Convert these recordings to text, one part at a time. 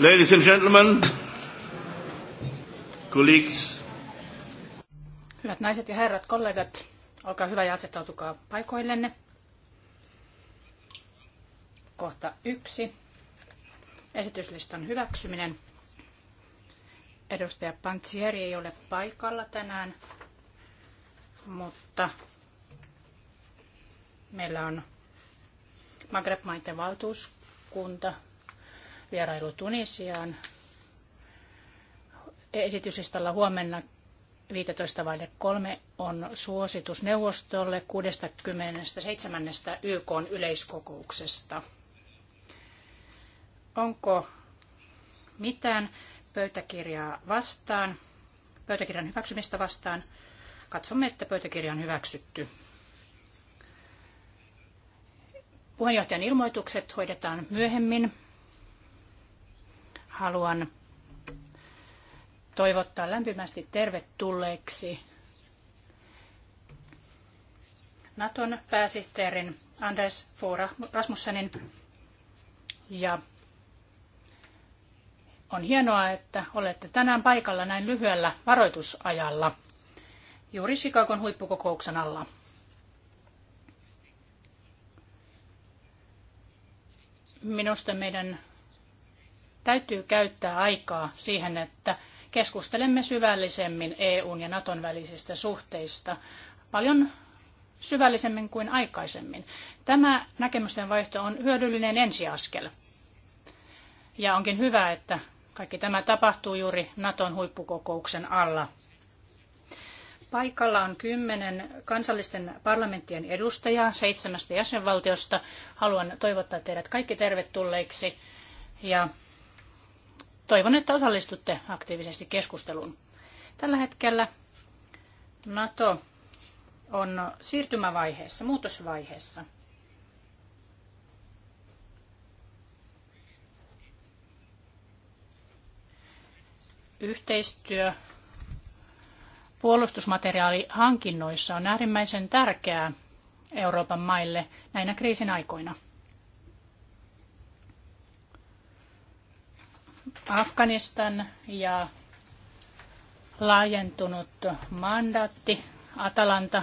Ladies and gentlemen, colleagues. Hyvät naiset ja herrat, kollegat, olkaa hyvä ja asettautukaa paikoillenne. Kohta yksi. Esityslistan hyväksyminen. Edustaja Pantsieri ei ole paikalla tänään, mutta meillä on Magreb-maiden valtuuskunta vierailu Tunisiaan. Esityslistalla huomenna 15 vaille kolme on suositus neuvostolle 67. YK yleiskokouksesta. Onko mitään pöytäkirjaa vastaan, pöytäkirjan hyväksymistä vastaan? Katsomme, että pöytäkirja on hyväksytty. Puheenjohtajan ilmoitukset hoidetaan myöhemmin haluan toivottaa lämpimästi tervetulleeksi Naton pääsihteerin Anders Fora Rasmussenin. Ja on hienoa, että olette tänään paikalla näin lyhyellä varoitusajalla juuri Chicagon huippukokouksen alla. Minusta meidän täytyy käyttää aikaa siihen, että keskustelemme syvällisemmin EUn ja Naton välisistä suhteista paljon syvällisemmin kuin aikaisemmin. Tämä näkemysten vaihto on hyödyllinen ensiaskel. Ja onkin hyvä, että kaikki tämä tapahtuu juuri Naton huippukokouksen alla. Paikalla on kymmenen kansallisten parlamenttien edustajaa seitsemästä jäsenvaltiosta. Haluan toivottaa teidät kaikki tervetulleiksi ja Toivon, että osallistutte aktiivisesti keskusteluun. Tällä hetkellä NATO on siirtymävaiheessa, muutosvaiheessa. Yhteistyö puolustusmateriaalihankinnoissa on äärimmäisen tärkeää Euroopan maille näinä kriisin aikoina. Afganistan ja laajentunut mandaatti Atalanta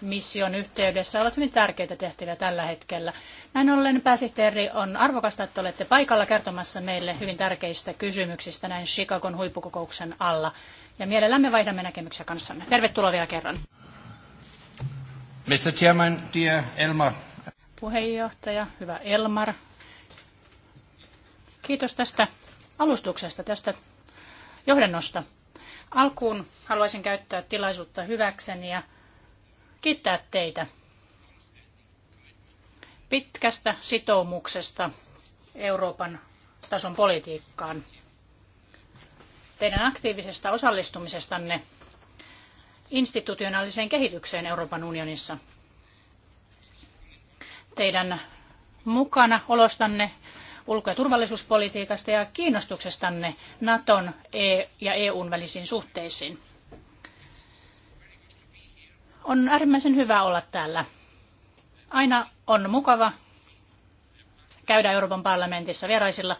mission yhteydessä ovat hyvin tärkeitä tehtäviä tällä hetkellä. Näin ollen pääsihteeri on arvokasta, että olette paikalla kertomassa meille hyvin tärkeistä kysymyksistä näin Chicagon huippukokouksen alla. Ja mielellämme vaihdamme näkemyksiä kanssamme. Tervetuloa vielä kerran. Mr. Chairman, dear Elmar. Puheenjohtaja, hyvä Elmar. Kiitos tästä alustuksesta, tästä johdannosta. Alkuun haluaisin käyttää tilaisuutta hyväkseni ja kiittää teitä pitkästä sitoumuksesta Euroopan tason politiikkaan. Teidän aktiivisesta osallistumisestanne institutionaaliseen kehitykseen Euroopan unionissa. Teidän mukana olostanne ulko- ja turvallisuuspolitiikasta ja kiinnostuksestanne Naton e- ja EUn välisiin suhteisiin. On äärimmäisen hyvä olla täällä. Aina on mukava käydä Euroopan parlamentissa vieraisilla.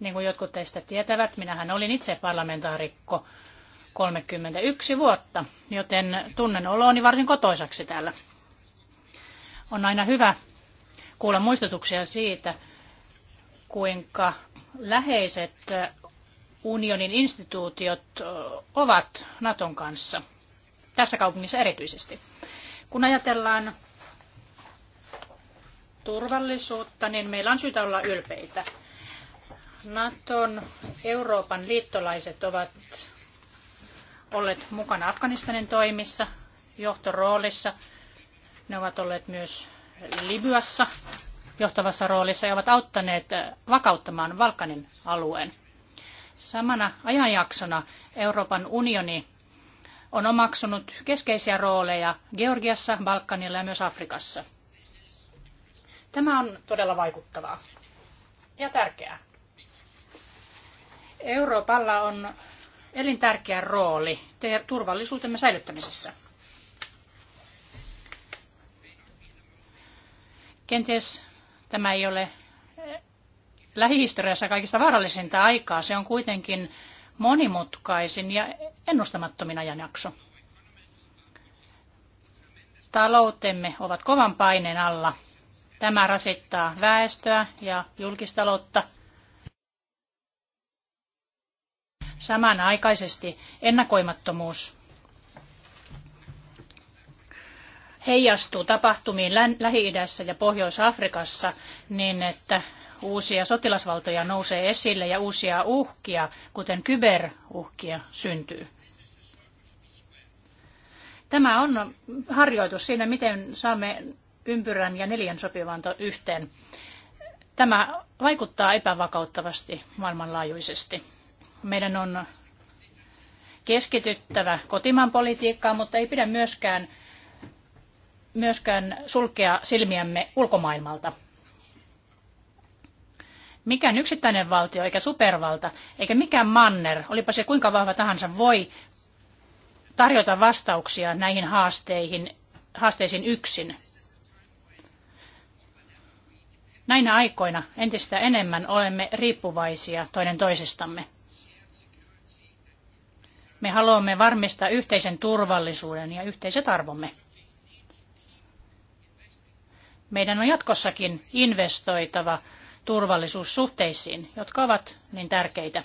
Niin kuin jotkut teistä tietävät, minähän olin itse parlamentaarikko 31 vuotta, joten tunnen olooni varsin kotoisaksi täällä. On aina hyvä kuulla muistutuksia siitä, kuinka läheiset unionin instituutiot ovat Naton kanssa, tässä kaupungissa erityisesti. Kun ajatellaan turvallisuutta, niin meillä on syytä olla ylpeitä. Naton Euroopan liittolaiset ovat olleet mukana Afganistanin toimissa, johtoroolissa. Ne ovat olleet myös Libyassa johtavassa roolissa ja ovat auttaneet eh, vakauttamaan Balkanin alueen. Samana ajanjaksona Euroopan unioni on omaksunut keskeisiä rooleja Georgiassa, Balkanilla ja myös Afrikassa. Tämä on todella vaikuttavaa ja tärkeää. Euroopalla on elintärkeä rooli turvallisuutemme säilyttämisessä. Kenties tämä ei ole eh, lähihistoriassa kaikista vaarallisinta aikaa. Se on kuitenkin monimutkaisin ja ennustamattomin ajanjakso. Taloutemme ovat kovan paineen alla. Tämä rasittaa väestöä ja julkistaloutta. Samanaikaisesti ennakoimattomuus heijastuu tapahtumiin Lähi-idässä ja Pohjois-Afrikassa niin, että uusia sotilasvaltoja nousee esille ja uusia uhkia, kuten kyberuhkia, syntyy. Tämä on harjoitus siinä, miten saamme ympyrän ja neljän sopivan yhteen. Tämä vaikuttaa epävakauttavasti maailmanlaajuisesti. Meidän on keskityttävä kotimaan politiikkaan, mutta ei pidä myöskään myöskään sulkea silmiämme ulkomaailmalta. Mikään yksittäinen valtio eikä supervalta eikä mikään manner, olipa se kuinka vahva tahansa, voi tarjota vastauksia näihin haasteihin, haasteisiin yksin. Näinä aikoina entistä enemmän olemme riippuvaisia toinen toisistamme. Me haluamme varmistaa yhteisen turvallisuuden ja yhteiset arvomme. Meidän on jatkossakin investoitava turvallisuussuhteisiin, jotka ovat niin tärkeitä.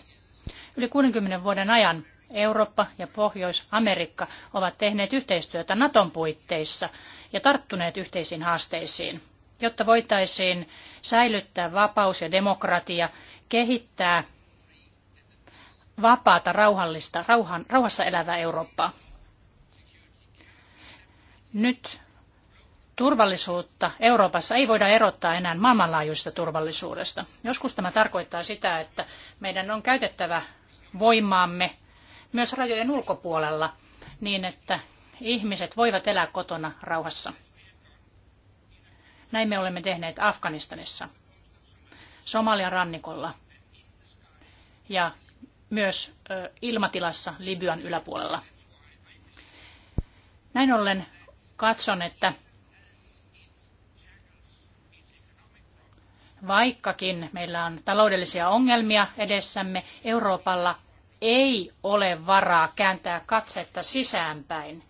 Yli 60 vuoden ajan Eurooppa ja Pohjois-Amerikka ovat tehneet yhteistyötä Naton puitteissa ja tarttuneet yhteisiin haasteisiin, jotta voitaisiin säilyttää vapaus ja demokratia, kehittää vapaata, rauhallista, rauhan, rauhassa elävää Eurooppaa. Nyt turvallisuutta Euroopassa ei voida erottaa enää maailmanlaajuisesta turvallisuudesta. Joskus tämä tarkoittaa sitä, että meidän on käytettävä voimaamme myös rajojen ulkopuolella niin, että ihmiset voivat elää kotona rauhassa. Näin me olemme tehneet Afganistanissa, Somalian rannikolla ja myös ilmatilassa Libyan yläpuolella. Näin ollen katson, että Vaikkakin meillä on taloudellisia ongelmia edessämme, Euroopalla ei ole varaa kääntää katsetta sisäänpäin.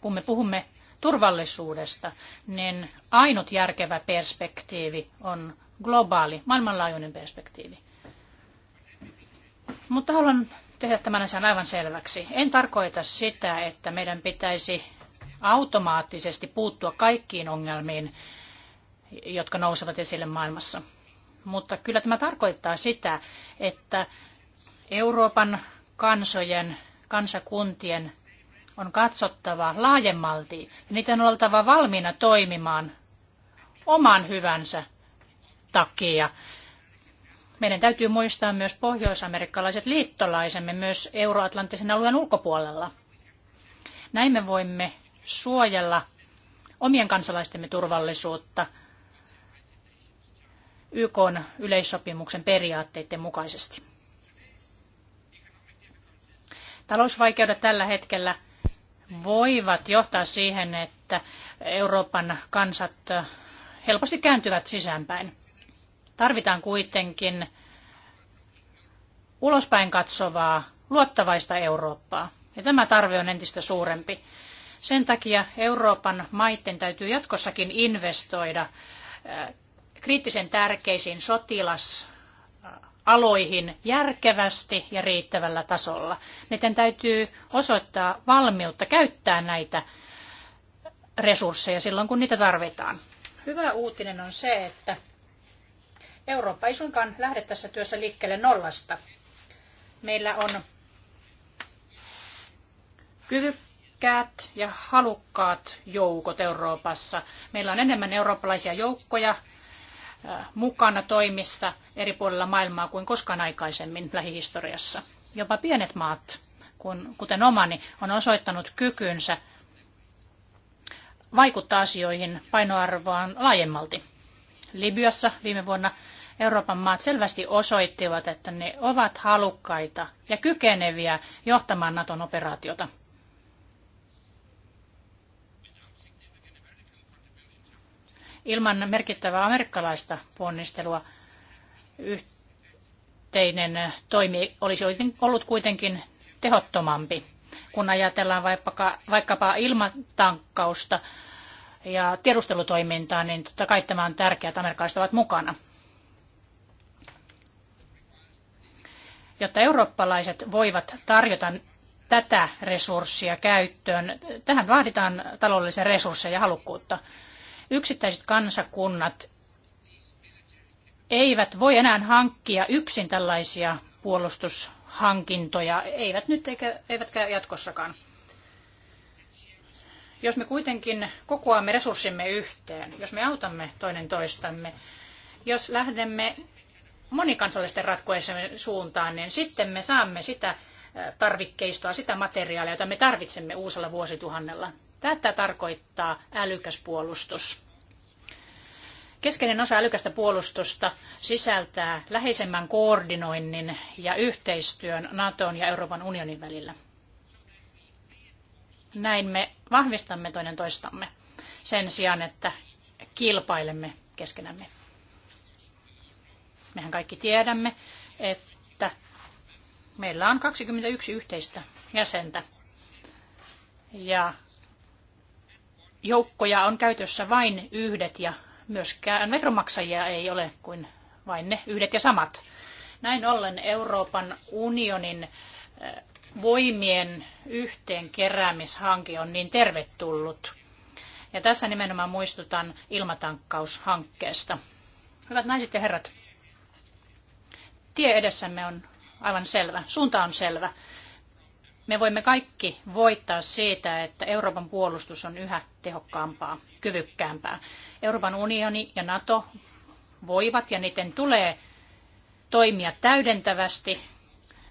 Kun me puhumme turvallisuudesta, niin ainut järkevä perspektiivi on globaali, maailmanlaajuinen perspektiivi. Mutta haluan tehdä tämän asian aivan selväksi. En tarkoita sitä, että meidän pitäisi automaattisesti puuttua kaikkiin ongelmiin, jotka nousevat esille maailmassa. Mutta kyllä tämä tarkoittaa sitä, että Euroopan kansojen, kansakuntien on katsottava laajemmalti ja niitä on oltava valmiina toimimaan oman hyvänsä takia. Meidän täytyy muistaa myös pohjoisamerikkalaiset liittolaisemme myös euroatlanttisen alueen ulkopuolella. Näin me voimme suojella omien kansalaistemme turvallisuutta YK yleissopimuksen periaatteiden mukaisesti. Talousvaikeudet tällä hetkellä voivat johtaa siihen, että Euroopan kansat helposti kääntyvät sisäänpäin. Tarvitaan kuitenkin ulospäin katsovaa, luottavaista Eurooppaa. Ja tämä tarve on entistä suurempi. Sen takia Euroopan maiden täytyy jatkossakin investoida äh, kriittisen tärkeisiin sotilasaloihin äh, järkevästi ja riittävällä tasolla. Niiden täytyy osoittaa valmiutta käyttää näitä resursseja silloin, kun niitä tarvitaan. Hyvä uutinen on se, että Eurooppa ei suinkaan lähde tässä työssä liikkeelle nollasta. Meillä on kyvykkyyttä älykkäät ja halukkaat joukot Euroopassa. Meillä on enemmän eurooppalaisia joukkoja äh, mukana toimissa eri puolilla maailmaa kuin koskaan aikaisemmin lähihistoriassa. Jopa pienet maat, kun, kuten omani, on osoittanut kykynsä vaikuttaa asioihin painoarvoaan laajemmalti. Libyassa viime vuonna Euroopan maat selvästi osoittivat, että ne ovat halukkaita ja kykeneviä johtamaan Naton operaatiota. Ilman merkittävää amerikkalaista ponnistelua yhteinen toimi olisi ollut kuitenkin tehottomampi. Kun ajatellaan vaikkapa, vaikkapa ilmatankkausta ja tiedustelutoimintaa, niin totta kai tämä on tärkeää, että amerikkalaiset ovat mukana. Jotta eurooppalaiset voivat tarjota tätä resurssia käyttöön. Tähän vaaditaan taloudellisia resursseja ja halukkuutta. Yksittäiset kansakunnat eivät voi enää hankkia yksin tällaisia puolustushankintoja, eivät nyt eikä, eivätkä jatkossakaan. Jos me kuitenkin kokoamme resurssimme yhteen, jos me autamme toinen toistamme, jos lähdemme monikansallisten ratkojen suuntaan, niin sitten me saamme sitä tarvikkeistoa, sitä materiaalia, jota me tarvitsemme uusella vuosituhannella. Tätä tarkoittaa älykäs puolustus. Keskeinen osa älykästä puolustusta sisältää läheisemmän koordinoinnin ja yhteistyön NATOn ja Euroopan unionin välillä. Näin me vahvistamme toinen toistamme sen sijaan, että kilpailemme keskenämme. Mehän kaikki tiedämme, että meillä on 21 yhteistä jäsentä ja joukkoja on käytössä vain yhdet ja myöskään veronmaksajia ei ole kuin vain ne yhdet ja samat. Näin ollen Euroopan unionin eh, voimien yhteen keräämishanke on niin tervetullut. Ja tässä nimenomaan muistutan ilmatankkaushankkeesta. Hyvät naiset ja herrat, tie edessämme on aivan selvä, suunta on selvä. Me voimme kaikki voittaa siitä, että Euroopan puolustus on yhä tehokkaampaa, kyvykkäämpää. Euroopan unioni ja NATO voivat ja niiden tulee toimia täydentävästi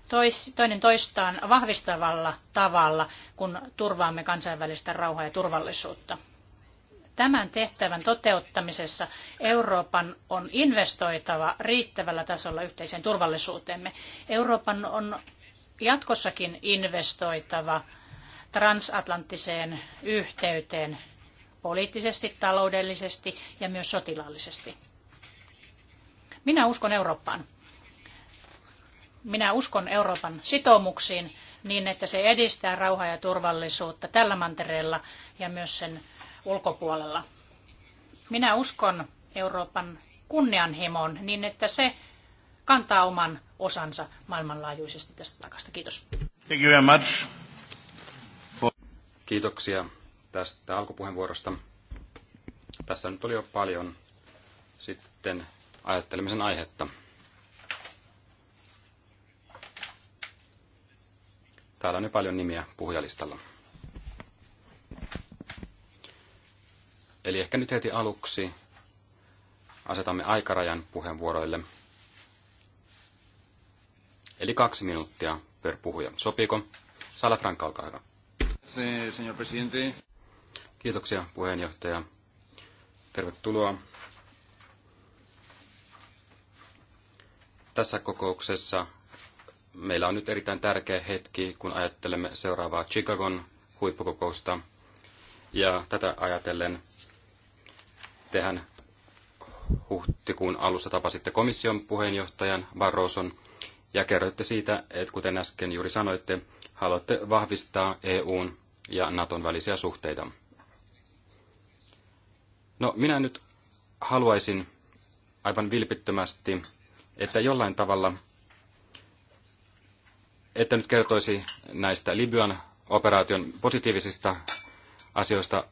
tois, toinen toistaan vahvistavalla tavalla, kun turvaamme kansainvälistä rauhaa ja turvallisuutta. Tämän tehtävän toteuttamisessa Euroopan on investoitava riittävällä tasolla yhteiseen turvallisuuteemme. Euroopan on jatkossakin investoitava transatlanttiseen yhteyteen poliittisesti, taloudellisesti ja myös sotilaallisesti. Minä uskon Eurooppaan. Minä uskon Euroopan sitoumuksiin niin, että se edistää rauhaa ja turvallisuutta tällä mantereella ja myös sen ulkopuolella. Minä uskon Euroopan kunnianhimoon niin, että se kantaa oman osansa maailmanlaajuisesti tästä takasta. Kiitos. Thank you very much. For... Kiitoksia tästä alkupuheenvuorosta. Tässä nyt oli jo paljon sitten ajattelemisen aihetta. Täällä on jo paljon nimiä puhujalistalla. Eli ehkä nyt heti aluksi asetamme aikarajan puheenvuoroille – Eli kaksi minuuttia per puhuja. Sopiiko? Sala Franka, olkaa hyvä. Se, señor presidente. Kiitoksia puheenjohtaja. Tervetuloa. Tässä kokouksessa meillä on nyt erittäin tärkeä hetki, kun ajattelemme seuraavaa Chicagon huippukokousta. Ja tätä ajatellen tehän huhtikuun alussa tapasitte komission puheenjohtajan Barroson ja kerroitte siitä, että kuten äsken juuri sanoitte, haluatte vahvistaa EUn ja Naton välisiä suhteita. No, minä nyt haluaisin aivan vilpittömästi, että jollain tavalla, että nyt kertoisi näistä Libyan operaation positiivisista asioista,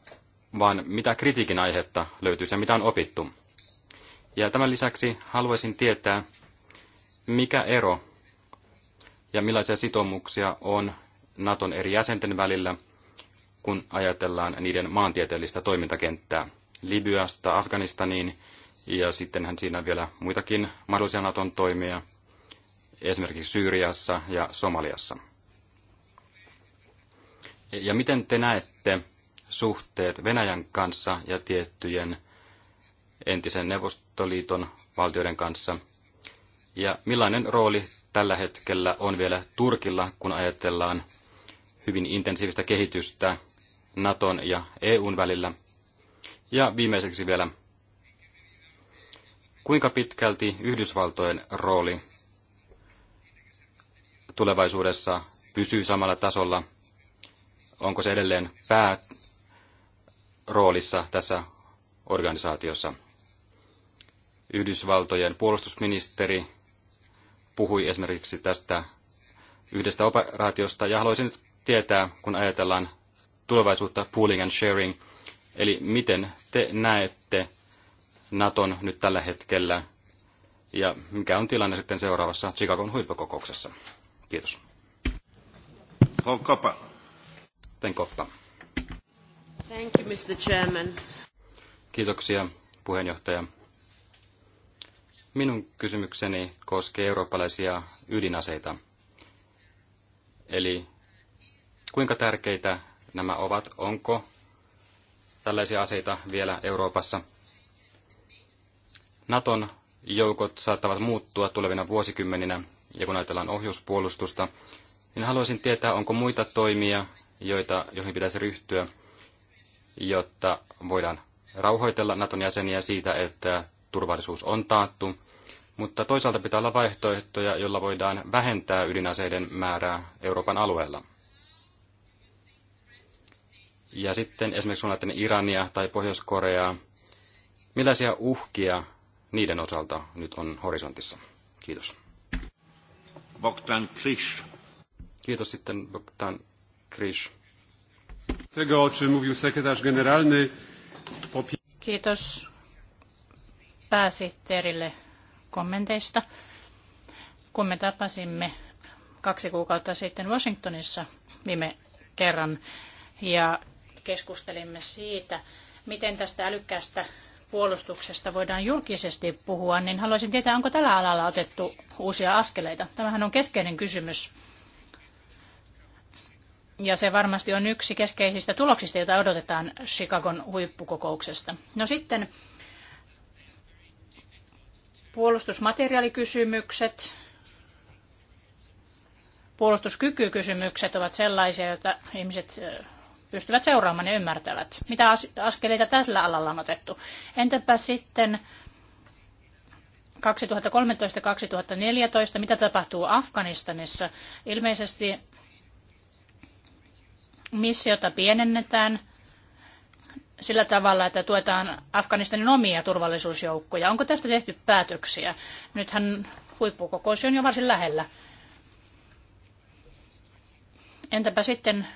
vaan mitä kritiikin aihetta löytyy ja mitä on opittu. Ja tämän lisäksi haluaisin tietää, mikä ero ja millaisia sitoumuksia on Naton eri jäsenten välillä, kun ajatellaan niiden maantieteellistä toimintakenttää Libyasta Afganistaniin, ja sittenhän siinä vielä muitakin mahdollisia Naton toimia, esimerkiksi Syyriassa ja Somaliassa. Ja miten te näette suhteet Venäjän kanssa ja tiettyjen entisen Neuvostoliiton valtioiden kanssa? Ja millainen rooli tällä hetkellä on vielä Turkilla, kun ajatellaan hyvin intensiivistä kehitystä Naton ja EUn välillä. Ja viimeiseksi vielä, kuinka pitkälti Yhdysvaltojen rooli tulevaisuudessa pysyy samalla tasolla? Onko se edelleen pääroolissa tässä organisaatiossa? Yhdysvaltojen puolustusministeri puhui esimerkiksi tästä yhdestä operaatiosta, ja haluaisin nyt tietää, kun ajatellaan tulevaisuutta pooling and sharing, eli miten te näette Naton nyt tällä hetkellä, ja mikä on tilanne sitten seuraavassa Chicagon huippukokouksessa. Kiitos. Koppa. Ten koppa. Thank you, Mr. Chairman. Kiitoksia, puheenjohtaja. Minun kysymykseni koskee eurooppalaisia ydinaseita. Eli kuinka tärkeitä nämä ovat? Onko tällaisia aseita vielä Euroopassa? Naton joukot saattavat muuttua tulevina vuosikymmeninä, ja kun ajatellaan ohjuspuolustusta, niin haluaisin tietää, onko muita toimia, joita, joihin pitäisi ryhtyä, jotta voidaan rauhoitella Naton jäseniä siitä, että turvallisuus on taattu, mutta toisaalta pitää olla vaihtoehtoja, joilla voidaan vähentää ydinaseiden määrää Euroopan alueella. Ja sitten esimerkiksi on Irania tai Pohjois-Koreaa, millaisia uhkia niiden osalta nyt on horisontissa? Kiitos. Bogdan Krish. Kiitos sitten Bogdan Krish. Tego, o czym mówił sekretarz generalny, Kiitos pääsihteerille kommenteista. Kun me tapasimme kaksi kuukautta sitten Washingtonissa viime kerran ja keskustelimme siitä, miten tästä älykkäästä puolustuksesta voidaan julkisesti puhua, niin haluaisin tietää, onko tällä alalla otettu uusia askeleita. Tämähän on keskeinen kysymys. Ja se varmasti on yksi keskeisistä tuloksista, joita odotetaan Chicagon huippukokouksesta. No sitten Puolustusmateriaalikysymykset, puolustuskykykysymykset ovat sellaisia, joita ihmiset pystyvät seuraamaan ja ymmärtävät. Mitä askeleita tällä alalla on otettu? Entäpä sitten 2013-2014, mitä tapahtuu Afganistanissa? Ilmeisesti missiota pienennetään – sillä tavalla, että tuetaan Afganistanin omia turvallisuusjoukkoja. Onko tästä tehty päätöksiä? Nythän huippukokous on jo varsin lähellä. Entäpä sitten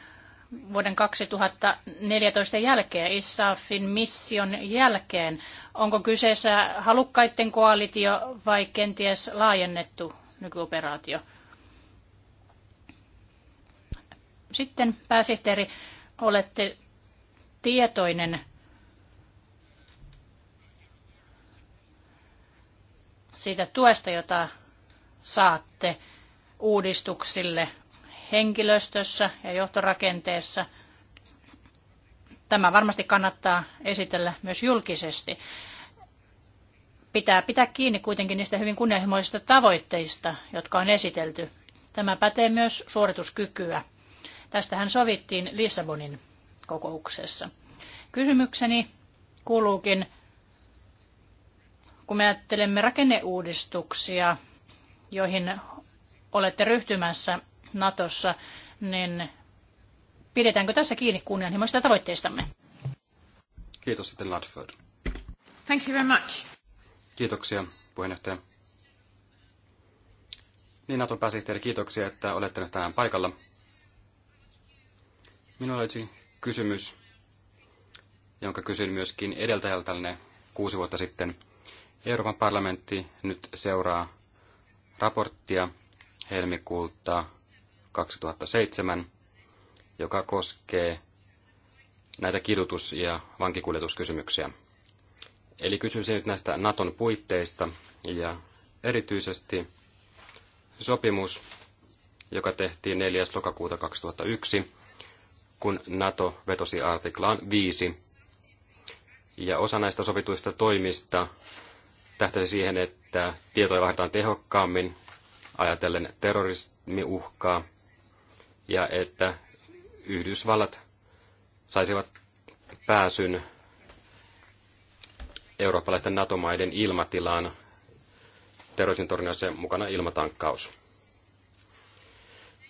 vuoden 2014 jälkeen, ISAFin mission jälkeen, onko kyseessä halukkaiden koalitio vai kenties laajennettu nykyoperaatio? Sitten pääsihteeri, olette tietoinen siitä tuesta, jota saatte uudistuksille henkilöstössä ja johtorakenteessa. Tämä varmasti kannattaa esitellä myös julkisesti. Pitää pitää kiinni kuitenkin niistä hyvin kunnianhimoisista tavoitteista, jotka on esitelty. Tämä pätee myös suorituskykyä. Tästähän sovittiin Lissabonin kokouksessa. Kysymykseni kuuluukin, kun me ajattelemme rakenneuudistuksia, joihin olette ryhtymässä Natossa, niin pidetäänkö tässä kiinni kunnianhimoista tavoitteistamme? Kiitos sitten Ladford. Thank you very much. Kiitoksia puheenjohtaja. Niin Naton pääsihteeri, kiitoksia, että olette nyt tänään paikalla. Minulla olisi kysymys, jonka kysyin myöskin edeltäjältäne kuusi vuotta sitten. Euroopan parlamentti nyt seuraa raporttia helmikuulta 2007, joka koskee näitä kidutus- ja vankikuljetuskysymyksiä. Eli kysyisin nyt näistä Naton puitteista ja erityisesti sopimus, joka tehtiin 4. lokakuuta 2001 kun NATO vetosi artiklaan 5. Ja osa näistä sovituista toimista tähtäisi siihen, että tietoja vaihdetaan tehokkaammin ajatellen terrorismiuhkaa ja että Yhdysvallat saisivat pääsyn eurooppalaisten NATO-maiden ilmatilaan terrorismin torjunnassa mukana ilmatankkaus.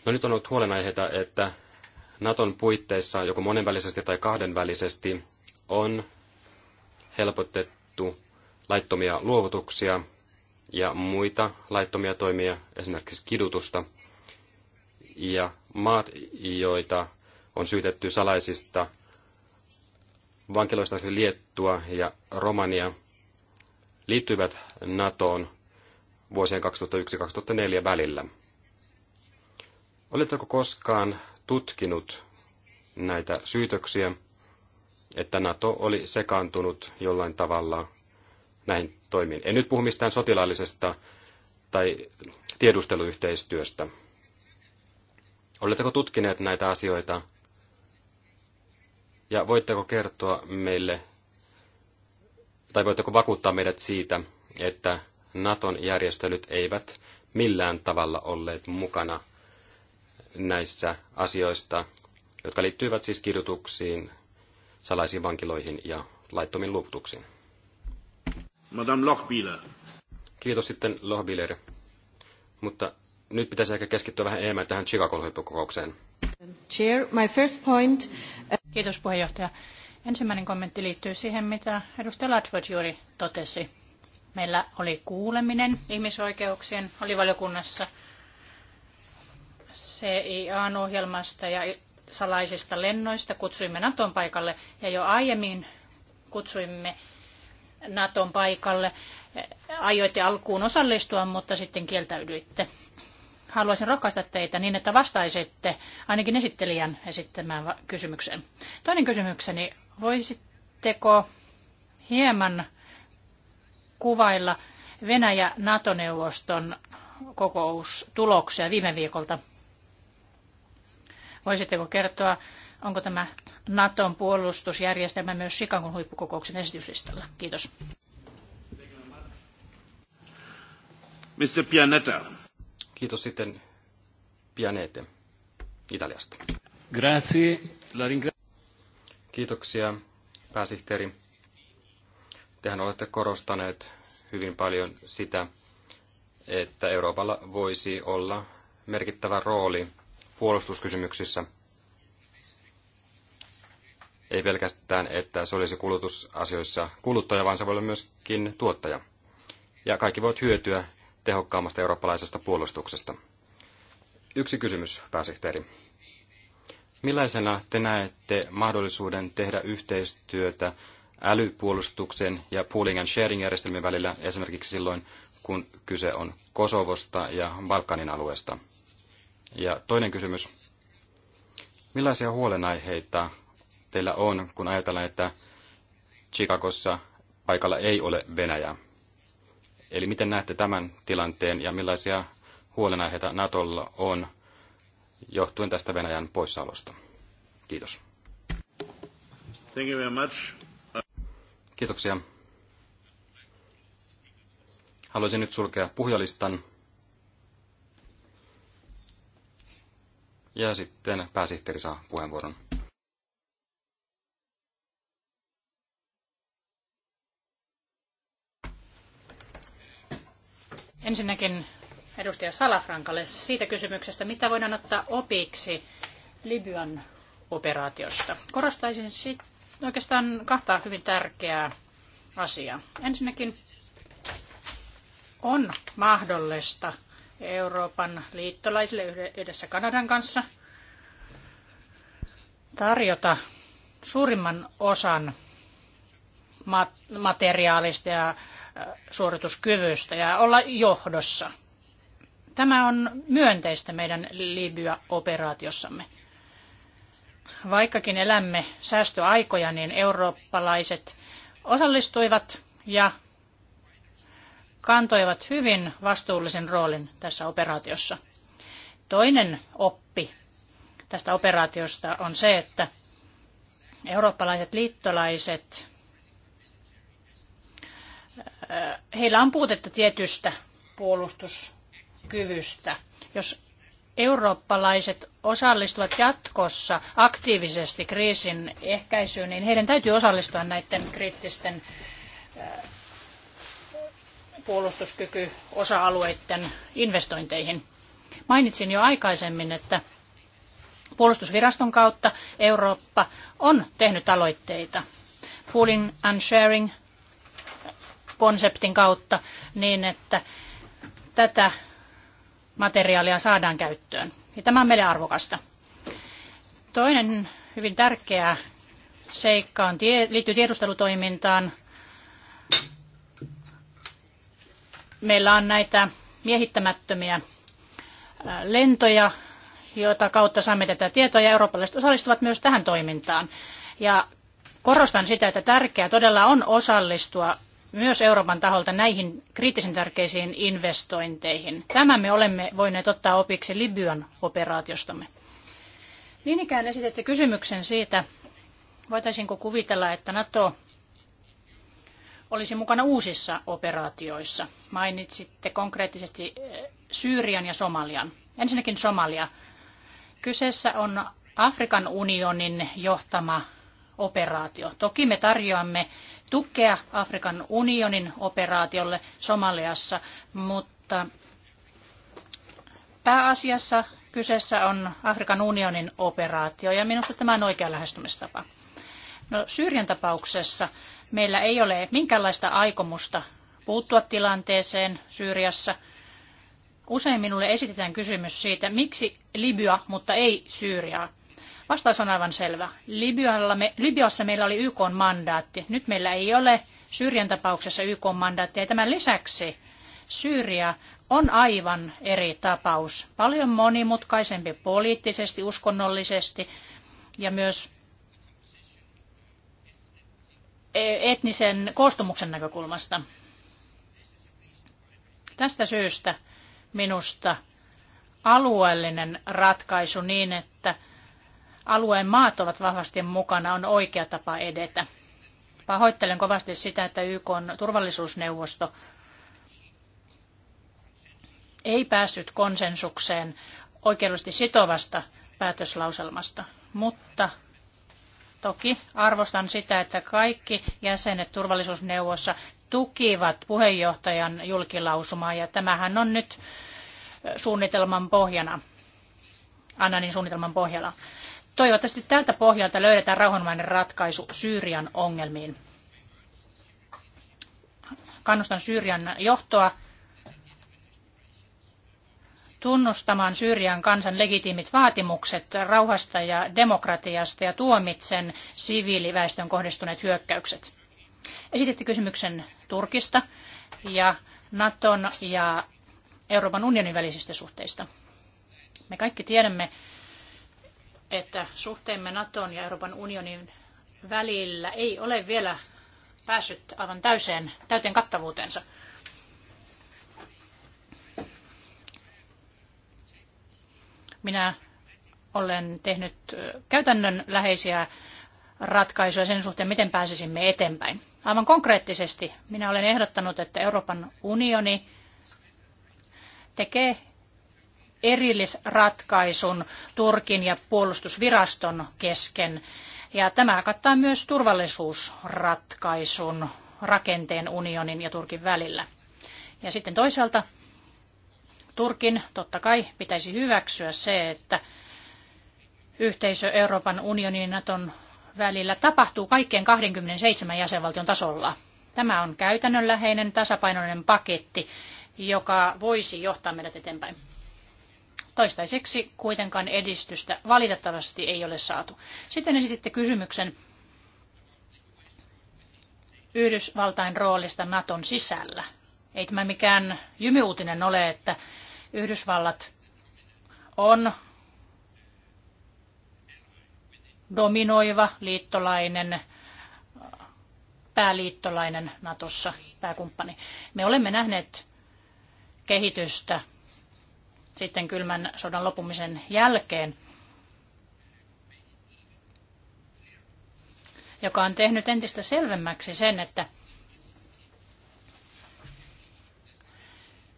No nyt on ollut huolenaiheita, että Naton puitteissa, joko monenvälisesti tai kahdenvälisesti, on helpotettu laittomia luovutuksia ja muita laittomia toimia, esimerkiksi kidutusta. Ja maat, joita on syytetty salaisista vankiloista Liettua ja Romania, liittyivät NATOon vuosien 2001-2004 välillä. Oletteko koskaan tutkinut näitä syytöksiä, että NATO oli sekaantunut jollain tavalla näihin toimiin. En nyt puhu mistään sotilaallisesta tai tiedusteluyhteistyöstä. Oletteko tutkineet näitä asioita? Ja voitteko kertoa meille, tai voitteko vakuuttaa meidät siitä, että Naton järjestelyt eivät millään tavalla olleet mukana näissä asioista, jotka liittyvät siis kidutuksiin, salaisiin vankiloihin ja laittomiin luovutuksiin. Madame Lochbieler. Kiitos sitten Lochbieler. Mutta nyt pitäisi ehkä keskittyä vähän enemmän tähän Chicagon huippukokoukseen. Chair, my first point. Uh, Kiitos puheenjohtaja. Ensimmäinen kommentti liittyy siihen, mitä edustaja Latford juuri totesi. Meillä oli kuuleminen ihmisoikeuksien alivaliokunnassa – CIAn ohjelmasta ja salaisista lennoista kutsuimme Naton paikalle ja jo aiemmin kutsuimme Naton paikalle. Aioitte alkuun osallistua, mutta sitten kieltäydyitte. Haluaisin rohkaista teitä niin, että vastaisitte ainakin esittelijän esittämään kysymykseen. Toinen kysymykseni, voisitteko hieman kuvailla Venäjä-NATO-neuvoston kokoustuloksia viime viikolta? Voisitteko kertoa, onko tämä Naton puolustusjärjestelmä myös Chicagon huippukokouksen esityslistalla? Kiitos. Mr. Pianetta. Kiitos sitten Pianete Italiasta. Grazie. La Kiitoksia, pääsihteeri. Tehän olette korostaneet hyvin paljon sitä, että Euroopalla voisi olla merkittävä rooli puolustuskysymyksissä. Ei pelkästään, että se olisi kulutusasioissa kuluttaja, vaan se voi olla myöskin tuottaja. Ja kaikki voivat hyötyä tehokkaammasta eurooppalaisesta puolustuksesta. Yksi kysymys, pääsihteeri. Millaisena te näette mahdollisuuden tehdä yhteistyötä älypuolustuksen ja pooling and sharing järjestelmien välillä esimerkiksi silloin, kun kyse on Kosovosta ja Balkanin alueesta? Ja toinen kysymys. Millaisia huolenaiheita teillä on, kun ajatellaan, että Chicagossa paikalla ei ole Venäjää? Eli miten näette tämän tilanteen ja millaisia huolenaiheita Natolla on johtuen tästä Venäjän poissaolosta? Kiitos. Thank you very much. Kiitoksia. Haluaisin nyt sulkea puhujalistan. Ja sitten pääsihteeri saa puheenvuoron. Ensinnäkin edustaja Salafrankalle siitä kysymyksestä, mitä voidaan ottaa opiksi Libyan operaatiosta. Korostaisin sit oikeastaan kahta hyvin tärkeää asiaa. Ensinnäkin on mahdollista Euroopan liittolaisille yhdessä Kanadan kanssa tarjota suurimman osan materiaalista ja äh, suorituskyvystä ja olla johdossa. Tämä on myönteistä meidän Libya-operaatiossamme. Vaikkakin elämme säästöaikoja, niin eurooppalaiset osallistuivat ja kantoivat hyvin vastuullisen roolin tässä operaatiossa. Toinen oppi tästä operaatiosta on se, että eurooppalaiset liittolaiset, äh, heillä on puutetta tietystä puolustuskyvystä. Jos eurooppalaiset osallistuvat jatkossa aktiivisesti kriisin ehkäisyyn, niin heidän täytyy osallistua näiden kriittisten äh, puolustuskyky osa-alueiden investointeihin. Mainitsin jo aikaisemmin, että puolustusviraston kautta Eurooppa on tehnyt aloitteita. Pooling and sharing konseptin kautta niin, että tätä materiaalia saadaan käyttöön. Ja tämä on meille arvokasta. Toinen hyvin tärkeä seikka on, liittyy tiedustelutoimintaan, Meillä on näitä miehittämättömiä lentoja, joita kautta saamme tätä tietoa, ja eurooppalaiset osallistuvat myös tähän toimintaan. Ja korostan sitä, että tärkeää todella on osallistua myös Euroopan taholta näihin kriittisen tärkeisiin investointeihin. Tämä me olemme voineet ottaa opiksi Libyan operaatiostamme. Niin ikään esitette kysymyksen siitä, voitaisiinko kuvitella, että NATO olisi mukana uusissa operaatioissa. Mainitsitte konkreettisesti eh, Syyrian ja Somalian. Ensinnäkin Somalia. Kyseessä on Afrikan unionin johtama operaatio. Toki me tarjoamme tukea Afrikan unionin operaatiolle Somaliassa, mutta pääasiassa kyseessä on Afrikan unionin operaatio ja minusta tämä on oikea lähestymistapa. No, Syyrian tapauksessa Meillä ei ole minkäänlaista aikomusta puuttua tilanteeseen Syyriassa. Usein minulle esitetään kysymys siitä, miksi Libya, mutta ei Syyriaa. Vastaus on aivan selvä. Libyalla me, Libyassa meillä oli YK mandaatti. Nyt meillä ei ole Syyrian tapauksessa YK mandaattia. Tämän lisäksi Syyria on aivan eri tapaus. Paljon monimutkaisempi poliittisesti, uskonnollisesti ja myös etnisen koostumuksen näkökulmasta. Tästä syystä minusta alueellinen ratkaisu niin, että alueen maat ovat vahvasti mukana, on oikea tapa edetä. Pahoittelen kovasti sitä, että YK on turvallisuusneuvosto ei päässyt konsensukseen oikeudellisesti sitovasta päätöslauselmasta, mutta Toki arvostan sitä, että kaikki jäsenet turvallisuusneuvossa tukivat puheenjohtajan julkilausumaa ja tämähän on nyt suunnitelman pohjana, Annanin suunnitelman pohjalla. Toivottavasti tältä pohjalta löydetään rauhanomainen ratkaisu Syyrian ongelmiin. Kannustan Syyrian johtoa tunnustamaan Syyrian kansan legitiimit vaatimukset rauhasta ja demokratiasta ja tuomitsen siviiliväestön kohdistuneet hyökkäykset. Esititte kysymyksen Turkista ja Naton ja Euroopan unionin välisistä suhteista. Me kaikki tiedämme, että suhteemme Naton ja Euroopan unionin välillä ei ole vielä päässyt aivan täyseen, täyteen kattavuuteensa. Minä olen tehnyt käytännön läheisiä ratkaisuja sen suhteen, miten pääsisimme eteenpäin. Aivan konkreettisesti minä olen ehdottanut, että Euroopan unioni tekee erillisratkaisun Turkin ja puolustusviraston kesken. Ja tämä kattaa myös turvallisuusratkaisun rakenteen unionin ja Turkin välillä. Ja sitten toisaalta Turkin totta kai pitäisi hyväksyä se, että yhteisö Euroopan unionin ja Naton välillä tapahtuu kaikkien 27 jäsenvaltion tasolla. Tämä on käytännönläheinen tasapainoinen paketti, joka voisi johtaa meidät eteenpäin. Toistaiseksi kuitenkaan edistystä valitettavasti ei ole saatu. Sitten esititte kysymyksen Yhdysvaltain roolista Naton sisällä. Ei tämä mikään jymyuutinen ole, että Yhdysvallat on dominoiva liittolainen, pääliittolainen Natossa, pääkumppani. Me olemme nähneet kehitystä sitten kylmän sodan lopumisen jälkeen, joka on tehnyt entistä selvemmäksi sen, että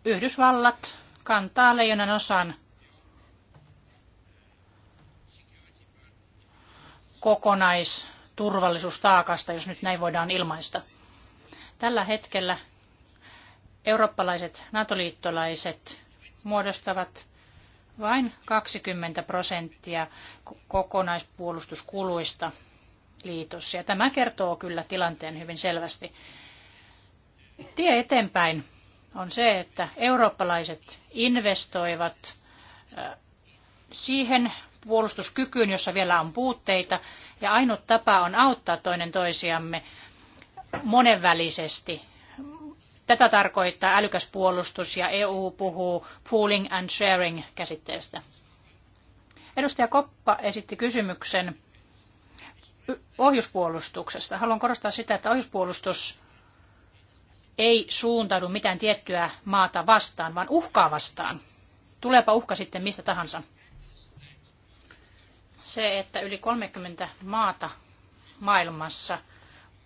Yhdysvallat kantaa leijonan osan kokonaisturvallisuustaakasta, jos nyt näin voidaan ilmaista. Tällä hetkellä eurooppalaiset NATO-liittolaiset muodostavat vain 20 prosenttia kokonaispuolustuskuluista liitossa. Ja tämä kertoo kyllä tilanteen hyvin selvästi. Tie eteenpäin on se, että eurooppalaiset investoivat siihen puolustuskykyyn, jossa vielä on puutteita, ja ainut tapa on auttaa toinen toisiamme monenvälisesti. Tätä tarkoittaa älykäs puolustus ja EU puhuu pooling and sharing käsitteestä. Edustaja Koppa esitti kysymyksen ohjuspuolustuksesta. Haluan korostaa sitä, että ohjuspuolustus ei suuntaudu mitään tiettyä maata vastaan, vaan uhkaa vastaan. Tuleepa uhka sitten mistä tahansa. Se, että yli 30 maata maailmassa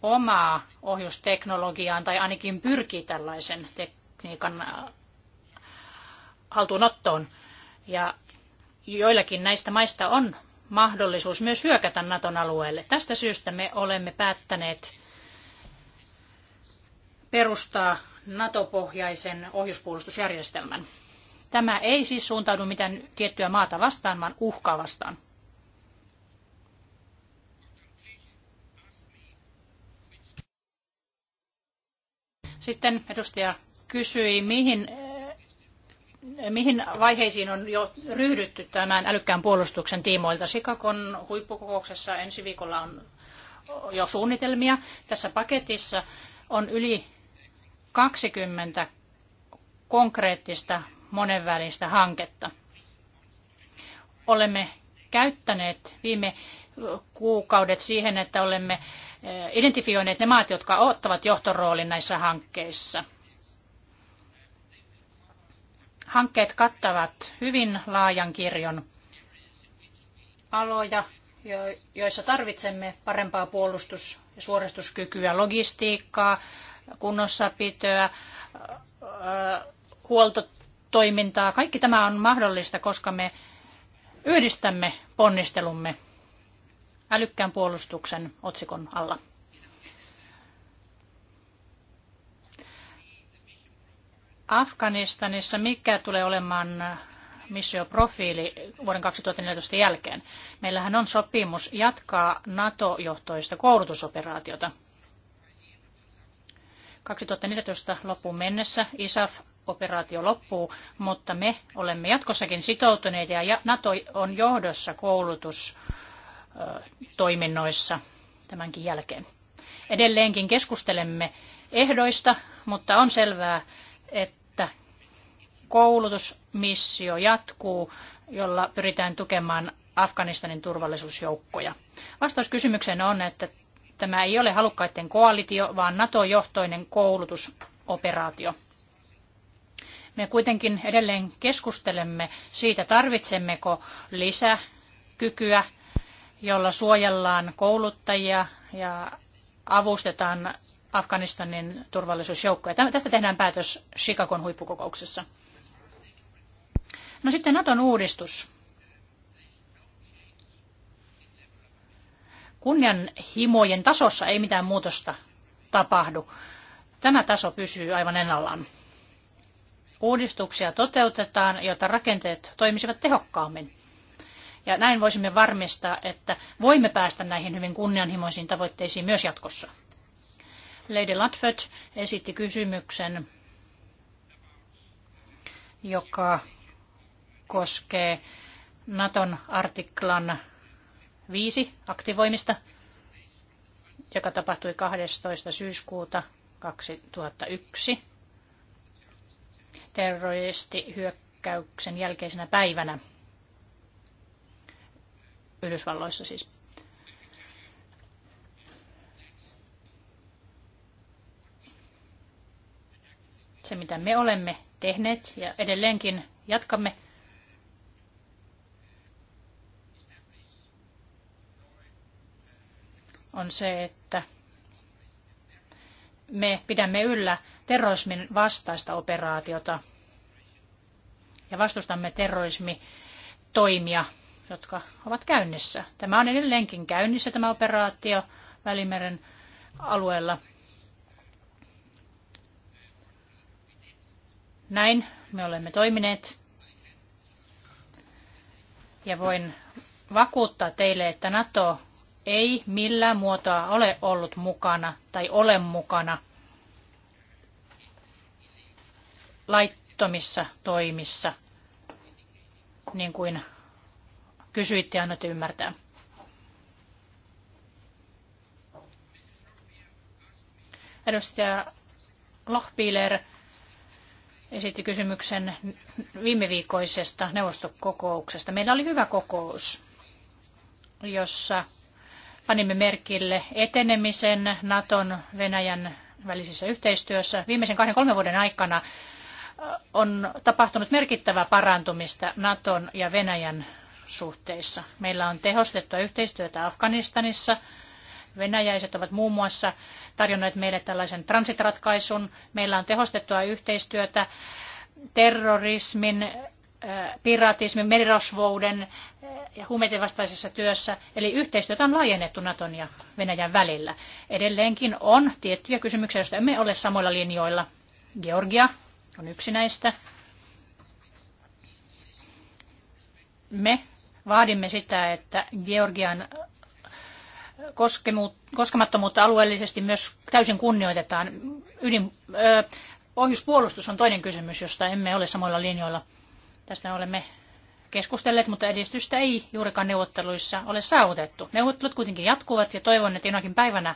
omaa ohjusteknologiaan tai ainakin pyrkii tällaisen tekniikan äh, haltuunottoon. Ja joillakin näistä maista on mahdollisuus myös hyökätä Naton alueelle. Tästä syystä me olemme päättäneet perustaa NATO-pohjaisen ohjuspuolustusjärjestelmän. Tämä ei siis suuntaudu mitään tiettyä maata vastaan, vaan uhkaa vastaan. Sitten edustaja kysyi, mihin, eh, mihin vaiheisiin on jo ryhdytty tämän älykkään puolustuksen tiimoilta. Sikakon huippukokouksessa ensi viikolla on jo suunnitelmia. Tässä paketissa on yli 20 konkreettista monenvälistä hanketta. Olemme käyttäneet viime kuukaudet siihen, että olemme eh, identifioineet ne maat, jotka ottavat johtoroolin näissä hankkeissa. Hankkeet kattavat hyvin laajan kirjon aloja, joissa tarvitsemme parempaa puolustus- ja suoristuskykyä, logistiikkaa, kunnossapitoa, huoltotoimintaa. Kaikki tämä on mahdollista, koska me yhdistämme ponnistelumme älykkään puolustuksen otsikon alla. Afganistanissa mikä tulee olemaan missioprofiili vuoden 2014 jälkeen? Meillähän on sopimus jatkaa NATO-johtoista koulutusoperaatiota – 2014 loppuun mennessä ISAF operaatio loppuu, mutta me olemme jatkossakin sitoutuneita ja NATO on johdossa koulutustoiminnoissa tämänkin jälkeen. Edelleenkin keskustelemme ehdoista, mutta on selvää, että koulutusmissio jatkuu, jolla pyritään tukemaan Afganistanin turvallisuusjoukkoja. Vastaus kysymykseen on, että Tämä ei ole halukkaiden koalitio, vaan NATO-johtoinen koulutusoperaatio. Me kuitenkin edelleen keskustelemme siitä, tarvitsemmeko lisäkykyä, jolla suojellaan kouluttajia ja avustetaan Afganistanin turvallisuusjoukkoja. Tästä tehdään päätös Chicagon huippukokouksessa. No sitten Naton uudistus. kunnianhimojen tasossa ei mitään muutosta tapahdu. Tämä taso pysyy aivan ennallaan. Uudistuksia toteutetaan, jotta rakenteet toimisivat tehokkaammin. Ja näin voisimme varmistaa, että voimme päästä näihin hyvin kunnianhimoisiin tavoitteisiin myös jatkossa. Lady Latford esitti kysymyksen, joka koskee Naton artiklan Viisi aktivoimista, joka tapahtui 12. syyskuuta 2001 terroristihyökkäyksen jälkeisenä päivänä Yhdysvalloissa siis. Se, mitä me olemme tehneet ja edelleenkin jatkamme, on se, että me pidämme yllä terrorismin vastaista operaatiota ja vastustamme terrorismitoimia, jotka ovat käynnissä. Tämä on edelleenkin käynnissä tämä operaatio Välimeren alueella. Näin me olemme toimineet ja voin vakuuttaa teille, että NATO ei millään muotoa ole ollut mukana tai ole mukana laittomissa toimissa, niin kuin kysyitte ja ymmärtää. Edustaja Lohpiler esitti kysymyksen viimeviikkoisesta neuvostokokouksesta. Meillä oli hyvä kokous, jossa Panimme merkille etenemisen Naton Venäjän välisessä yhteistyössä. Viimeisen kahden kolmen vuoden aikana äh, on tapahtunut merkittävää parantumista Naton ja Venäjän suhteissa. Meillä on tehostettua yhteistyötä Afganistanissa. Venäjäiset ovat muun muassa tarjonneet meille tällaisen transitratkaisun. Meillä on tehostettua yhteistyötä terrorismin piraatismin, merirosvouden eh, ja huumeiden vastaisessa työssä. Eli yhteistyötä on laajennettu Naton ja Venäjän välillä. Edelleenkin on tiettyjä kysymyksiä, joista emme ole samoilla linjoilla. Georgia on yksi näistä. Me vaadimme sitä, että Georgian koskemattomuutta alueellisesti myös täysin kunnioitetaan. Ydin, ö, ohjuspuolustus on toinen kysymys, josta emme ole samoilla linjoilla. Tästä olemme keskustelleet, mutta edistystä ei juurikaan neuvotteluissa ole saavutettu. Neuvottelut kuitenkin jatkuvat ja toivon, että jonakin päivänä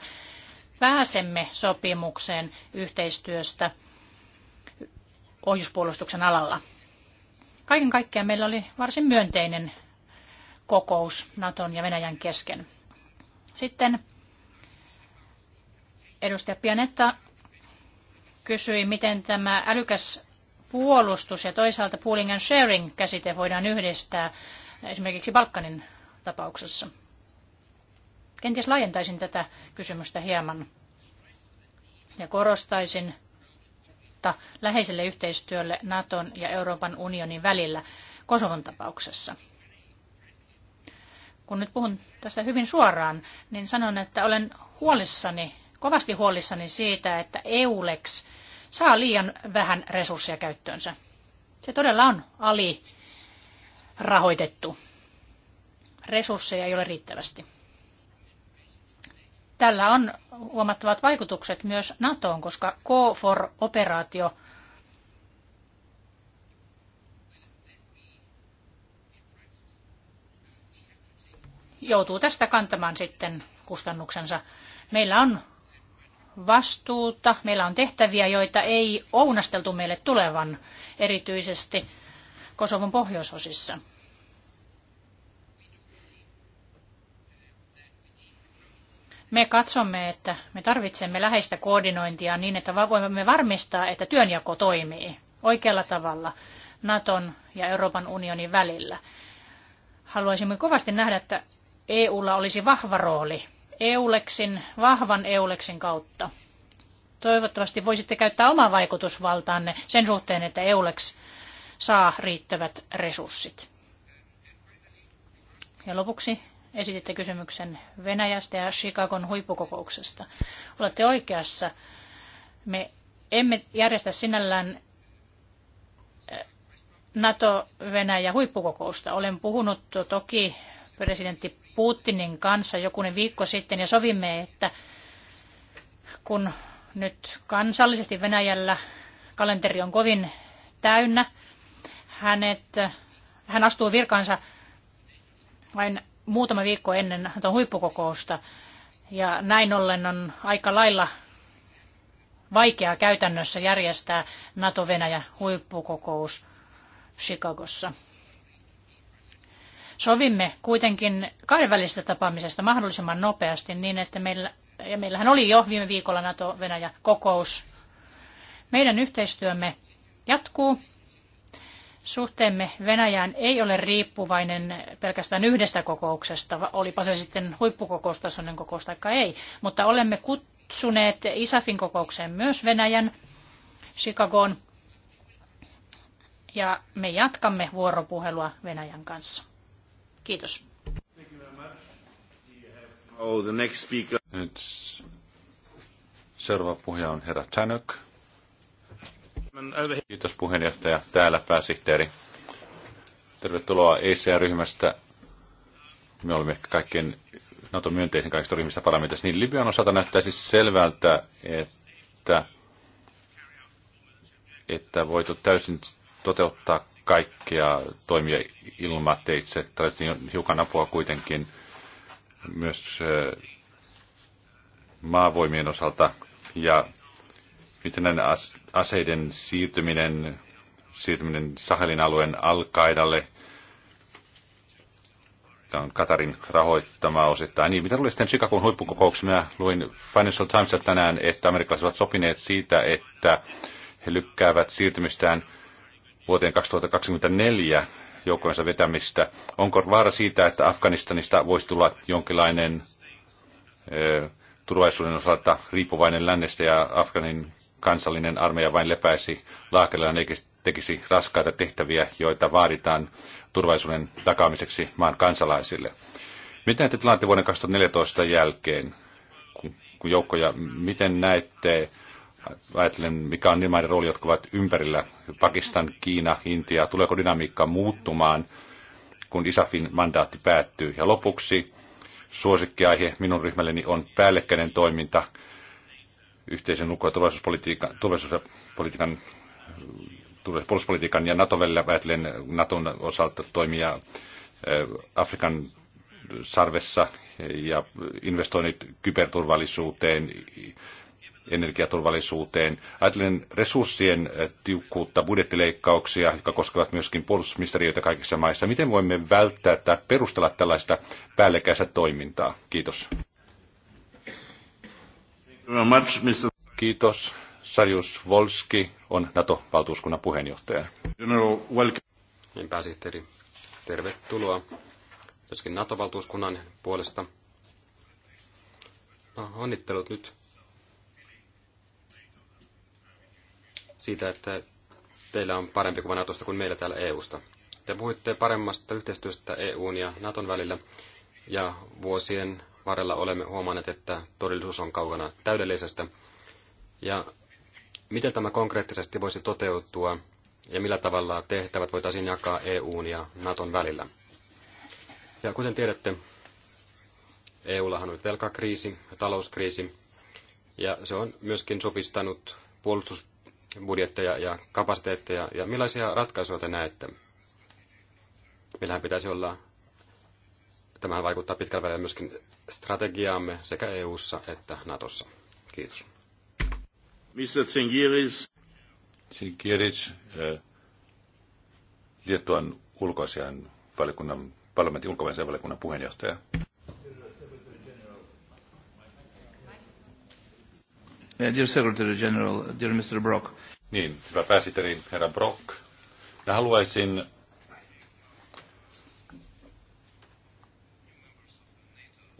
pääsemme sopimukseen yhteistyöstä ohjuspuolustuksen alalla. Kaiken kaikkiaan meillä oli varsin myönteinen kokous Naton ja Venäjän kesken. Sitten edustaja Pianetta kysyi, miten tämä älykäs puolustus ja toisaalta pooling and sharing käsite voidaan yhdistää esimerkiksi Balkanin tapauksessa? Kenties laajentaisin tätä kysymystä hieman ja korostaisin että läheiselle yhteistyölle Naton ja Euroopan unionin välillä Kosovon tapauksessa. Kun nyt puhun tästä hyvin suoraan, niin sanon, että olen huolissani, kovasti huolissani siitä, että EULEX saa liian vähän resursseja käyttöönsä. Se todella on alirahoitettu. Resursseja ei ole riittävästi. Tällä on huomattavat vaikutukset myös NATOon, koska KFOR-operaatio joutuu tästä kantamaan sitten kustannuksensa. Meillä on vastuuta, meillä on tehtäviä, joita ei ounasteltu meille tulevan, erityisesti Kosovon pohjoisosissa. Me katsomme, että me tarvitsemme läheistä koordinointia niin, että voimme varmistaa, että työnjako toimii oikealla tavalla Naton ja Euroopan unionin välillä. Haluaisimme kovasti nähdä, että EUlla olisi vahva rooli Euleksin, vahvan Euleksin kautta. Toivottavasti voisitte käyttää omaa vaikutusvaltaanne sen suhteen, että Euleks saa riittävät resurssit. Ja lopuksi esititte kysymyksen Venäjästä ja Chicagon huippukokouksesta. Olette oikeassa. Me emme järjestä sinällään eh, NATO-Venäjä huippukokousta. Olen puhunut toki presidentti Putinin kanssa jokunen viikko sitten ja sovimme, että kun nyt kansallisesti Venäjällä kalenteri on kovin täynnä, hänet, hän astuu virkaansa vain muutama viikko ennen tuon huippukokousta. Ja näin ollen on aika lailla vaikeaa käytännössä järjestää NATO-Venäjä huippukokous Chicagossa. Sovimme kuitenkin kahdenvälisestä tapaamisesta mahdollisimman nopeasti niin, että meillä, ja meillähän oli jo viime viikolla NATO-Venäjä-kokous. Meidän yhteistyömme jatkuu. Suhteemme Venäjään ei ole riippuvainen pelkästään yhdestä kokouksesta, olipa se sitten huippukokoustasoinen kokous tai ei, mutta olemme kutsuneet ISAFin kokoukseen myös Venäjän Chicagoon ja me jatkamme vuoropuhelua Venäjän kanssa. Kiitos. Oh, the next speaker. Nyt seuraava puhuja on herra Tanök. Kiitos puheenjohtaja. Täällä pääsihteeri. Tervetuloa ECR-ryhmästä. Me olemme ehkä kaikkien Naton myönteisen kaikista ryhmistä parlamentissa. Niin Libyan osalta näyttää siis selvältä, että, että voitu täysin toteuttaa kaikkea toimia ilmateitse. Tarvittiin hiukan apua kuitenkin myös eh, maavoimien osalta ja miten näiden aseiden siirtyminen, siirtyminen Sahelin alueen alkaidalle, tämä on Katarin rahoittama osittain. Niin, mitä tuli sitten Chicagon huippukokouksessa? Minä luin Financial Timesilta tänään, että amerikkalaiset ovat sopineet siitä, että he lykkäävät siirtymistään – vuoteen 2024 joukkojensa vetämistä. Onko vaara siitä, että Afganistanista voisi tulla jonkinlainen ö, turvallisuuden osalta riippuvainen lännestä ja Afganin kansallinen armeija vain lepäisi laakerillaan eikä tekisi raskaita tehtäviä, joita vaaditaan turvallisuuden takaamiseksi maan kansalaisille. Miten te tilanteen vuoden 2014 jälkeen, kun joukkoja, miten näette ajatellen, mikä on niiden rooli, jotka ovat ympärillä, Pakistan, Kiina, Intia, tuleeko dynamiikka muuttumaan, kun ISAFin mandaatti päättyy. Ja lopuksi suosikkiaihe minun ryhmälleni on päällekkäinen toiminta yhteisen ulko- ja turvallisuuspolitiikan, turvallisuuspolitiikan puolustuspolitiikan ja Naton välillä ajatellen Naton osalta toimia Afrikan sarvessa ja investoinnit kyberturvallisuuteen, energiaturvallisuuteen. Ajattelen resurssien eh, tiukkuutta, budjettileikkauksia, jotka koskevat myöskin puolustusministeriöitä kaikissa maissa. Miten voimme välttää tai perustella tällaista päällekkäistä toimintaa? Kiitos. Kiitos. Sarjus Volski on NATO-valtuuskunnan puheenjohtaja. General, welcome. Niin, pääsihteeri, tervetuloa myöskin NATO-valtuuskunnan puolesta. No, onnittelut nyt siitä, että teillä on parempi kuva Natosta kuin meillä täällä EUsta. Te puhuitte paremmasta yhteistyöstä EUn ja Naton välillä, ja vuosien varrella olemme huomanneet, että todellisuus on kaukana täydellisestä. Ja miten tämä konkreettisesti voisi toteutua, ja millä tavalla tehtävät voitaisiin jakaa EUn ja Naton välillä? Ja kuten tiedätte, EUllahan on velkakriisi ja talouskriisi, ja se on myöskin sopistanut puolustus budjetteja ja kapasiteetteja, ja millaisia ratkaisuja te näette? Millähän pitäisi olla, tämähän vaikuttaa pitkällä välillä myöskin strategiaamme sekä EU:ssa että NATOssa. Kiitos. Mr. Tsingiris? Tsingiris eh, Liettuan ulkoasian valiokunnan, parlamentin ulkoasian valiokunnan puheenjohtaja. Eh, dear Secretary General, dear Mr. Brock. Niin, hyvä pääsihteeri, herra Brock. Minä haluaisin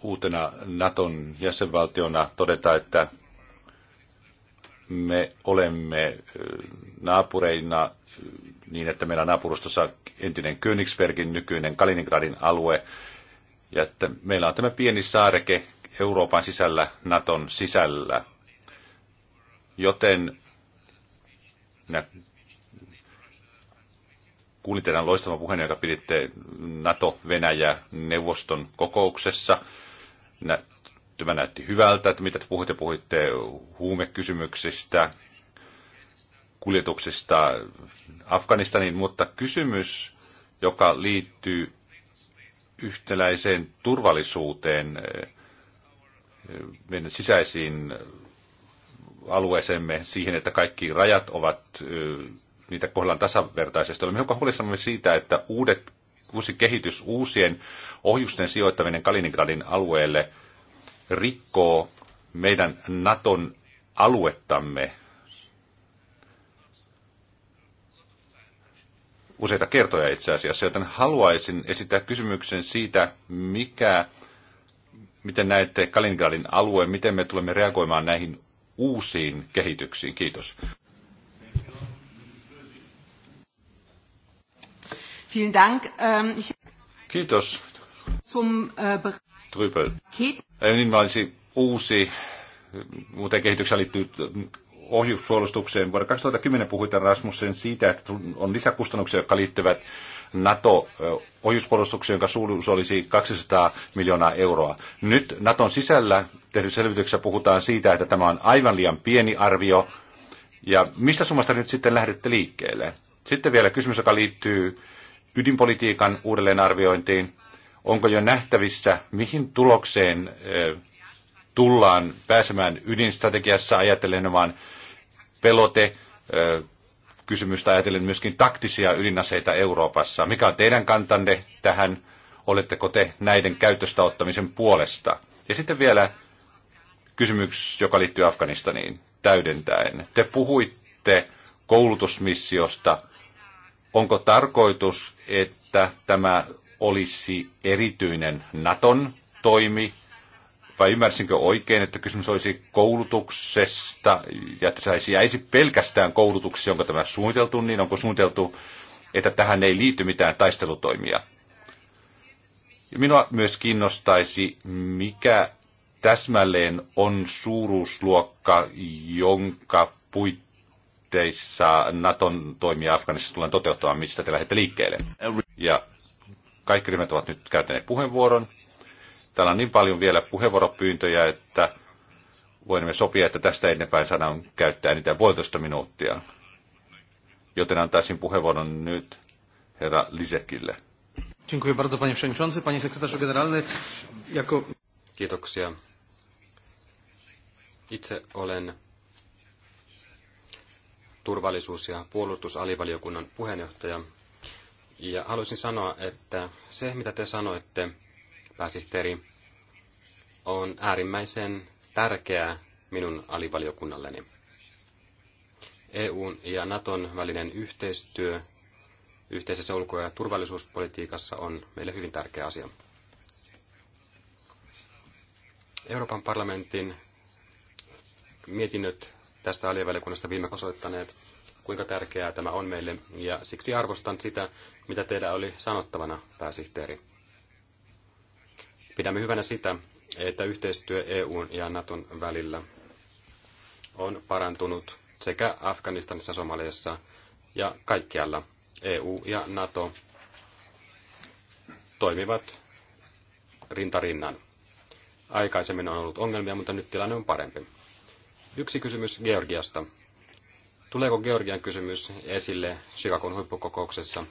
uutena Naton jäsenvaltiona todeta, että me olemme eh, naapureina eh, niin, että meillä on naapurustossa entinen Königsbergin nykyinen Kaliningradin alue, ja että meillä on tämä pieni saareke Euroopan sisällä, Naton sisällä. Joten nä, kuulin teidän loistavan puheen, joka piditte NATO-Venäjä-neuvoston kokouksessa. Tämä näytti hyvältä, että mitä te puhutte, puhuitte huumekysymyksistä, kuljetuksista Afganistaniin, mutta kysymys, joka liittyy yhtäläiseen turvallisuuteen, eh, eh, meidän sisäisiin alueeseemme siihen, että kaikki rajat ovat, niitä kohdellaan tasavertaisesti. Olemme hiukan huolissamme siitä, että uudet, uusi kehitys uusien ohjusten sijoittaminen Kaliningradin alueelle rikkoo meidän Naton aluettamme useita kertoja itse asiassa, joten haluaisin esittää kysymyksen siitä, mikä, miten näette Kaliningradin alueen, miten me tulemme reagoimaan näihin uusiin kehityksiin. Kiitos. Ähm, Kiitos. Zum, äh, Trypel. Niin olisi siis uusi, muuten kehitykseen liittyy mm, ohjuspuolustukseen. Vuonna 2010 puhuit Rasmussen siitä, että on lisäkustannuksia, jotka liittyvät NATO-ohjuspuolustukseen, jonka suuruus olisi 200 miljoonaa euroa. Nyt Naton sisällä tehdyssä selvityksessä puhutaan siitä, että tämä on aivan liian pieni arvio. Ja mistä summasta nyt sitten lähdette liikkeelle? Sitten vielä kysymys, joka liittyy ydinpolitiikan uudelleenarviointiin. Onko jo nähtävissä, mihin tulokseen tullaan pääsemään ydinstrategiassa ajatellen oman pelote, kysymystä ajatellen myöskin taktisia ydinaseita Euroopassa. Mikä on teidän kantanne tähän? Oletteko te näiden käytöstä ottamisen puolesta? Ja sitten vielä kysymys, joka liittyy Afganistaniin täydentäen. Te puhuitte koulutusmissiosta. Onko tarkoitus, että tämä olisi erityinen Naton toimi vai ymmärsinkö oikein, että kysymys olisi koulutuksesta ja että se jäisi pelkästään koulutuksessa, jonka tämä suunniteltu, niin onko suunniteltu, että tähän ei liity mitään taistelutoimia? Minua myös kiinnostaisi, mikä täsmälleen on suuruusluokka, jonka puitteissa Naton toimia Afganistissa tulee toteuttamaan, mistä te lähdette liikkeelle. Ja kaikki ryhmät ovat nyt käyttäneet puheenvuoron. Täällä on niin paljon vielä puheenvuoropyyntöjä, että voimme sopia, että tästä eteenpäin saadaan käyttää niitä puolitoista minuuttia. Joten antaisin puheenvuoron nyt herra Lisekille. Kiitoksia. Itse olen turvallisuus- ja puolustusalivaliokunnan puheenjohtaja. Ja haluaisin sanoa, että se mitä te sanoitte pääsihteeri, on äärimmäisen tärkeää minun alivaliokunnalleni. EUn ja Naton välinen yhteistyö yhteisessä ulko- ja turvallisuuspolitiikassa on meille hyvin tärkeä asia. Euroopan parlamentin mietinnöt tästä alivaliokunnasta viime osoittaneet, kuinka tärkeää tämä on meille, ja siksi arvostan sitä, mitä teillä oli sanottavana, pääsihteeri. Pidämme hyvänä sitä, että yhteistyö EUn ja Naton välillä on parantunut sekä Afganistanissa, Somaliassa ja kaikkialla. EU ja NATO toimivat rintarinnan. Aikaisemmin on ollut ongelmia, mutta nyt tilanne on parempi. Yksi kysymys Georgiasta. Tuleeko Georgian kysymys esille Chicagon huippukokouksessa?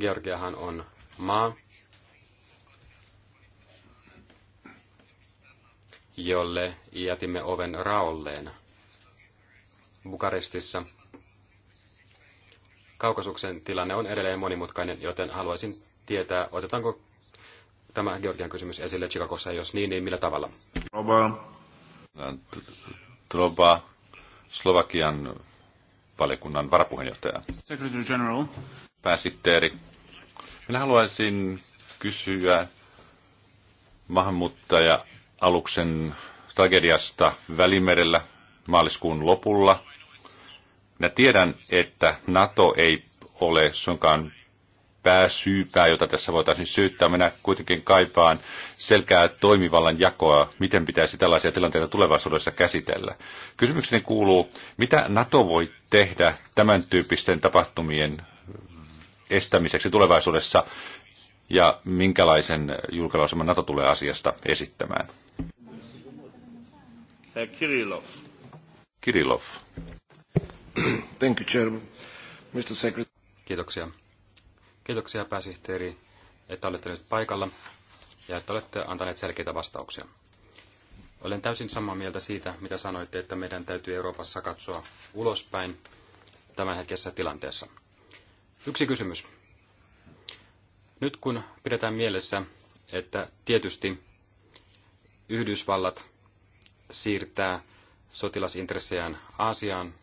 Georgiahan on maa, jolle jätimme oven raolleen Bukarestissa. Kaukasuksen tilanne on edelleen monimutkainen, joten haluaisin tietää, otetaanko tämä Georgian kysymys esille Chicagossa, jos niin, niin millä tavalla? Troba, Troba Slovakian valiokunnan varapuheenjohtaja. Secretary General. Pääsitteeri. Minä haluaisin kysyä maahanmuuttaja aluksen tragediasta Välimerellä maaliskuun lopulla. Minä tiedän, että NATO ei ole suinkaan pääsyypää, jota tässä voitaisiin syyttää. Minä kuitenkin kaipaan selkää toimivallan jakoa, miten pitäisi tällaisia tilanteita tulevaisuudessa käsitellä. Kysymykseni kuuluu, mitä NATO voi tehdä tämän tyyppisten tapahtumien estämiseksi tulevaisuudessa ja minkälaisen julkilausuman NATO tulee asiasta esittämään? Herr Kirillov. Kirillov. Thank you, Chairman. Mr. Secretary. Kiitoksia. Kiitoksia pääsihteeri, että olette nyt paikalla ja että olette antaneet selkeitä vastauksia. Olen täysin samaa mieltä siitä, mitä sanoitte, että meidän täytyy Euroopassa katsoa ulospäin tämänhetkisessä tilanteessa. Yksi kysymys. Nyt kun pidetään mielessä, että tietysti Yhdysvallat siirtää sotilasintressejään Aasiaan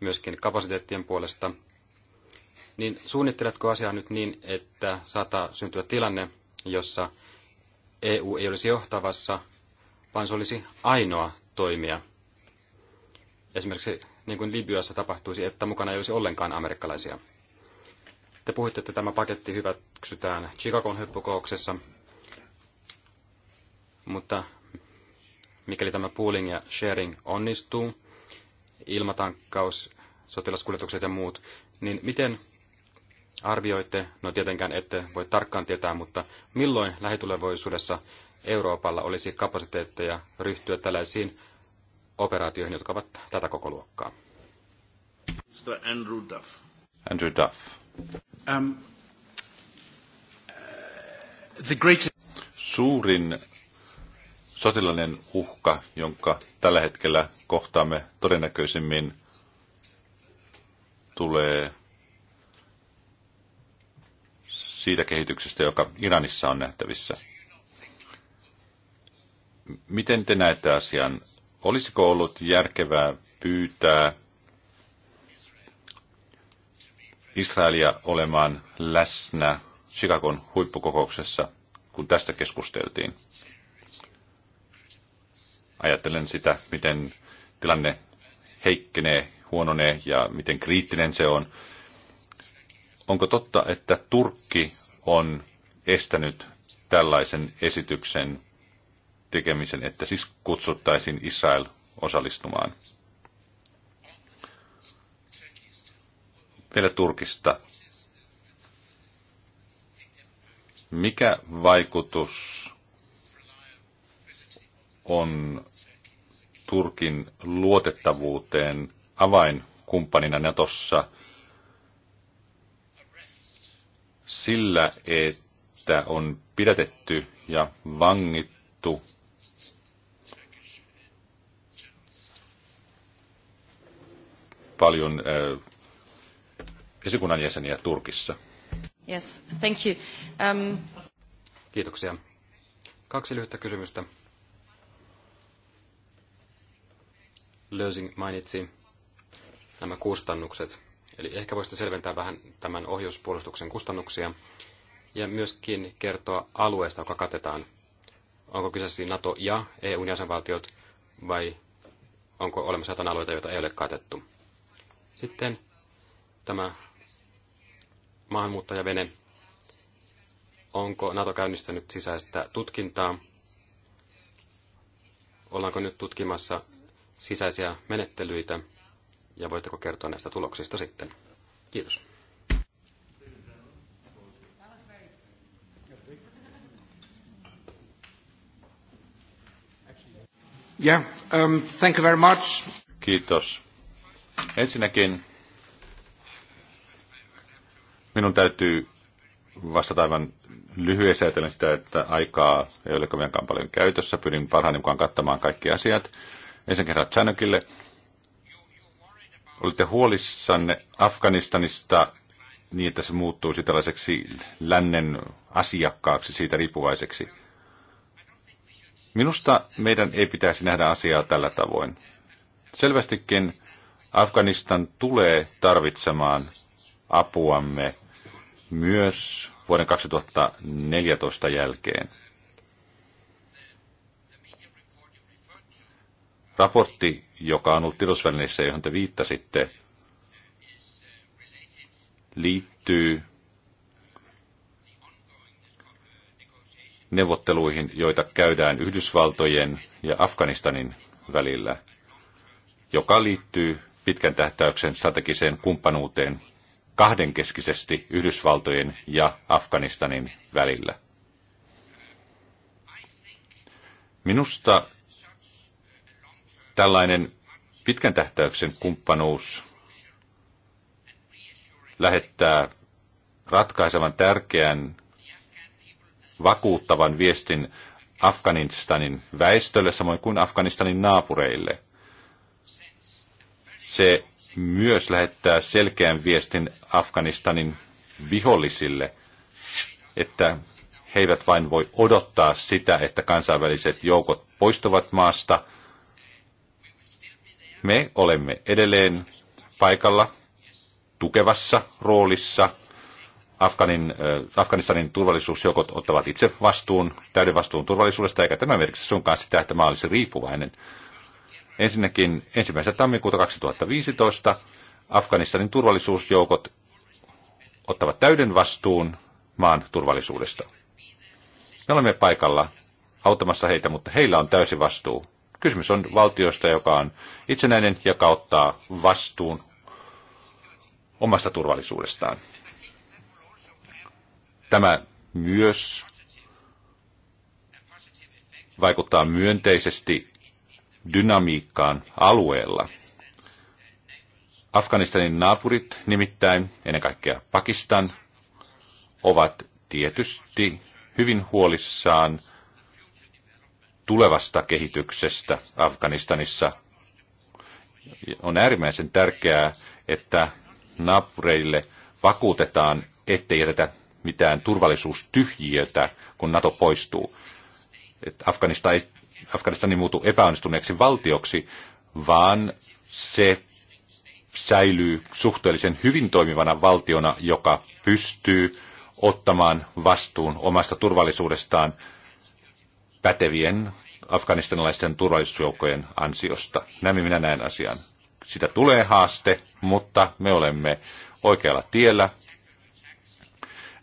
myöskin kapasiteettien puolesta, niin suunnitteletko asiaa nyt niin, että saattaa syntyä tilanne, jossa EU ei olisi johtavassa, vaan se olisi ainoa toimija? Esimerkiksi niin kuin Libyassa tapahtuisi, että mukana ei olisi ollenkaan amerikkalaisia. Te puhuitte, että tämä paketti hyväksytään Chicagon hyppukouksessa, mutta mikäli tämä pooling ja sharing onnistuu, ilmatankkaus, sotilaskuljetukset ja muut, niin miten arvioitte, no tietenkään ette voi tarkkaan tietää, mutta milloin lähitulevaisuudessa Euroopalla olisi kapasiteetteja ryhtyä tällaisiin operaatioihin, jotka ovat tätä koko luokkaa? Mr. Andrew Duff. Andrew Duff. Um, uh, the greatest... Suurin sotilainen uhka, jonka tällä hetkellä kohtaamme todennäköisimmin, tulee siitä kehityksestä, joka Iranissa on nähtävissä. Miten te näette asian? Olisiko ollut järkevää pyytää Israelia olemaan läsnä Chicagon huippukokouksessa, kun tästä keskusteltiin? Ajattelen sitä, miten tilanne heikkenee, huononee ja miten kriittinen se on. Onko totta, että Turkki on estänyt tällaisen esityksen tekemisen, että siis kutsuttaisiin Israel osallistumaan? Vielä Turkista. Mikä vaikutus on Turkin luotettavuuteen avainkumppanina Natossa sillä, että on pidätetty ja vangittu paljon äh, esikunnan jäseniä Turkissa. Yes, thank you. Um... Kiitoksia. Kaksi lyhyttä kysymystä. Lösing mainitsi nämä kustannukset. Eli ehkä voisitte selventää vähän tämän ohjuspuolustuksen kustannuksia ja myöskin kertoa alueesta, joka katetaan. Onko kyseessä NATO ja EUn jäsenvaltiot vai onko olemassa jotain alueita, joita ei ole katettu. Sitten tämä maahanmuuttajavene. Onko NATO käynnistänyt sisäistä tutkintaa? Ollaanko nyt tutkimassa sisäisiä menettelyitä ja voitteko kertoa näistä tuloksista sitten? Kiitos. Yeah, um, thank you very much. Kiitos. Ensinnäkin minun täytyy vastata aivan lyhyesti ajatellen sitä, että aikaa ei ole kovinkaan paljon käytössä. Pyrin parhaani mukaan kattamaan kaikki asiat. Ensinnäkin herra Chanukille. Olitte huolissanne Afganistanista niin, että se muuttuisi tällaiseksi lännen asiakkaaksi, siitä riippuvaiseksi. Minusta meidän ei pitäisi nähdä asiaa tällä tavoin. Selvästikin Afganistan tulee tarvitsemaan apuamme myös vuoden 2014 jälkeen. Raportti, joka on ollut tiedotusvälineissä, johon te viittasitte, liittyy neuvotteluihin, joita käydään Yhdysvaltojen ja Afganistanin välillä, joka liittyy pitkän tähtäyksen strategiseen kumppanuuteen kahdenkeskisesti Yhdysvaltojen ja Afganistanin välillä. Minusta Tällainen pitkän tähtäyksen kumppanuus lähettää ratkaisevan tärkeän vakuuttavan viestin Afganistanin väestölle samoin kuin Afganistanin naapureille. Se myös lähettää selkeän viestin Afganistanin vihollisille, että he eivät vain voi odottaa sitä, että kansainväliset joukot poistuvat maasta – me olemme edelleen paikalla tukevassa roolissa. Afganin, Afganistanin turvallisuusjoukot ottavat itse vastuun, täyden vastuun turvallisuudesta, eikä tämä merkitse sunkaan sitä, että mä olisin riippuvainen. Ensinnäkin 1. tammikuuta 2015 Afganistanin turvallisuusjoukot ottavat täyden vastuun maan turvallisuudesta. Me olemme paikalla auttamassa heitä, mutta heillä on täysi vastuu. Kysymys on valtiosta, joka on itsenäinen ja kauttaa vastuun omasta turvallisuudestaan. Tämä myös vaikuttaa myönteisesti dynamiikkaan alueella. Afganistanin naapurit, nimittäin ennen kaikkea Pakistan, ovat tietysti hyvin huolissaan tulevasta kehityksestä Afganistanissa. On äärimmäisen tärkeää, että naapureille vakuutetaan, ettei jätetä mitään turvallisuustyhjiötä, kun NATO poistuu. Että Afganistan ei, Afganistan ei muutu epäonnistuneeksi valtioksi, vaan se säilyy suhteellisen hyvin toimivana valtiona, joka pystyy ottamaan vastuun omasta turvallisuudestaan pätevien afganistanilaisten turvallisuusjoukkojen ansiosta. Näin minä näen asian. Sitä tulee haaste, mutta me olemme oikealla tiellä.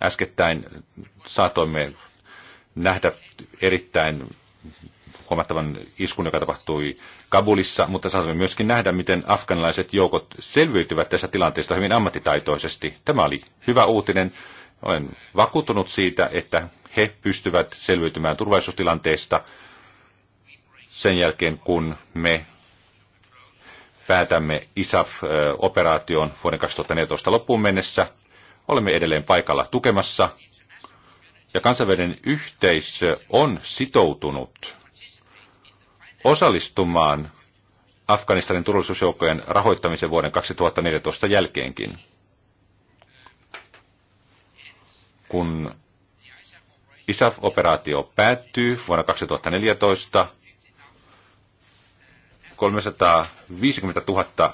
Äskettäin saatoimme nähdä erittäin huomattavan iskun, joka tapahtui Kabulissa, mutta saatamme myöskin nähdä, miten afganilaiset joukot selviytyvät tässä tilanteesta hyvin ammattitaitoisesti. Tämä oli hyvä uutinen. Olen vakuuttunut siitä, että he pystyvät selviytymään turvallisuustilanteesta sen jälkeen, kun me päätämme ISAF-operaation vuoden 2014 loppuun mennessä. Olemme edelleen paikalla tukemassa. Ja kansainvälinen yhteisö on sitoutunut osallistumaan Afganistanin turvallisuusjoukkojen rahoittamisen vuoden 2014 jälkeenkin. Kun ISAF-operaatio päättyy vuonna 2014, 350 000 äh,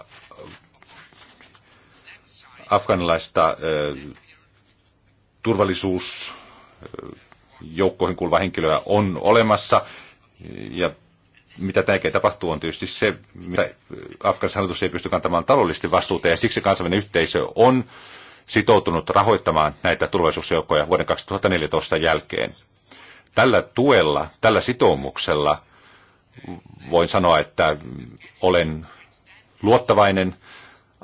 afganilaista äh, turvallisuusjoukkoihin äh, kuuluvaa henkilöä on olemassa. Ja mitä tärkeää tapahtuu on tietysti se, mitä Afganistan hallitus ei pysty kantamaan taloudellisesti vastuuta, ja siksi kansainvälinen yhteisö on sitoutunut rahoittamaan näitä turvallisuusjoukkoja vuoden 2014 jälkeen. Tällä tuella, tällä sitoumuksella – voin sanoa, että olen luottavainen.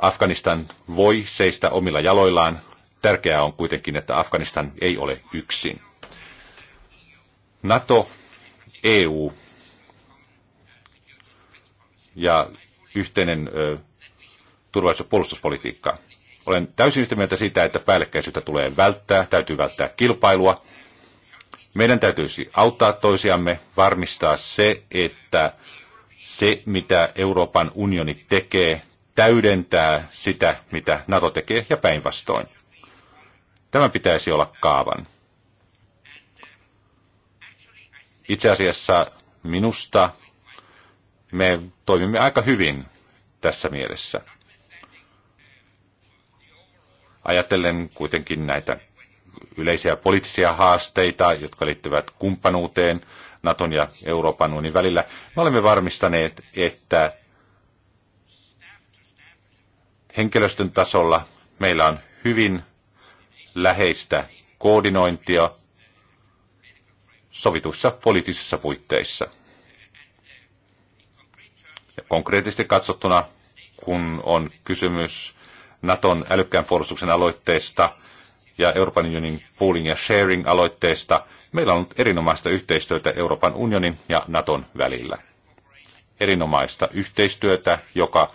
Afganistan voi seistä omilla jaloillaan. Tärkeää on kuitenkin, että Afganistan ei ole yksin. NATO, EU ja yhteinen ö, turvallisuus- ja puolustuspolitiikka. Olen täysin yhtä mieltä siitä, että päällekkäisyyttä tulee välttää, täytyy välttää kilpailua – meidän täytyisi auttaa toisiamme, varmistaa se, että se, mitä Euroopan unioni tekee, täydentää sitä, mitä NATO tekee, ja päinvastoin. Tämä pitäisi olla kaavan. Itse asiassa minusta me toimimme aika hyvin tässä mielessä. Ajattelen kuitenkin näitä yleisiä poliittisia haasteita, jotka liittyvät kumppanuuteen Naton ja Euroopan unionin välillä. Me olemme varmistaneet, että henkilöstön tasolla meillä on hyvin läheistä koordinointia sovituissa poliittisissa puitteissa. Ja konkreettisesti katsottuna, kun on kysymys Naton älykkään puolustuksen aloitteesta – ja Euroopan unionin pooling ja sharing aloitteesta. Meillä on ollut erinomaista yhteistyötä Euroopan unionin ja Naton välillä. Erinomaista yhteistyötä, joka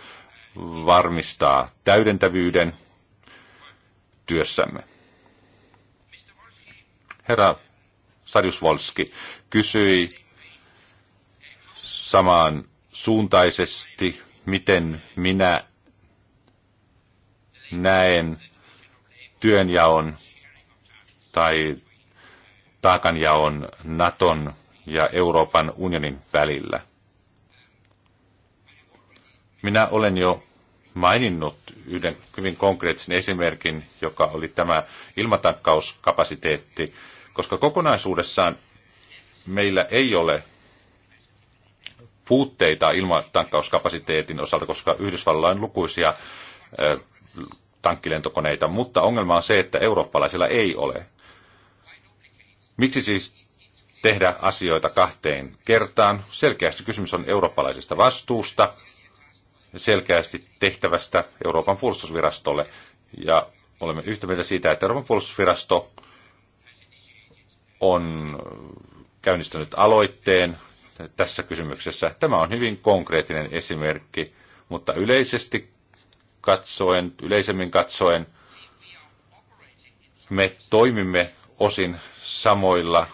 varmistaa täydentävyyden työssämme. Herra Sarjusvolski kysyi samaan suuntaisesti, miten minä näen työnjaon tai taakanjaon Naton ja Euroopan unionin välillä. Minä olen jo maininnut yhden hyvin konkreettisen esimerkin, joka oli tämä ilmatankkauskapasiteetti, koska kokonaisuudessaan meillä ei ole puutteita ilmatankkauskapasiteetin osalta, koska Yhdysvalloilla on lukuisia tankkilentokoneita, mutta ongelma on se, että eurooppalaisilla ei ole. Miksi siis tehdä asioita kahteen kertaan? Selkeästi kysymys on eurooppalaisesta vastuusta, selkeästi tehtävästä Euroopan puolustusvirastolle. Ja olemme yhtä mieltä siitä, että Euroopan puolustusvirasto on käynnistänyt aloitteen tässä kysymyksessä. Tämä on hyvin konkreettinen esimerkki, mutta yleisesti katsoen, yleisemmin katsoen, me toimimme osin samoilla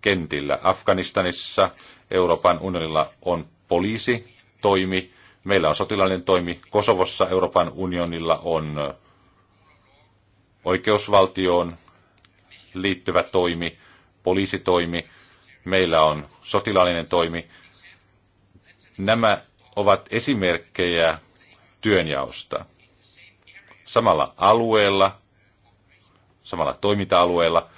kentillä. Afganistanissa Euroopan unionilla on poliisi toimi, meillä on sotilaallinen toimi, Kosovossa Euroopan unionilla on oikeusvaltioon liittyvä toimi, poliisitoimi, meillä on sotilaallinen toimi. Nämä ovat esimerkkejä työnjaosta. Samalla alueella, samalla toiminta-alueella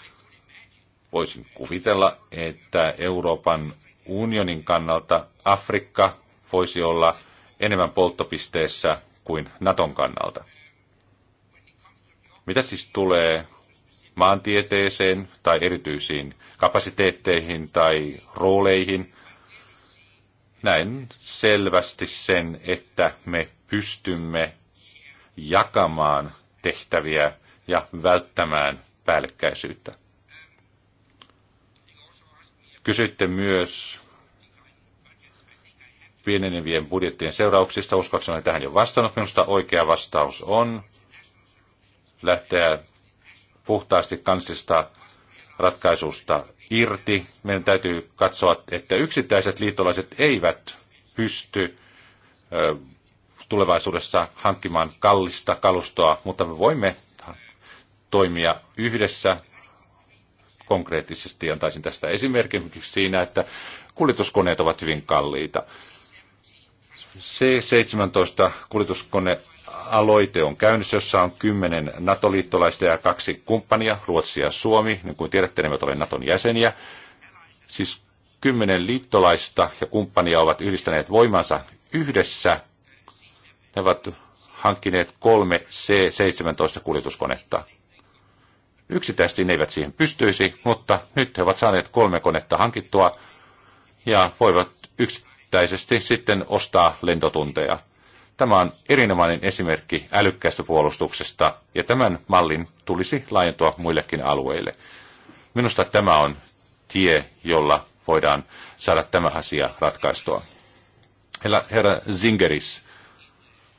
voisin kuvitella, että Euroopan unionin kannalta Afrikka voisi olla enemmän polttopisteessä kuin Naton kannalta. Mitä siis tulee maantieteeseen tai erityisiin kapasiteetteihin tai rooleihin, näen selvästi sen, että me pystymme jakamaan tehtäviä ja välttämään päällekkäisyyttä. Kysytte myös pienenevien budjettien seurauksista. Uskoakseni olen tähän jo vastannut. Minusta oikea vastaus on lähteä puhtaasti kansista ratkaisusta irti. Meidän täytyy katsoa, että yksittäiset liittolaiset eivät pysty tulevaisuudessa hankkimaan kallista kalustoa, mutta me voimme toimia yhdessä konkreettisesti. Antaisin tästä esimerkin siinä, että kuljetuskoneet ovat hyvin kalliita. C-17 kuljetuskone aloite on käynnissä, jossa on kymmenen NATO-liittolaista ja kaksi kumppania, Ruotsi ja Suomi. Niin kuin tiedätte, ne ole NATOn jäseniä. Siis kymmenen liittolaista ja kumppania ovat yhdistäneet voimansa yhdessä. Ne ovat hankkineet kolme C-17-kuljetuskonetta. Yksittäisesti ne eivät siihen pystyisi, mutta nyt he ovat saaneet kolme konetta hankittua ja voivat yksittäisesti sitten ostaa lentotunteja. Tämä on erinomainen esimerkki älykkäästä puolustuksesta, ja tämän mallin tulisi laajentua muillekin alueille. Minusta tämä on tie, jolla voidaan saada tämä asia ratkaistua. Herra Zingeris,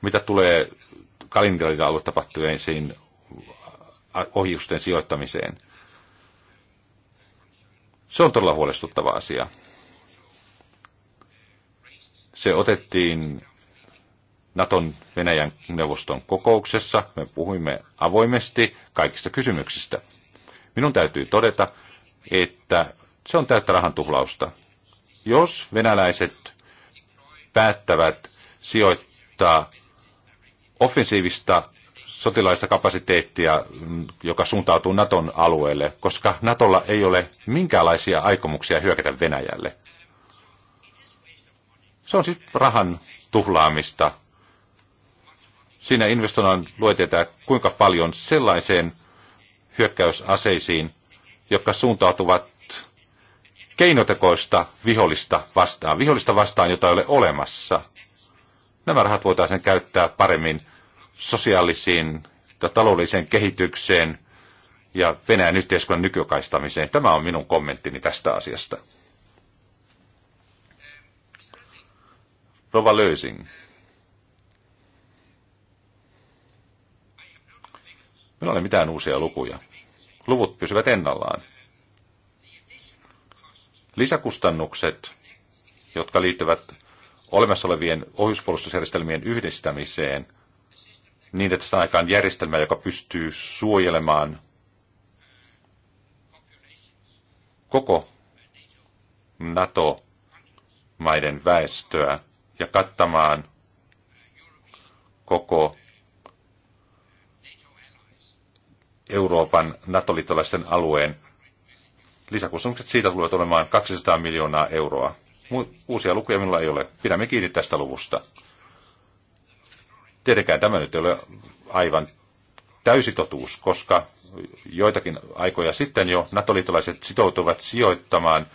mitä tulee Kaliningradin alueella tapahtuneisiin ohjusten sijoittamiseen? Se on todella huolestuttava asia. Se otettiin Naton Venäjän neuvoston kokouksessa. Me puhuimme avoimesti kaikista kysymyksistä. Minun täytyy todeta, että se on täyttä rahan tuhlausta. Jos venäläiset päättävät sijoittaa offensiivista sotilaista kapasiteettia, mm, joka suuntautuu Naton alueelle, koska Natolla ei ole minkäänlaisia aikomuksia hyökätä Venäjälle. Se on siis rahan tuhlaamista Siinä investoidaan luetetaan, kuinka paljon sellaiseen hyökkäysaseisiin, jotka suuntautuvat keinotekoista vihollista vastaan, vihollista vastaan, jota ei ole olemassa. Nämä rahat voitaisiin käyttää paremmin sosiaalisiin ja taloudelliseen kehitykseen ja Venäjän yhteiskunnan nykykaistamiseen. Tämä on minun kommenttini tästä asiasta. Rova Löysing. Minulla ei ole mitään uusia lukuja. Luvut pysyvät ennallaan. Lisäkustannukset, jotka liittyvät olemassa olevien ohjuspuolustusjärjestelmien yhdistämiseen, niin että saadaan aikaan järjestelmä, joka pystyy suojelemaan koko NATO-maiden väestöä ja kattamaan koko Euroopan NATO-liittolaisten alueen. Lisäkustannukset siitä tulevat olemaan 200 miljoonaa euroa. Uusia lukuja minulla ei ole. Pidämme kiinni tästä luvusta. Tietenkään tämä nyt ei ole aivan täysi totuus, koska joitakin aikoja sitten jo NATO-liittolaiset sitoutuivat sijoittamaan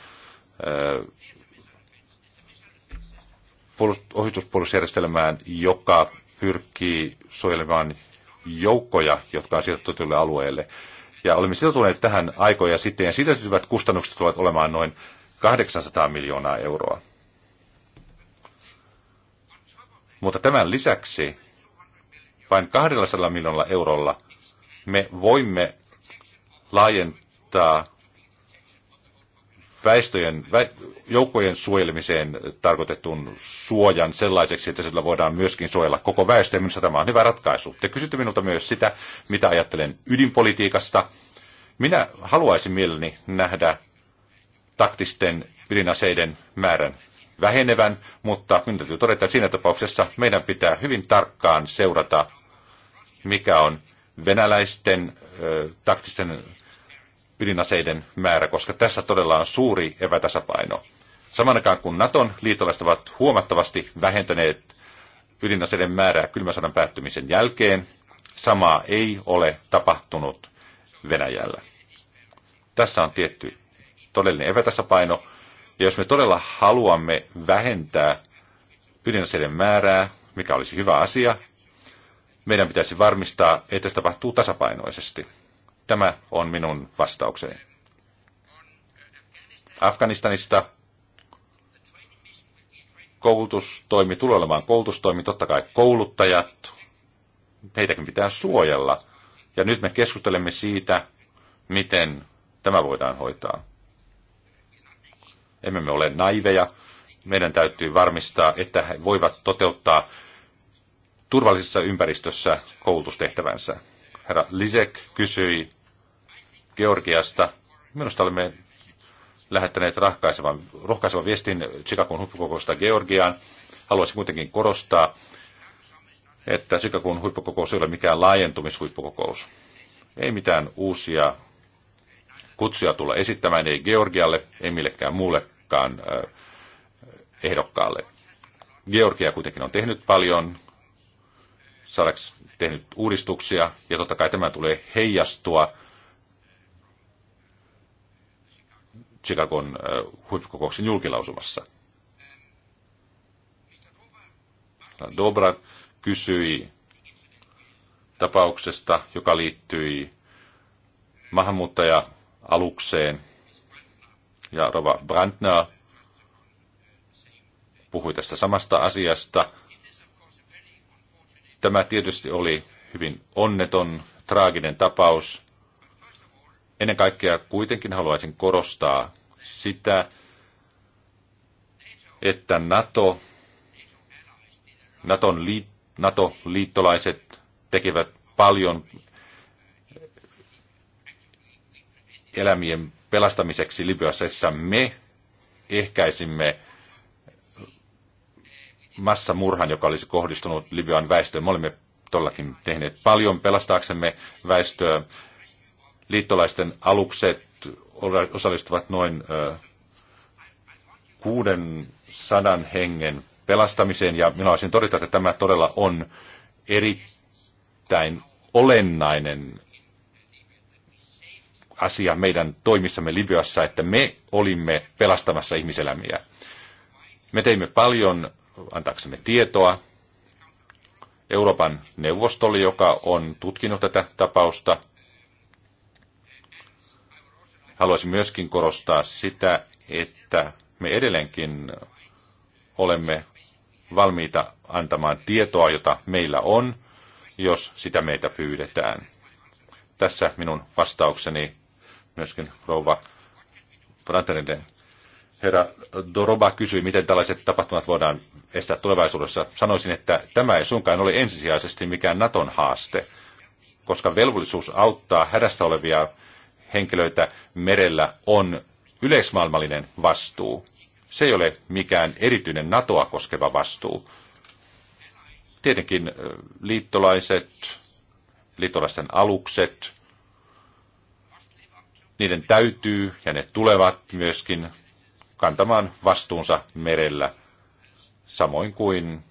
ohjustuspuolustusjärjestelmään, joka pyrkii suojelemaan joukkoja, jotka on sijoitettu tuolle alueelle. Ja olemme sitoutuneet tähän aikoja sitten, ja siitä kustannukset tulevat olemaan noin 800 miljoonaa euroa. Mutta tämän lisäksi vain 200 miljoonalla eurolla me voimme laajentaa väestöjen, vä, joukkojen suojelemiseen tarkoitetun suojan sellaiseksi, että sillä voidaan myöskin suojella koko väestö, Minusta tämä on hyvä ratkaisu. Te kysytte minulta myös sitä, mitä ajattelen ydinpolitiikasta. Minä haluaisin mielelläni nähdä taktisten ydinaseiden määrän vähenevän, mutta minun täytyy todeta, että siinä tapauksessa meidän pitää hyvin tarkkaan seurata, mikä on venäläisten ö, taktisten ydinaseiden määrä, koska tässä todella on suuri epätasapaino. Saman aikaan kun Naton liittolaiset ovat huomattavasti vähentäneet ydinaseiden määrää kylmän sodan päättymisen jälkeen, samaa ei ole tapahtunut Venäjällä. Tässä on tietty todellinen epätasapaino, ja jos me todella haluamme vähentää ydinaseiden määrää, mikä olisi hyvä asia, meidän pitäisi varmistaa, että se tapahtuu tasapainoisesti. Tämä on minun vastaukseni. Afganistanista koulutustoimi tulee olemaan koulutustoimi, totta kai kouluttajat, heitäkin pitää suojella. Ja nyt me keskustelemme siitä, miten tämä voidaan hoitaa. Emme me ole naiveja. Meidän täytyy varmistaa, että he voivat toteuttaa turvallisessa ympäristössä koulutustehtävänsä. Herra Lisek kysyi Georgiasta. Minusta olemme lähettäneet rahkaisevan, rohkaisevan viestin Chicagon huippukokousta Georgiaan. Haluaisin kuitenkin korostaa, että Chicagon huippukokous ei ole mikään laajentumishuippukokous. Ei mitään uusia kutsuja tulla esittämään, ei Georgialle, ei millekään muullekaan ehdokkaalle. Georgia kuitenkin on tehnyt paljon, saadaanko tehnyt uudistuksia, ja totta kai tämä tulee heijastua Chicagon äh, huippukokouksen julkilausumassa. Dobra kysyi tapauksesta, joka liittyi maahanmuuttaja-alukseen. Ja Rova Brandner puhui tästä samasta asiasta. Tämä tietysti oli hyvin onneton, traaginen tapaus, Ennen kaikkea kuitenkin haluaisin korostaa sitä, että NATO, NATOn li, NATO-liittolaiset tekevät paljon elämien pelastamiseksi Libyassa. Me ehkäisimme massamurhan, joka olisi kohdistunut Libyan väestöön. Me olemme todellakin tehneet paljon pelastaaksemme väestöä liittolaisten alukset osallistuvat noin 600 hengen pelastamiseen, ja minä olisin todeta, että tämä todella on erittäin olennainen asia meidän toimissamme Libyassa, että me olimme pelastamassa ihmiselämiä. Me teimme paljon antaaksemme tietoa Euroopan neuvostolle, joka on tutkinut tätä tapausta – Haluaisin myöskin korostaa sitä, että me edelleenkin olemme valmiita antamaan tietoa, jota meillä on, jos sitä meitä pyydetään. Tässä minun vastaukseni myöskin rouva Brantanille. Herra Doroba kysyi, miten tällaiset tapahtumat voidaan estää tulevaisuudessa. Sanoisin, että tämä ei suinkaan ole ensisijaisesti mikään Naton haaste, koska velvollisuus auttaa hädässä olevia henkilöitä merellä on yleismaailmallinen vastuu. Se ei ole mikään erityinen NATOa koskeva vastuu. Tietenkin liittolaiset, liittolaisten alukset, niiden täytyy ja ne tulevat myöskin kantamaan vastuunsa merellä, samoin kuin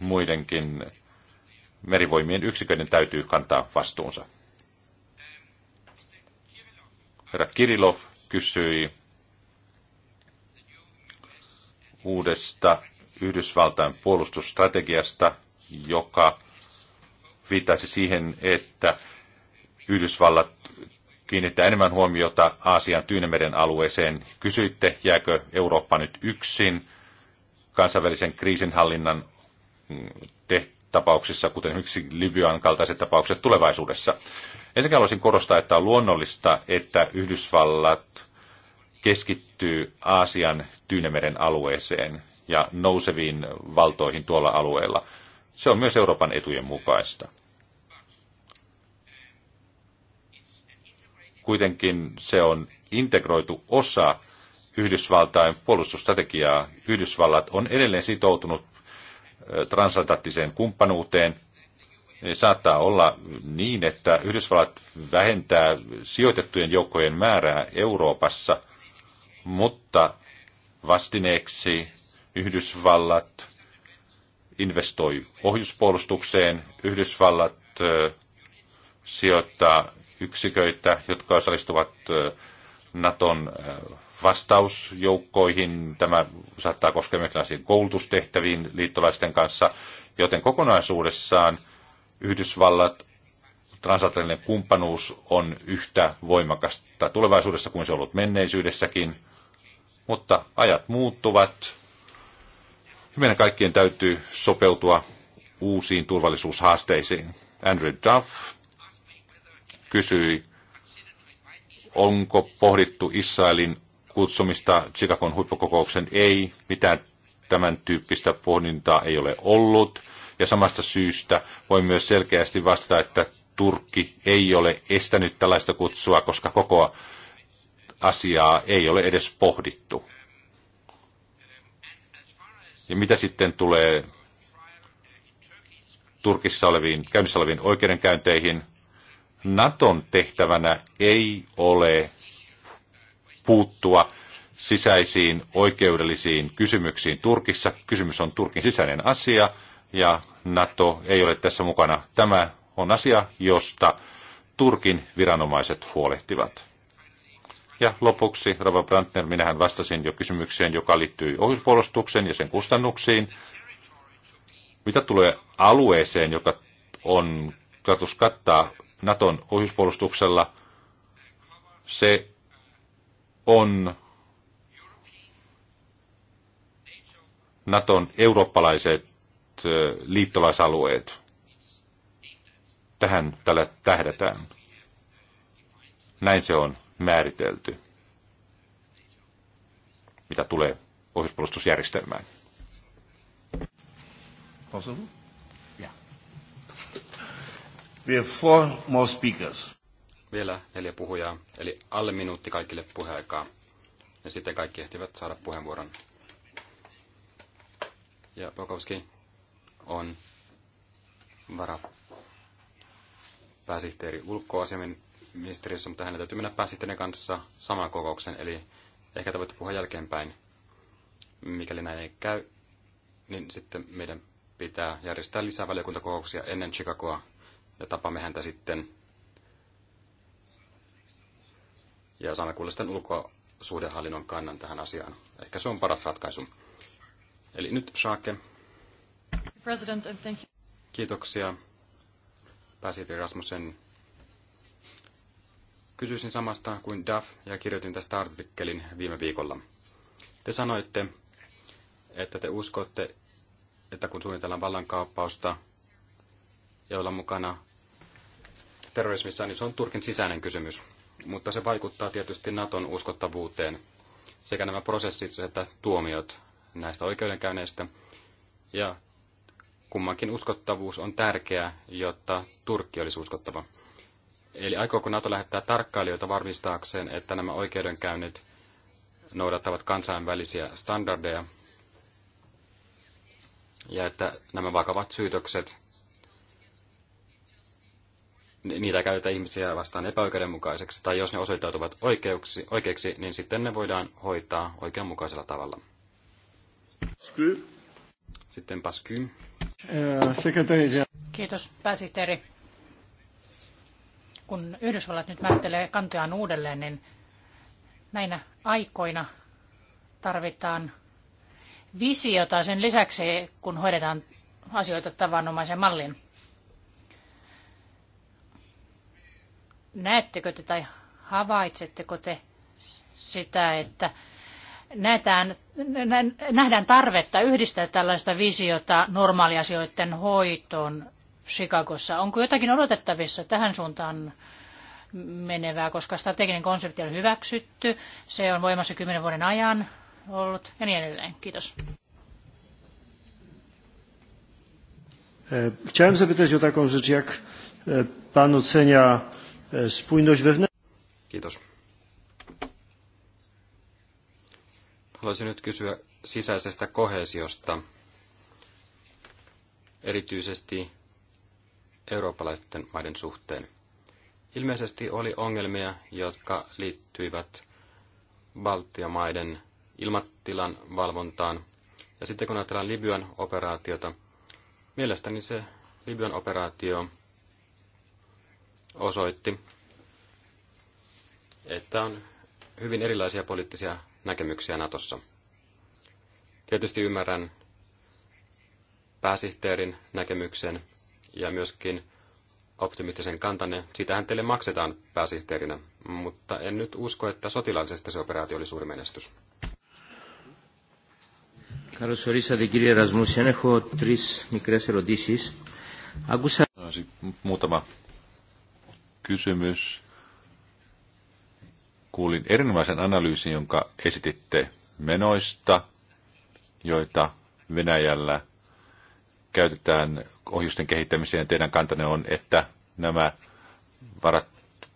muidenkin merivoimien yksiköiden täytyy kantaa vastuunsa. Herra Kirilov kysyi uudesta Yhdysvaltain puolustusstrategiasta, joka viittasi siihen, että Yhdysvallat kiinnittää enemmän huomiota Aasian Tyynemeren alueeseen. Kysyitte, jääkö Eurooppa nyt yksin kansainvälisen kriisinhallinnan mm, tapauksissa, kuten yksi Libyan kaltaiset tapaukset tulevaisuudessa. Ensinnäkin haluaisin korostaa, että on luonnollista, että Yhdysvallat keskittyy Aasian Tyynemeren alueeseen ja nouseviin valtoihin tuolla alueella. Se on myös Euroopan etujen mukaista. Kuitenkin se on integroitu osa Yhdysvaltain puolustusstrategiaa. Yhdysvallat on edelleen sitoutunut transatlanttiseen kumppanuuteen. Niin saattaa olla niin, että Yhdysvallat vähentää sijoitettujen joukkojen määrää Euroopassa, mutta vastineeksi Yhdysvallat investoi ohjuspuolustukseen, Yhdysvallat sijoittaa yksiköitä, jotka osallistuvat Naton vastausjoukkoihin. Tämä saattaa koskea myös koulutustehtäviin liittolaisten kanssa, joten kokonaisuudessaan Yhdysvallat transatlanttinen kumppanuus on yhtä voimakasta tulevaisuudessa kuin se on ollut menneisyydessäkin. Mutta ajat muuttuvat. Meidän kaikkien täytyy sopeutua uusiin turvallisuushaasteisiin. Andrew Duff kysyi, onko pohdittu Israelin kutsumista Chicagon huippukokouksen ei, mitään tämän tyyppistä pohdintaa ei ole ollut. Ja samasta syystä voi myös selkeästi vastata, että Turkki ei ole estänyt tällaista kutsua, koska koko asiaa ei ole edes pohdittu. Ja mitä sitten tulee Turkissa oleviin, käynnissä oleviin oikeudenkäynteihin, Naton tehtävänä ei ole puuttua sisäisiin oikeudellisiin kysymyksiin Turkissa. Kysymys on Turkin sisäinen asia ja NATO ei ole tässä mukana. Tämä on asia, josta Turkin viranomaiset huolehtivat. Ja lopuksi, Rava Brandner, minähän vastasin jo kysymykseen, joka liittyy ohjuspuolustukseen ja sen kustannuksiin. Mitä tulee alueeseen, joka on tarkoitus kattaa Naton ohjuspuolustuksella, se on Naton eurooppalaiset liittolaisalueet. Tähän tällä tähdätään. Näin se on määritelty, mitä tulee ohjuspuolustusjärjestelmään. Possible? Yeah. We have four more speakers vielä neljä puhujaa, eli alle minuutti kaikille puheaikaa. Ja sitten kaikki ehtivät saada puheenvuoron. Ja Pokowski on vara pääsihteeri ulkoasiaministeriössä, mutta hänen täytyy mennä pääsihteerin kanssa samaan kokouksen, eli ehkä te voitte puhua jälkeenpäin. Mikäli näin ei käy, niin sitten meidän pitää järjestää lisää valiokuntakokouksia ennen Chicagoa, ja tapaamme häntä sitten ja saamme kuulla sitten ulkosuhdehallinnon kannan tähän asiaan. Ehkä se on paras ratkaisu. Eli nyt Shaake. Kiitoksia pääsihteeri Rasmussen. Kysyisin samasta kuin DAF ja kirjoitin tästä artikkelin viime viikolla. Te sanoitte, että te uskotte, että kun suunnitellaan vallankaappausta, ja ollaan mukana terrorismissa, niin se on Turkin sisäinen kysymys mutta se vaikuttaa tietysti Naton uskottavuuteen, sekä nämä prosessit että tuomiot näistä oikeudenkäynneistä. Ja kummankin uskottavuus on tärkeää, jotta Turkki olisi uskottava. Eli aikooko NATO lähettää tarkkailijoita varmistaakseen, että nämä oikeudenkäynnit noudattavat kansainvälisiä standardeja ja että nämä vakavat syytökset niitä käytetään ihmisiä vastaan epäoikeudenmukaiseksi, tai jos ne osoittautuvat oikeuksi, oikeiksi, niin sitten ne voidaan hoitaa oikeanmukaisella tavalla. Sky. Sitten Pasky. Äh, Kiitos, pääsihteeri. Kun Yhdysvallat nyt määrittelee kantojaan uudelleen, niin näinä aikoina tarvitaan visiota sen lisäksi, kun hoidetaan asioita tavanomaisen mallin. näettekö te tai havaitsetteko te sitä, että näetään, nähdään tarvetta yhdistää tällaista visiota normaaliasioiden hoitoon Chicagossa. Onko jotakin odotettavissa tähän suuntaan menevää, koska strateginen konsepti on hyväksytty, se on voimassa kymmenen vuoden ajan ollut ja niin edelleen. Kiitos. E, chciałem zapytać o taką rzecz, jak e, pan ocenia E, spójność wewnętrzna. Kiitos. Haluaisin nyt kysyä sisäisestä kohesiosta, erityisesti eurooppalaisten maiden suhteen. Ilmeisesti oli ongelmia, jotka liittyivät Baltian maiden ilmatilan valvontaan. Ja sitten kun ajatellaan Libyan operaatiota, mielestäni se Libyan operaatio osoitti, että on hyvin erilaisia poliittisia näkemyksiä Natossa. Tietysti ymmärrän pääsihteerin näkemyksen ja myöskin optimistisen kantanne. Siitähän teille maksetaan pääsihteerinä, mutta en nyt usko, että sotilaallisesti se operaatio oli suuri menestys. Καλώς ορίσατε κύριε Ρασμούσεν. Έχω τρεις Muutama kysymys. Kuulin erinomaisen analyysin, jonka esititte menoista, joita Venäjällä käytetään ohjusten kehittämiseen. Teidän kantanne on, että nämä varat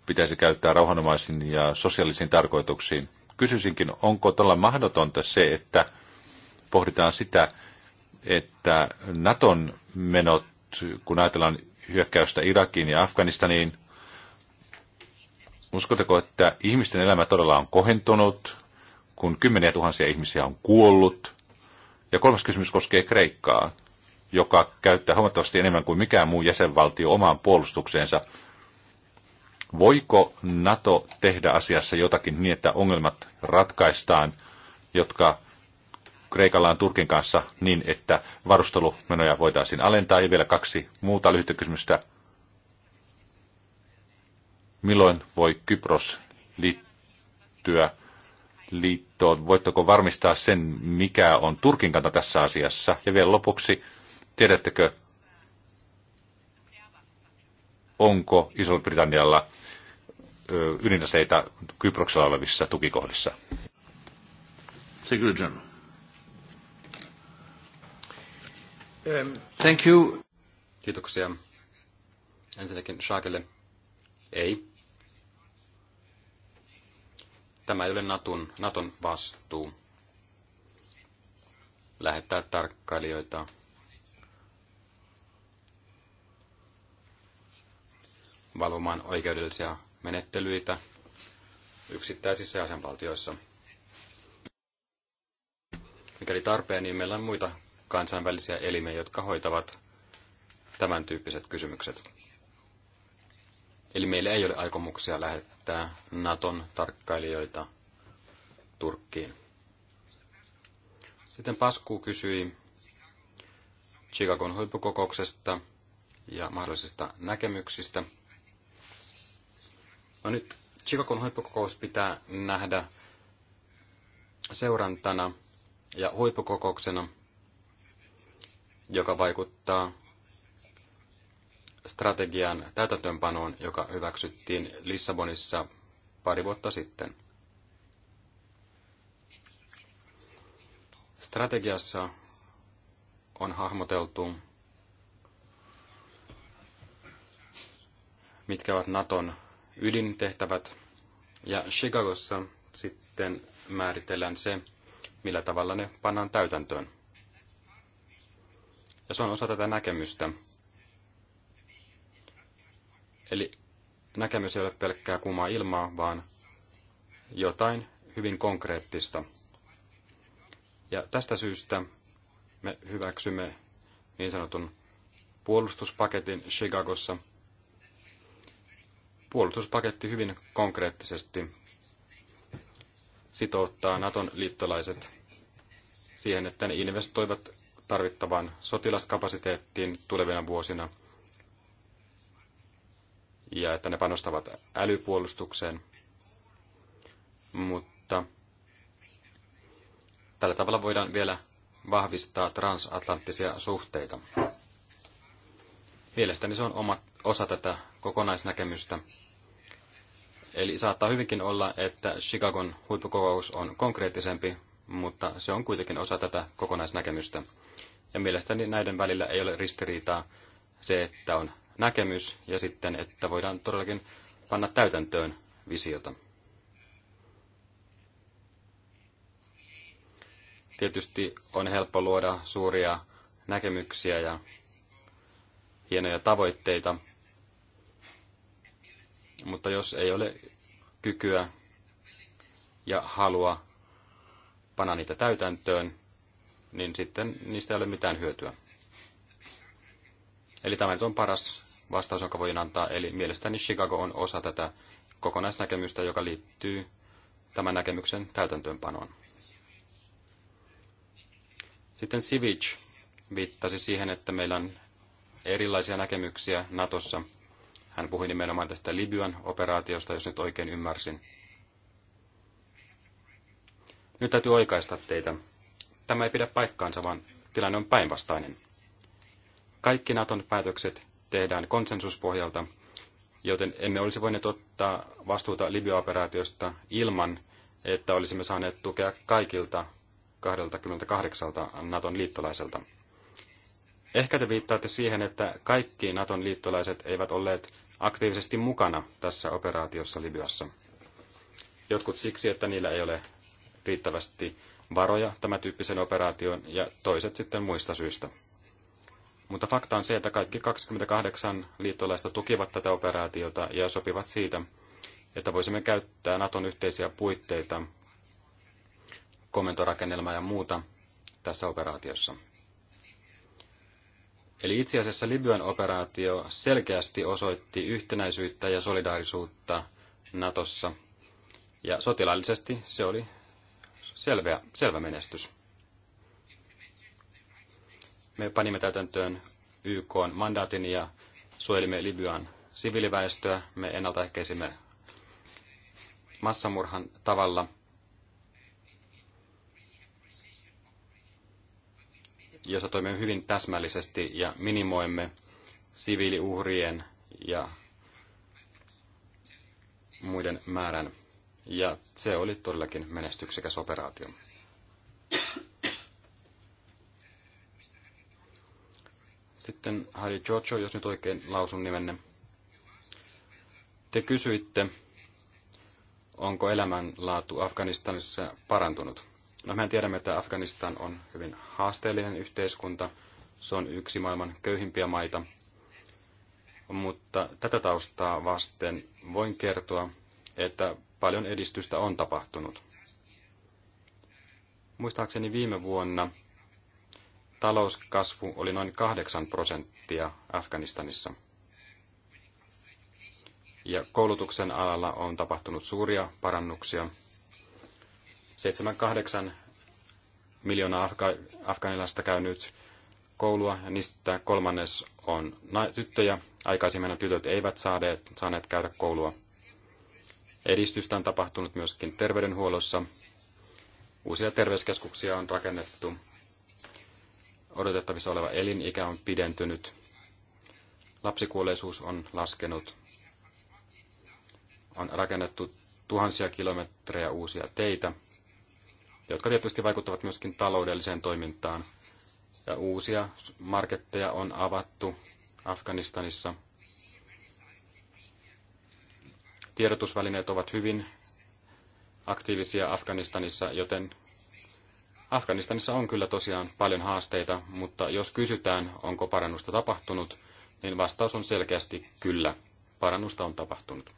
pitäisi käyttää rauhanomaisiin ja sosiaalisiin tarkoituksiin. Kysyisinkin, onko todella mahdotonta se, että pohditaan sitä, että Naton menot, kun ajatellaan hyökkäystä Irakiin ja Afganistaniin, Uskotteko, että ihmisten elämä todella on kohentunut, kun kymmeniä tuhansia ihmisiä on kuollut? Ja kolmas kysymys koskee Kreikkaa, joka käyttää huomattavasti enemmän kuin mikään muu jäsenvaltio omaan puolustukseensa. Voiko NATO tehdä asiassa jotakin niin, että ongelmat ratkaistaan, jotka Kreikalla on Turkin kanssa niin, että varustelumenoja voitaisiin alentaa? Ja vielä kaksi muuta lyhyttä kysymystä. Milloin voi Kypros liittyä liittoon? Voitteko varmistaa sen, mikä on Turkin kanta tässä asiassa? Ja vielä lopuksi, tiedättekö, onko Iso-Britannialla ydinaseita Kyproksella olevissa tukikohdissa? Secretary General. Um, thank you. Kiitoksia. Ensinnäkin Shaakelle. Ei. Tämä ei ole Naton, Naton vastuu lähettää tarkkailijoita valvomaan oikeudellisia menettelyitä yksittäisissä jäsenvaltioissa. Mikäli tarpeen, niin meillä on muita kansainvälisiä elimiä, jotka hoitavat tämän tyyppiset kysymykset. Eli meillä ei ole aikomuksia lähettää Naton tarkkailijoita Turkkiin. Sitten Pasku kysyi Chicagon huippukokouksesta ja mahdollisista näkemyksistä. No nyt Chicagon huippukokous pitää nähdä seurantana ja huippukokouksena, joka vaikuttaa strategian täytäntöönpanoon, joka hyväksyttiin Lissabonissa pari vuotta sitten. Strategiassa on hahmoteltu, mitkä ovat Naton ydintehtävät, ja Chicagossa sitten määritellään se, millä tavalla ne pannaan täytäntöön. Ja se on osa tätä näkemystä. Eli näkemys ei ole pelkkää kuumaa ilmaa, vaan jotain hyvin konkreettista. Ja tästä syystä me hyväksymme niin sanotun puolustuspaketin Chicagossa. Puolustuspaketti hyvin konkreettisesti sitouttaa Naton liittolaiset siihen, että ne investoivat tarvittavaan sotilaskapasiteettiin tulevina vuosina – ja että ne panostavat älypuolustukseen. Mutta tällä tavalla voidaan vielä vahvistaa transatlanttisia suhteita. Mielestäni se on oma, osa tätä kokonaisnäkemystä. Eli saattaa hyvinkin olla, että Chicagon huippukokous on konkreettisempi, mutta se on kuitenkin osa tätä kokonaisnäkemystä. Ja mielestäni näiden välillä ei ole ristiriitaa se, että on näkemys ja sitten, että voidaan todellakin panna täytäntöön visiota. Tietysti on helppo luoda suuria näkemyksiä ja hienoja tavoitteita, mutta jos ei ole kykyä ja halua panna niitä täytäntöön, niin sitten niistä ei ole mitään hyötyä. Eli tämä nyt on paras vastaus, jonka voin antaa. Eli mielestäni Chicago on osa tätä kokonaisnäkemystä, joka liittyy tämän näkemyksen täytäntöönpanoon. Sitten Sivic viittasi siihen, että meillä on erilaisia näkemyksiä Natossa. Hän puhui nimenomaan tästä Libyan operaatiosta, jos nyt oikein ymmärsin. Nyt täytyy oikaista teitä. Tämä ei pidä paikkaansa, vaan tilanne on päinvastainen. Kaikki Naton päätökset tehdään konsensuspohjalta, joten emme olisi voineet ottaa vastuuta Libya-operaatiosta ilman, että olisimme saaneet tukea kaikilta 28 Naton liittolaiselta. Ehkä te viittaatte siihen, että kaikki Naton liittolaiset eivät olleet aktiivisesti mukana tässä operaatiossa Libyassa. Jotkut siksi, että niillä ei ole riittävästi varoja tämän tyyppisen operaation ja toiset sitten muista syistä. Mutta fakta on se, että kaikki 28 liittolaista tukivat tätä operaatiota ja sopivat siitä, että voisimme käyttää Naton yhteisiä puitteita, komentorakennelmaa ja muuta tässä operaatiossa. Eli itse asiassa Libyan operaatio selkeästi osoitti yhtenäisyyttä ja solidaarisuutta Natossa, ja sotilaallisesti se oli selvä, selvä menestys. Me panimme täytäntöön YK mandaatin ja suojelimme Libyan siviiliväestöä. Me ennaltaehkäisimme massamurhan tavalla. jossa toimimme hyvin täsmällisesti ja minimoimme siviiliuhrien ja muiden määrän. Ja se oli todellakin menestyksekäs operaatio. Sitten Harry Giorgio, jos nyt oikein lausun nimenne. Te kysyitte, onko elämänlaatu Afganistanissa parantunut. No mehän tiedämme, että Afganistan on hyvin haasteellinen yhteiskunta. Se on yksi maailman köyhimpiä maita. Mutta tätä taustaa vasten voin kertoa, että paljon edistystä on tapahtunut. Muistaakseni viime vuonna talouskasvu oli noin 8 prosenttia Afganistanissa. Ja koulutuksen alalla on tapahtunut suuria parannuksia. 7-8 miljoonaa Afga- afganilasta käynyt koulua, ja niistä kolmannes on tyttöjä. Aikaisemmin tytöt eivät saaneet, saaneet käydä koulua. Edistystä on tapahtunut myöskin terveydenhuollossa. Uusia terveyskeskuksia on rakennettu odotettavissa oleva elinikä on pidentynyt, lapsikuolleisuus on laskenut, on rakennettu tuhansia kilometrejä uusia teitä, jotka tietysti vaikuttavat myöskin taloudelliseen toimintaan. Ja uusia marketteja on avattu Afganistanissa. Tiedotusvälineet ovat hyvin aktiivisia Afganistanissa, joten Afganistanissa on kyllä tosiaan paljon haasteita, mutta jos kysytään, onko parannusta tapahtunut, niin vastaus on selkeästi kyllä. Parannusta on tapahtunut.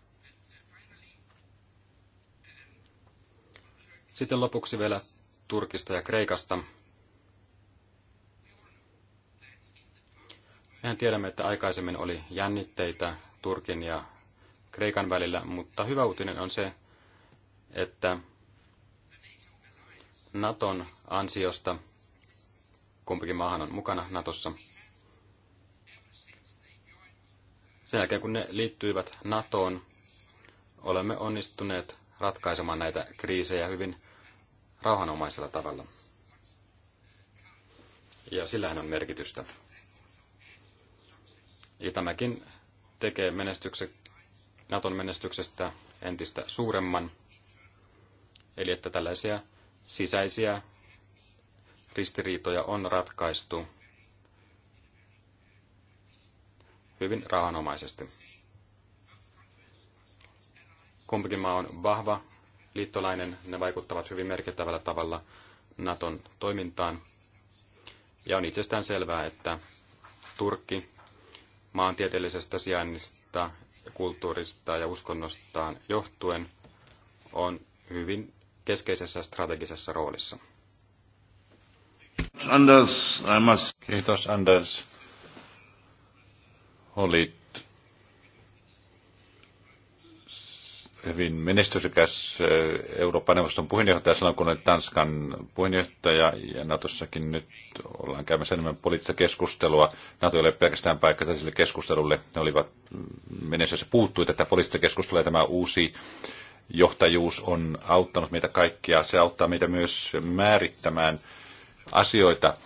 Sitten lopuksi vielä Turkista ja Kreikasta. Mehän tiedämme, että aikaisemmin oli jännitteitä Turkin ja Kreikan välillä, mutta hyvä uutinen on se, että Naton ansiosta. Kumpikin maahan on mukana Natossa. Sen jälkeen kun ne liittyivät NATOon, olemme onnistuneet ratkaisemaan näitä kriisejä hyvin rauhanomaisella tavalla. Ja sillähän on merkitystä. Ja tämäkin tekee menestykse, Naton menestyksestä entistä suuremman. Eli että tällaisia sisäisiä ristiriitoja on ratkaistu hyvin rahanomaisesti. Kumpikin maa on vahva liittolainen, ne vaikuttavat hyvin merkittävällä tavalla Naton toimintaan. Ja on itsestään selvää, että Turkki maantieteellisestä sijainnista, kulttuurista ja uskonnostaan johtuen on hyvin keskeisessä strategisessa roolissa. Anders, I must... Kiitos Anders. Olit hyvin menestysekäs eh, Euroopan neuvoston puheenjohtaja silloin, kun olet Tanskan puheenjohtaja ja Natossakin nyt ollaan käymässä enemmän poliittista keskustelua. Nato ei ole pelkästään paikka sille keskustelulle. Ne olivat mm, menestyksessä puuttui tätä poliittista keskustelua ja tämä uusi johtajuus on auttanut meitä kaikkia. Se auttaa meitä myös määrittämään asioita,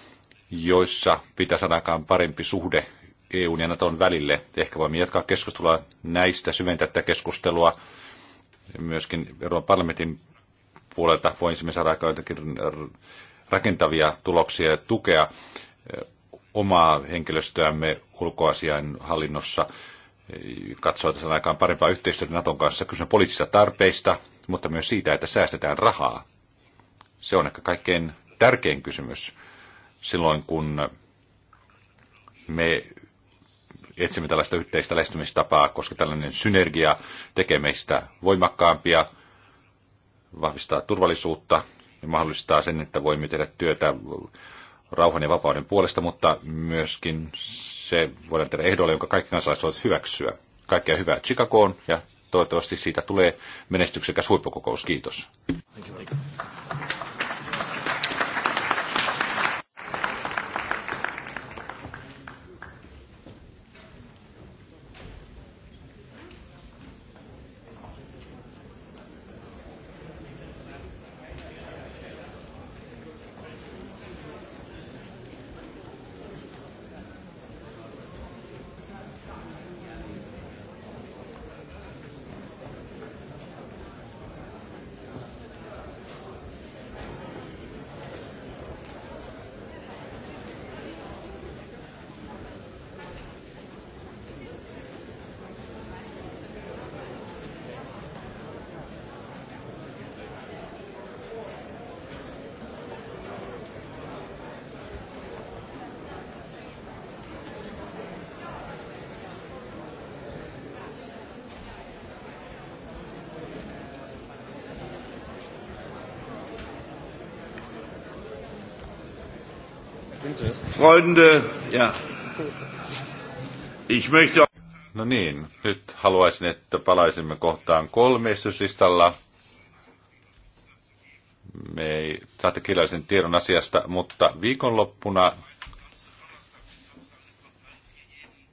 joissa pitää sanakaan parempi suhde EUn ja Naton välille. Ehkä voimme jatkaa keskustelua näistä, syventää tätä keskustelua. Myöskin Euroopan parlamentin puolelta voisimme saada aika jotakin rakentavia tuloksia ja tukea omaa henkilöstöämme ulkoasian hallinnossa katsoa, että saadaan aikaan parempaa yhteistyötä Naton kanssa. Kyse poliittisista tarpeista, mutta myös siitä, että säästetään rahaa. Se on ehkä kaikkein tärkein kysymys silloin, kun me etsimme tällaista yhteistä lähestymistapaa, koska tällainen synergia tekee meistä voimakkaampia, vahvistaa turvallisuutta ja mahdollistaa sen, että voimme tehdä työtä rauhan ja vapauden puolesta, mutta myöskin se voidaan tehdä ehdolle, jonka kaikki kansalaiset voivat hyväksyä. Kaikkea hyvää Chicagoon ja toivottavasti siitä tulee menestyksekäs huippukokous. Kiitos. Thank you. Freunde, ja. Ich möchte... No niin, nyt haluaisin, että palaisimme kohtaan kolmeistuslistalla. Me ei saatte kirjallisen tiedon asiasta, mutta viikonloppuna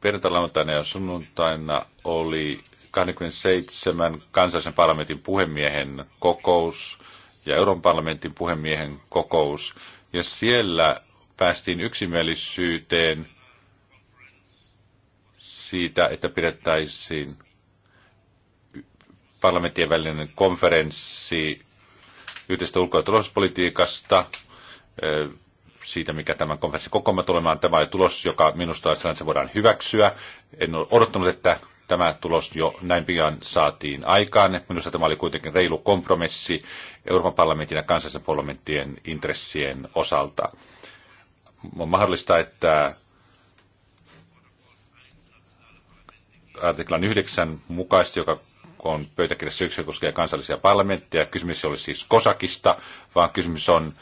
perjantaina, ja sunnuntaina oli 27 kansallisen parlamentin puhemiehen kokous ja Euroopan parlamentin puhemiehen kokous. Ja siellä päästiin yksimielisyyteen siitä, että pidettäisiin parlamenttien välinen konferenssi yhteistä ulko- ja tulospolitiikasta, eh, siitä, mikä tämän konferenssin kokoomaan tulemaan. Tämä oli tulos, joka minusta se voidaan hyväksyä. En ole odottanut, että tämä tulos jo näin pian saatiin aikaan. Minusta tämä oli kuitenkin reilu kompromissi Euroopan parlamentin ja kansallisen parlamenttien intressien osalta on mahdollista, että artiklan 9 mukaisesti, joka on pöytäkirjassa yksi koskee kansallisia parlamentteja. Kysymys ei ole siis Kosakista, vaan kysymys on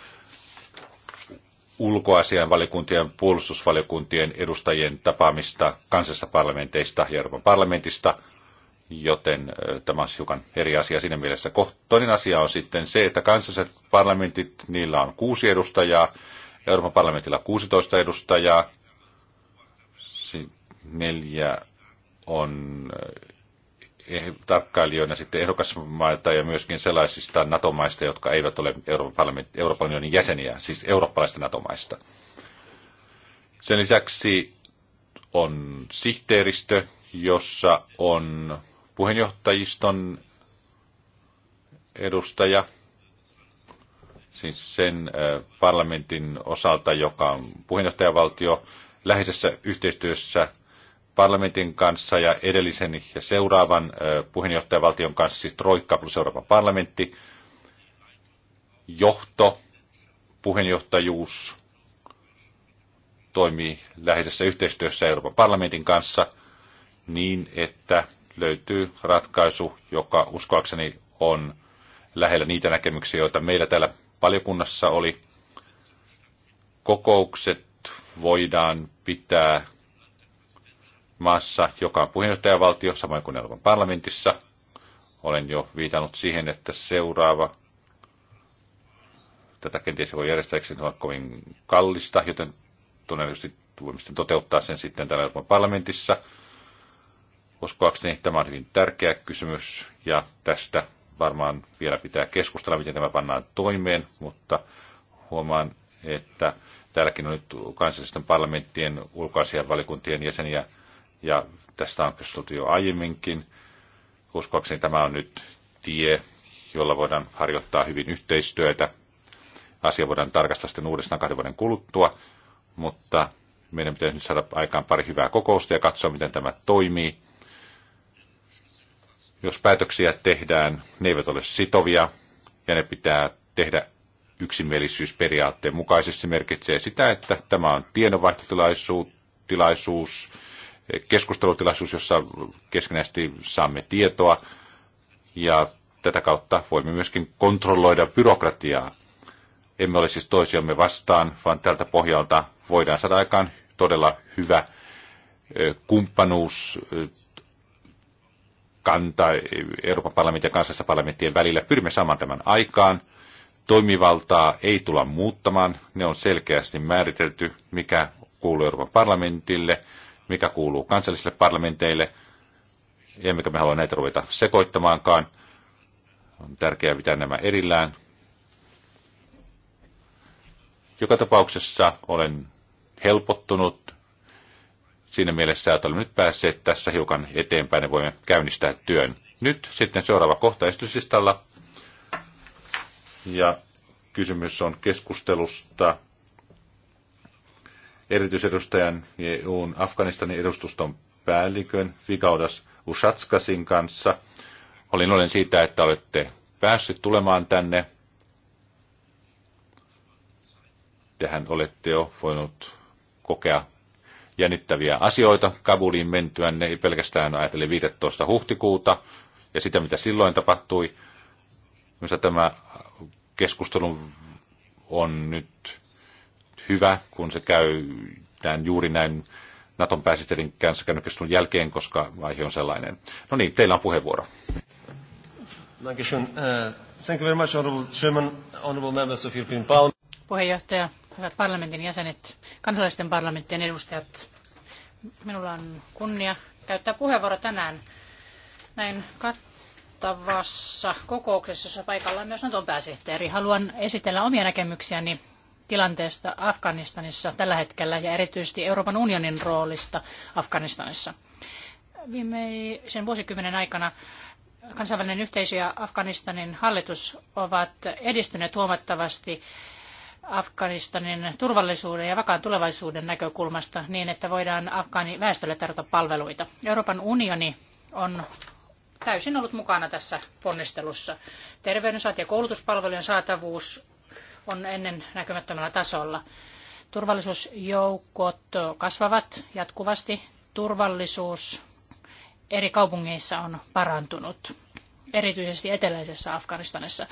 ulkoasian valiokuntien, puolustusvaliokuntien edustajien tapaamista kansallisista parlamenteista ja Euroopan parlamentista, joten tämä on siis hiukan eri asia siinä mielessä. Toinen asia on sitten se, että kansalliset parlamentit, niillä on kuusi edustajaa, Euroopan parlamentilla 16 edustajaa, neljä on eh, eh, tarkkailijoina sitten ehdokasmaita ja myöskin sellaisista NATO-maista, jotka eivät ole Euroopan, Euroopan unionin jäseniä, siis eurooppalaista NATO-maista. Sen lisäksi on sihteeristö, jossa on puheenjohtajiston edustaja – siis sen parlamentin osalta, joka on puheenjohtajavaltio, läheisessä yhteistyössä parlamentin kanssa ja edellisen ja seuraavan puheenjohtajavaltion kanssa, siis Troikka plus Euroopan parlamentti, johto, puheenjohtajuus toimii läheisessä yhteistyössä Euroopan parlamentin kanssa niin, että löytyy ratkaisu, joka uskoakseni on lähellä niitä näkemyksiä, joita meillä täällä valiokunnassa oli, kokoukset voidaan pitää maassa, joka on puheenjohtajavaltio, samoin kuin Euroopan parlamentissa. Olen jo viitannut siihen, että seuraava tätä kenties voi järjestää, se on kovin kallista, joten todennäköisesti voimme sitten toteuttaa sen sitten täällä Euroopan parlamentissa. Uskoakseni tämä on hyvin tärkeä kysymys ja tästä varmaan vielä pitää keskustella, miten tämä pannaan toimeen, mutta huomaan, että täälläkin on nyt kansallisten parlamenttien valikuntien jäseniä, ja tästä on keskusteltu jo aiemminkin. Uskoakseni tämä on nyt tie, jolla voidaan harjoittaa hyvin yhteistyötä. Asia voidaan tarkastaa sitten uudestaan kahden vuoden kuluttua, mutta meidän pitäisi nyt saada aikaan pari hyvää kokousta ja katsoa, miten tämä toimii. Jos päätöksiä tehdään, ne eivät ole sitovia ja ne pitää tehdä yksimielisyysperiaatteen mukaisesti. Se merkitsee sitä, että tämä on tiedonvaihtotilaisuus, keskustelutilaisuus, jossa keskinäisesti saamme tietoa ja tätä kautta voimme myöskin kontrolloida byrokratiaa. Emme ole siis toisiamme vastaan, vaan tältä pohjalta voidaan saada aikaan todella hyvä kumppanuus kanta Euroopan parlamentin ja kansallisten parlamenttien välillä. Pyrimme saamaan tämän aikaan. Toimivaltaa ei tulla muuttamaan. Ne on selkeästi määritelty, mikä kuuluu Euroopan parlamentille, mikä kuuluu kansallisille parlamenteille. Emmekä me halua näitä ruveta sekoittamaankaan. On tärkeää pitää nämä erillään. Joka tapauksessa olen helpottunut siinä mielessä, että olemme nyt päässeet tässä hiukan eteenpäin ja voimme käynnistää työn. Nyt sitten seuraava kohta esityslistalla. Ja kysymys on keskustelusta erityisedustajan EUn Afganistanin edustuston päällikön Vigaudas Ushatskasin kanssa. Olin olen siitä, että olette päässyt tulemaan tänne. Tehän olette jo voinut kokea jännittäviä asioita Kabuliin ne ei pelkästään ajatellen 15. huhtikuuta ja sitä, mitä silloin tapahtui. Minusta tämä keskustelu on nyt hyvä, kun se käy näin, juuri näin Naton pääsihteerin kanssa käynyt keskustelun jälkeen, koska aihe on sellainen. No niin, teillä on puheenvuoro. Äh, thank you very much, honorable Chairman, honorable members of European Parliament. Puheenjohtaja, hyvät parlamentin jäsenet, kansallisten parlamenttien edustajat. Minulla on kunnia käyttää puheenvuoro tänään näin kattavassa kokouksessa, jossa paikalla on myös Naton pääsihteeri. Haluan esitellä omia näkemyksiäni tilanteesta Afganistanissa tällä hetkellä ja erityisesti Euroopan unionin roolista Afganistanissa. Viimeisen vuosikymmenen aikana kansainvälinen yhteisö ja Afganistanin hallitus ovat edistyneet huomattavasti Afganistanin turvallisuuden ja vakaan tulevaisuuden näkökulmasta niin, että voidaan Afgaani väestölle tarjota palveluita. Euroopan unioni on täysin ollut mukana tässä ponnistelussa. Terveydensaat ja koulutuspalvelujen saatavuus on ennen näkymättömällä tasolla. Turvallisuusjoukot kasvavat jatkuvasti. Turvallisuus eri kaupungeissa on parantunut, erityisesti eteläisessä Afganistanissa.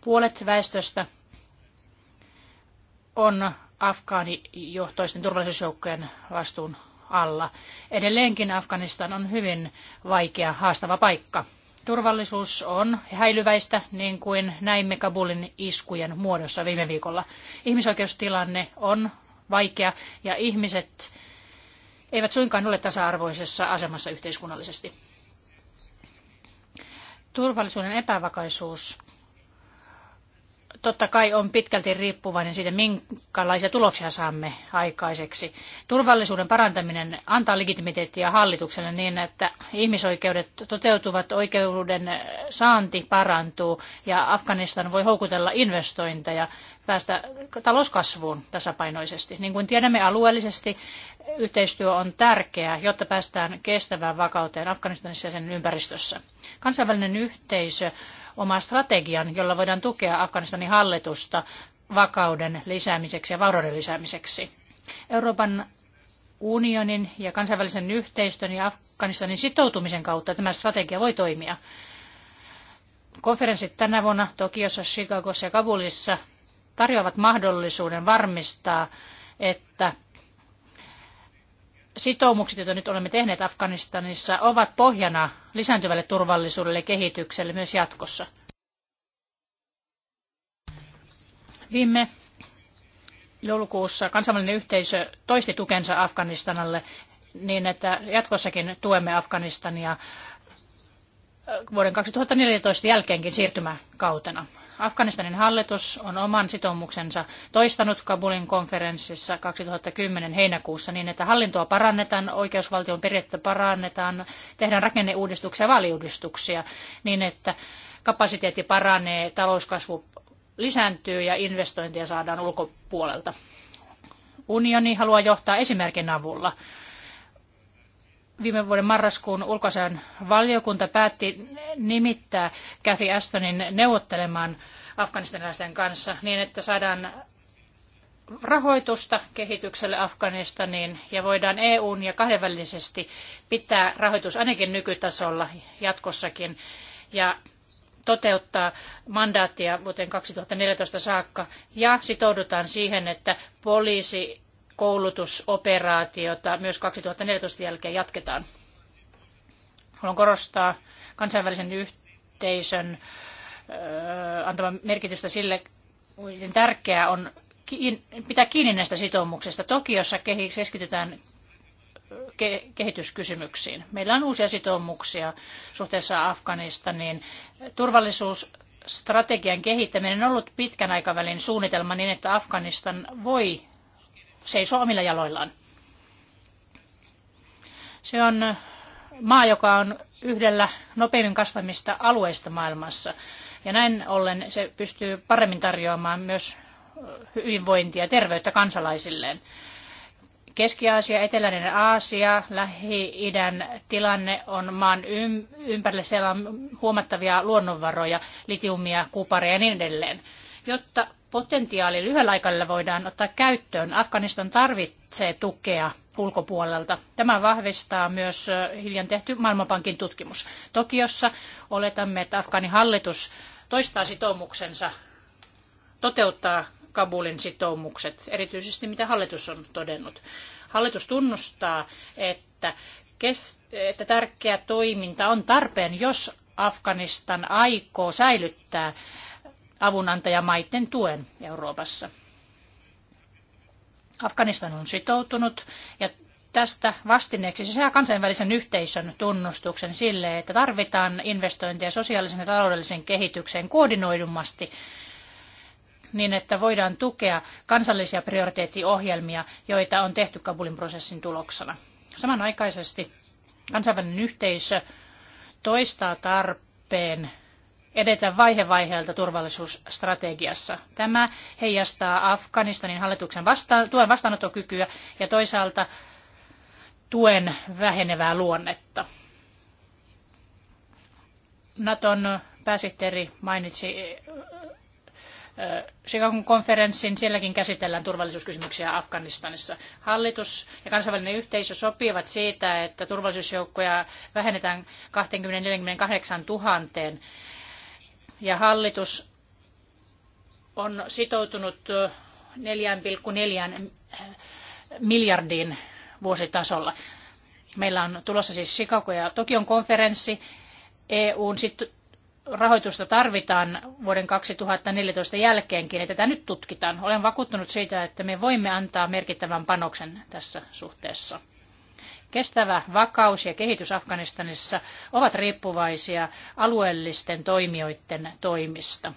Puolet väestöstä on afgaanijohtoisten turvallisuusjoukkojen vastuun alla. Edelleenkin Afganistan on hyvin vaikea, haastava paikka. Turvallisuus on häilyväistä, niin kuin näimme Kabulin iskujen muodossa viime viikolla. Ihmisoikeustilanne on vaikea ja ihmiset eivät suinkaan ole tasa-arvoisessa asemassa yhteiskunnallisesti. Turvallisuuden epävakaisuus totta kai on pitkälti riippuvainen siitä, minkälaisia tuloksia saamme aikaiseksi. Turvallisuuden parantaminen antaa legitimiteettiä hallitukselle niin, että ihmisoikeudet toteutuvat, oikeuden saanti parantuu ja Afganistan voi houkutella investointeja päästä talouskasvuun tasapainoisesti. Niin kuin tiedämme alueellisesti, yhteistyö on tärkeää, jotta päästään kestävään vakauteen Afganistanissa ja sen ympäristössä. Kansainvälinen yhteisö omaa strategian, jolla voidaan tukea Afganistanin hallitusta vakauden lisäämiseksi ja vaurauden lisäämiseksi. Euroopan unionin ja kansainvälisen yhteistyön ja Afganistanin sitoutumisen kautta tämä strategia voi toimia. Konferenssit tänä vuonna Tokiossa, Chicagossa ja Kabulissa tarjoavat mahdollisuuden varmistaa, että sitoumukset, joita nyt olemme tehneet Afganistanissa, ovat pohjana lisääntyvälle turvallisuudelle ja kehitykselle myös jatkossa. Viime joulukuussa kansainvälinen yhteisö toisti tukensa Afganistanalle niin, että jatkossakin tuemme Afganistania vuoden 2014 jälkeenkin siirtymäkautena. Afganistanin hallitus on oman sitoumuksensa toistanut Kabulin konferenssissa 2010 heinäkuussa niin, että hallintoa parannetaan, oikeusvaltion periaatteita parannetaan, tehdään rakenneuudistuksia ja vaaliuudistuksia niin, että kapasiteetti paranee, talouskasvu lisääntyy ja investointeja saadaan ulkopuolelta. Unioni haluaa johtaa esimerkin avulla viime vuoden marraskuun ulkoisen valiokunta päätti nimittää Kathy Astonin neuvottelemaan afganistanilaisten kanssa niin, että saadaan rahoitusta kehitykselle Afganistaniin ja voidaan EUn ja kahdenvälisesti pitää rahoitus ainakin nykytasolla jatkossakin ja toteuttaa mandaattia vuoteen 2014 saakka ja sitoudutaan siihen, että poliisi koulutusoperaatiota myös 2014 jälkeen jatketaan. Haluan korostaa kansainvälisen yhteisön antama merkitystä sille, miten tärkeää on pitää kiinni näistä sitoumuksista. Tokiossa keskitytään kehityskysymyksiin. Meillä on uusia sitoumuksia suhteessa Afganistaniin. Turvallisuusstrategian kehittäminen on ollut pitkän aikavälin suunnitelma niin, että Afganistan voi seisoo omilla jaloillaan. Se on maa, joka on yhdellä nopeimmin kasvamista alueista maailmassa. Ja näin ollen se pystyy paremmin tarjoamaan myös hyvinvointia ja terveyttä kansalaisilleen. Keski-Aasia, Eteläinen Aasia, Lähi-idän tilanne on maan ympärillä. Siellä on huomattavia luonnonvaroja, litiumia, kuparia ja niin edelleen. Jotta potentiaali lyhyellä aikavälillä voidaan ottaa käyttöön. Afganistan tarvitsee tukea ulkopuolelta. Tämä vahvistaa myös hiljan tehty Maailmanpankin tutkimus. Tokiossa oletamme, että Afganin hallitus toistaa sitoumuksensa toteuttaa Kabulin sitoumukset, erityisesti mitä hallitus on todennut. Hallitus tunnustaa, että, kes, että tärkeä toiminta on tarpeen, jos Afganistan aikoo säilyttää avunantajamaiden tuen Euroopassa. Afganistan on sitoutunut ja tästä vastineeksi se saa kansainvälisen yhteisön tunnustuksen sille, että tarvitaan investointeja sosiaalisen ja taloudellisen kehitykseen koordinoidummasti niin, että voidaan tukea kansallisia prioriteettiohjelmia, joita on tehty Kabulin prosessin tuloksena. Samanaikaisesti kansainvälinen yhteisö toistaa tarpeen edetä vaihe vaiheelta turvallisuusstrategiassa. Tämä heijastaa Afganistanin hallituksen vasta- tuen vastaanottokykyä ja toisaalta tuen vähenevää luonnetta. Naton pääsihteeri mainitsi Chicagon konferenssin, sielläkin käsitellään turvallisuuskysymyksiä Afganistanissa. Hallitus ja kansainvälinen yhteisö sopivat siitä, että turvallisuusjoukkoja vähennetään 20-48 000 ja hallitus on sitoutunut 4,4 miljardin vuositasolla. Meillä on tulossa siis Chicago ja Tokion konferenssi. EUn sit rahoitusta tarvitaan vuoden 2014 jälkeenkin, että tätä nyt tutkitaan. Olen vakuuttunut siitä, että me voimme antaa merkittävän panoksen tässä suhteessa. Kestävä vakaus ja kehitys Afganistanissa ovat riippuvaisia alueellisten toimijoiden toimista.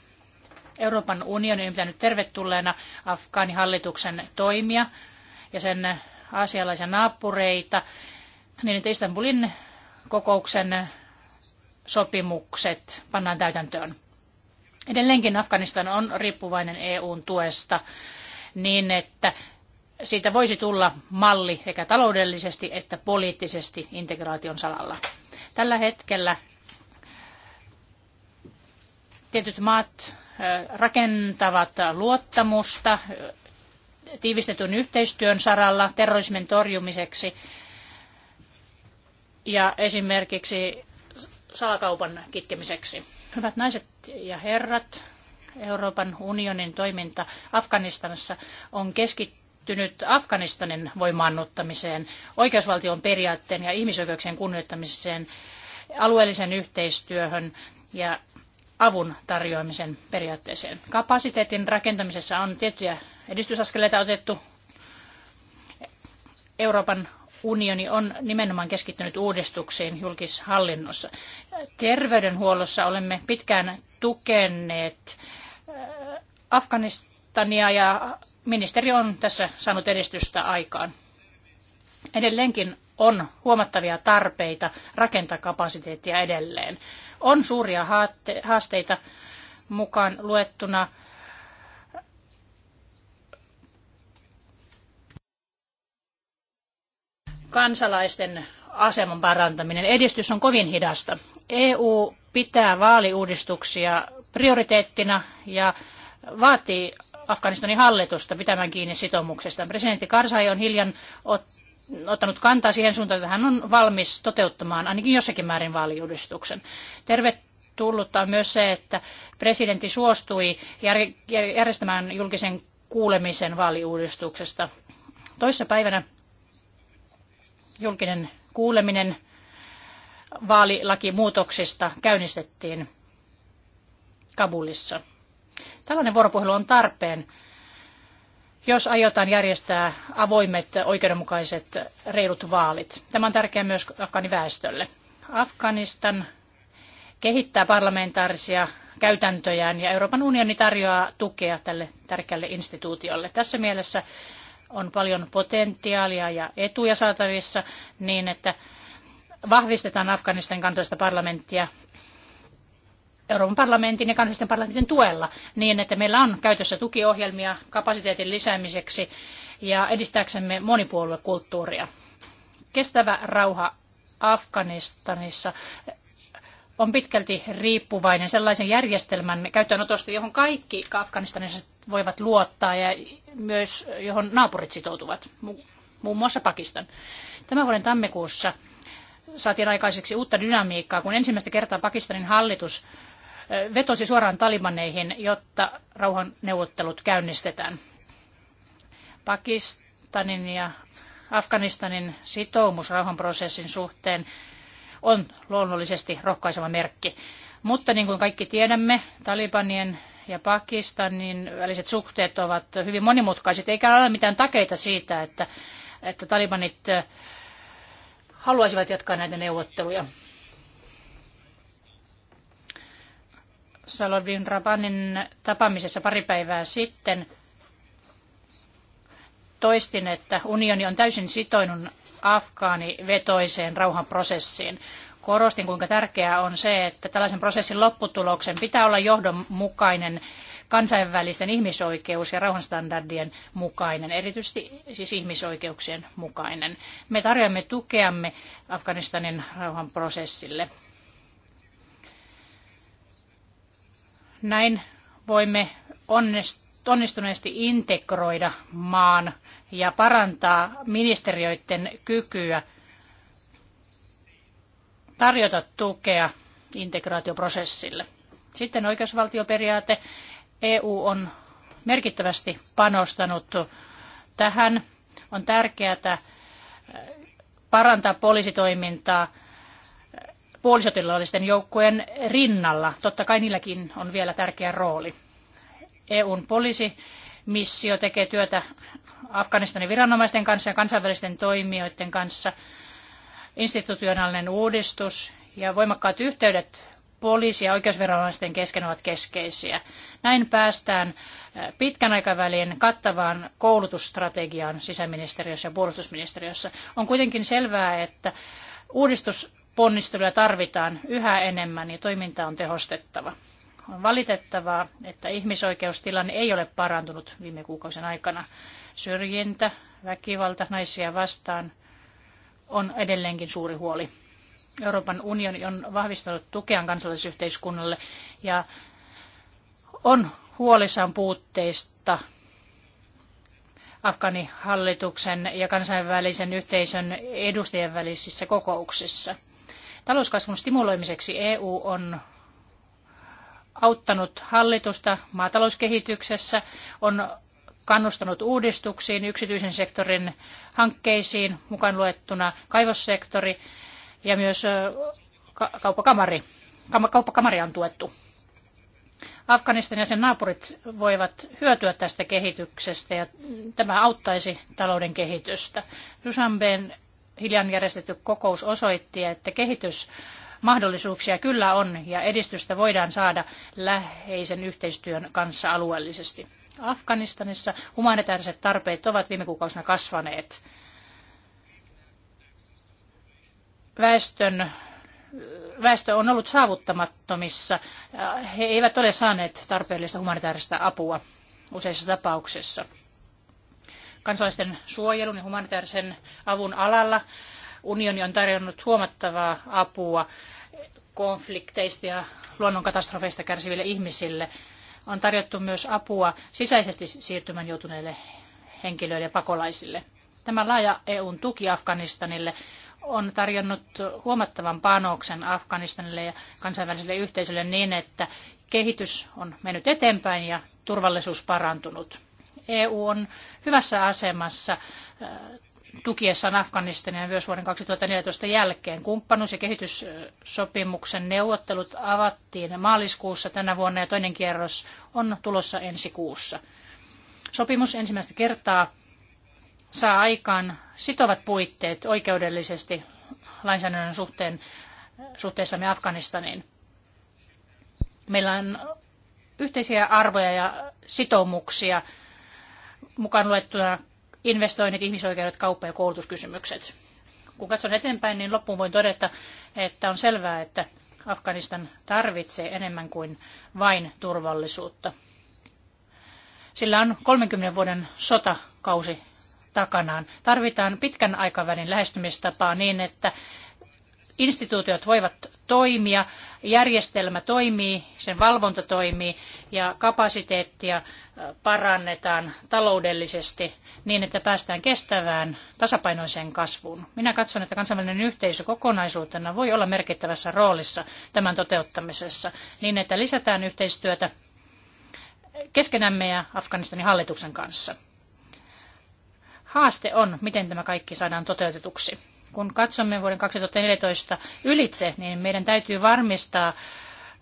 Euroopan unioni on pitänyt tervetulleena Afgaanihallituksen toimia ja sen aasialaisia naapureita, niin että Istanbulin kokouksen sopimukset pannaan täytäntöön. Edelleenkin Afganistan on riippuvainen EUn tuesta niin, että siitä voisi tulla malli sekä taloudellisesti että poliittisesti integraation salalla. Tällä hetkellä tietyt maat rakentavat luottamusta tiivistetyn yhteistyön saralla terrorismin torjumiseksi ja esimerkiksi salakaupan kitkemiseksi. Hyvät naiset ja herrat, Euroopan unionin toiminta Afganistanissa on keskittynyt liittynyt Afganistanin voimaannuttamiseen, oikeusvaltion periaatteen ja ihmisoikeuksien kunnioittamiseen, alueellisen yhteistyöhön ja avun tarjoamisen periaatteeseen. Kapasiteetin rakentamisessa on tiettyjä edistysaskeleita otettu. Euroopan unioni on nimenomaan keskittynyt uudistuksiin julkishallinnossa. Terveydenhuollossa olemme pitkään tukeneet äh, Afganistania ja ministeri on tässä saanut edistystä aikaan. Edelleenkin on huomattavia tarpeita rakentaa kapasiteettia edelleen. On suuria haasteita mukaan luettuna kansalaisten aseman parantaminen. Edistys on kovin hidasta. EU pitää vaaliuudistuksia prioriteettina ja vaatii Afganistanin hallitusta pitämään kiinni sitoumuksestaan. Presidentti Karzai on hiljan ottanut kantaa siihen suuntaan, että hän on valmis toteuttamaan ainakin jossakin määrin vaaliuudistuksen. Tervetullutta on myös se, että presidentti suostui järjestämään julkisen kuulemisen vaaliuudistuksesta. Toissa päivänä julkinen kuuleminen vaalilakimuutoksista käynnistettiin Kabulissa. Tällainen vuoropuhelu on tarpeen, jos aiotaan järjestää avoimet, oikeudenmukaiset, reilut vaalit. Tämä on tärkeää myös afgaaniväestölle. Afganistan kehittää parlamentaarisia käytäntöjään ja Euroopan unioni tarjoaa tukea tälle tärkeälle instituutiolle. Tässä mielessä on paljon potentiaalia ja etuja saatavissa niin, että vahvistetaan Afganistan kansallista parlamenttia Euroopan parlamentin ja kansallisten parlamentin tuella niin, että meillä on käytössä tukiohjelmia kapasiteetin lisäämiseksi ja edistääksemme monipuoluekulttuuria. Kestävä rauha Afganistanissa on pitkälti riippuvainen sellaisen järjestelmän käyttöönotosta, johon kaikki Afganistanissa voivat luottaa ja myös johon naapurit sitoutuvat, muun muassa Pakistan. Tämän vuoden tammikuussa saatiin aikaiseksi uutta dynamiikkaa, kun ensimmäistä kertaa Pakistanin hallitus vetosi suoraan talibaneihin, jotta rauhanneuvottelut käynnistetään. Pakistanin ja Afganistanin sitoumus rauhanprosessin suhteen on luonnollisesti rohkaiseva merkki. Mutta niin kuin kaikki tiedämme, Talibanien ja Pakistanin väliset suhteet ovat hyvin monimutkaiset, eikä ole mitään takeita siitä, että, että talibanit eh, haluaisivat jatkaa näitä neuvotteluja. Salodin Rabanin tapaamisessa pari päivää sitten toistin, että unioni on täysin sitoinut vetoiseen rauhanprosessiin. Korostin, kuinka tärkeää on se, että tällaisen prosessin lopputuloksen pitää olla johdonmukainen kansainvälisten ihmisoikeus- ja rauhanstandardien mukainen, erityisesti siis ihmisoikeuksien mukainen. Me tarjoamme tukeamme Afganistanin rauhanprosessille. Näin voimme onnistuneesti integroida maan ja parantaa ministeriöiden kykyä tarjota tukea integraatioprosessille. Sitten oikeusvaltioperiaate. EU on merkittävästi panostanut tähän. On tärkeää parantaa poliisitoimintaa puolisotilaallisten joukkojen rinnalla. Totta kai niilläkin on vielä tärkeä rooli. EUn poliisimissio tekee työtä Afganistanin viranomaisten kanssa ja kansainvälisten toimijoiden kanssa. Institutionaalinen uudistus ja voimakkaat yhteydet poliisi- ja oikeusviranomaisten kesken ovat keskeisiä. Näin päästään pitkän aikavälin kattavaan koulutusstrategiaan sisäministeriössä ja puolustusministeriössä. On kuitenkin selvää, että uudistus ponnisteluja tarvitaan yhä enemmän ja toimintaa on tehostettava. On valitettavaa, että ihmisoikeustilanne ei ole parantunut viime kuukausien aikana. Syrjintä, väkivalta naisia vastaan on edelleenkin suuri huoli. Euroopan unioni on vahvistanut tukeaan kansalaisyhteiskunnalle ja on huolissaan puutteista Afganihallituksen ja kansainvälisen yhteisön edustajien välisissä kokouksissa – Talouskasvun stimuloimiseksi EU on auttanut hallitusta maatalouskehityksessä, on kannustanut uudistuksiin, yksityisen sektorin hankkeisiin, mukaan luettuna kaivossektori ja myös kauppakamari. Kauppakamari on tuettu. Afganistan ja sen naapurit voivat hyötyä tästä kehityksestä ja tämä auttaisi talouden kehitystä. Dushanben hiljan järjestetty kokous osoitti, että kehitysmahdollisuuksia kyllä on ja edistystä voidaan saada läheisen yhteistyön kanssa alueellisesti. Afganistanissa humanitaariset tarpeet ovat viime kuukausina kasvaneet. Väestön väestö on ollut saavuttamattomissa. He eivät ole saaneet tarpeellista humanitaarista apua useissa tapauksissa kansalaisten suojelun ja humanitaarisen avun alalla. Unioni on tarjonnut huomattavaa apua konflikteista ja luonnonkatastrofeista kärsiville ihmisille. On tarjottu myös apua sisäisesti siirtymän joutuneille henkilöille ja pakolaisille. Tämä laaja EUn tuki Afganistanille on tarjonnut huomattavan panoksen Afganistanille ja kansainväliselle yhteisölle niin, että kehitys on mennyt eteenpäin ja turvallisuus parantunut. EU on hyvässä asemassa äh, tukiessaan Afganistania myös vuoden 2014 jälkeen. Kumppanuus- ja kehityssopimuksen neuvottelut avattiin maaliskuussa tänä vuonna ja toinen kierros on tulossa ensi kuussa. Sopimus ensimmäistä kertaa saa aikaan sitovat puitteet oikeudellisesti lainsäädännön suhteen, suhteessamme Afganistaniin. Meillä on yhteisiä arvoja ja sitoumuksia – mukaan luettuna investoinnit, ihmisoikeudet, kauppa- ja koulutuskysymykset. Kun katson eteenpäin, niin loppuun voin todeta, että on selvää, että Afganistan tarvitsee enemmän kuin vain turvallisuutta. Sillä on 30 vuoden sotakausi takanaan. Tarvitaan pitkän aikavälin lähestymistapaa niin, että instituutiot voivat toimia, järjestelmä toimii, sen valvonta toimii ja kapasiteettia parannetaan taloudellisesti niin, että päästään kestävään tasapainoiseen kasvuun. Minä katson, että kansainvälinen yhteisö kokonaisuutena voi olla merkittävässä roolissa tämän toteuttamisessa niin, että lisätään yhteistyötä keskenämme ja Afganistanin hallituksen kanssa. Haaste on, miten tämä kaikki saadaan toteutetuksi kun katsomme vuoden 2014 ylitse, niin meidän täytyy varmistaa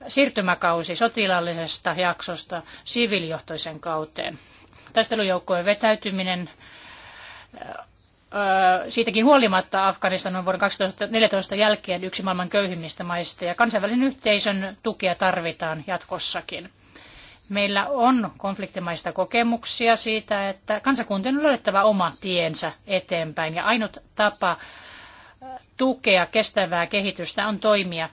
siirtymäkausi sotilaallisesta jaksosta siviilijohtoisen kauteen. Taistelujoukkojen vetäytyminen siitäkin huolimatta Afganistan on vuoden 2014 jälkeen yksi maailman köyhimmistä maista ja kansainvälisen yhteisön tukea tarvitaan jatkossakin. Meillä on konfliktimaista kokemuksia siitä, että kansakuntien on löydettävä oma tiensä eteenpäin ja ainut tapa tukea kestävää kehitystä on toimia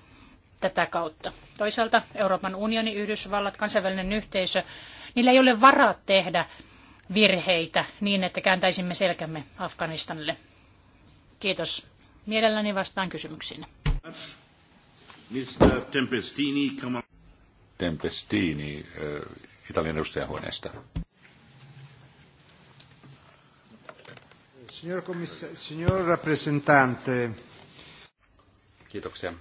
tätä kautta. Toisaalta Euroopan unioni, Yhdysvallat, kansainvälinen yhteisö, niillä ei ole varaa tehdä virheitä niin, että kääntäisimme selkämme Afganistanille. Kiitos. Mielelläni vastaan kysymyksiin. Mr. Tempestini, Tempestini Italian edustajahuoneesta. Signor, signor rappresentante. Kiitoksia.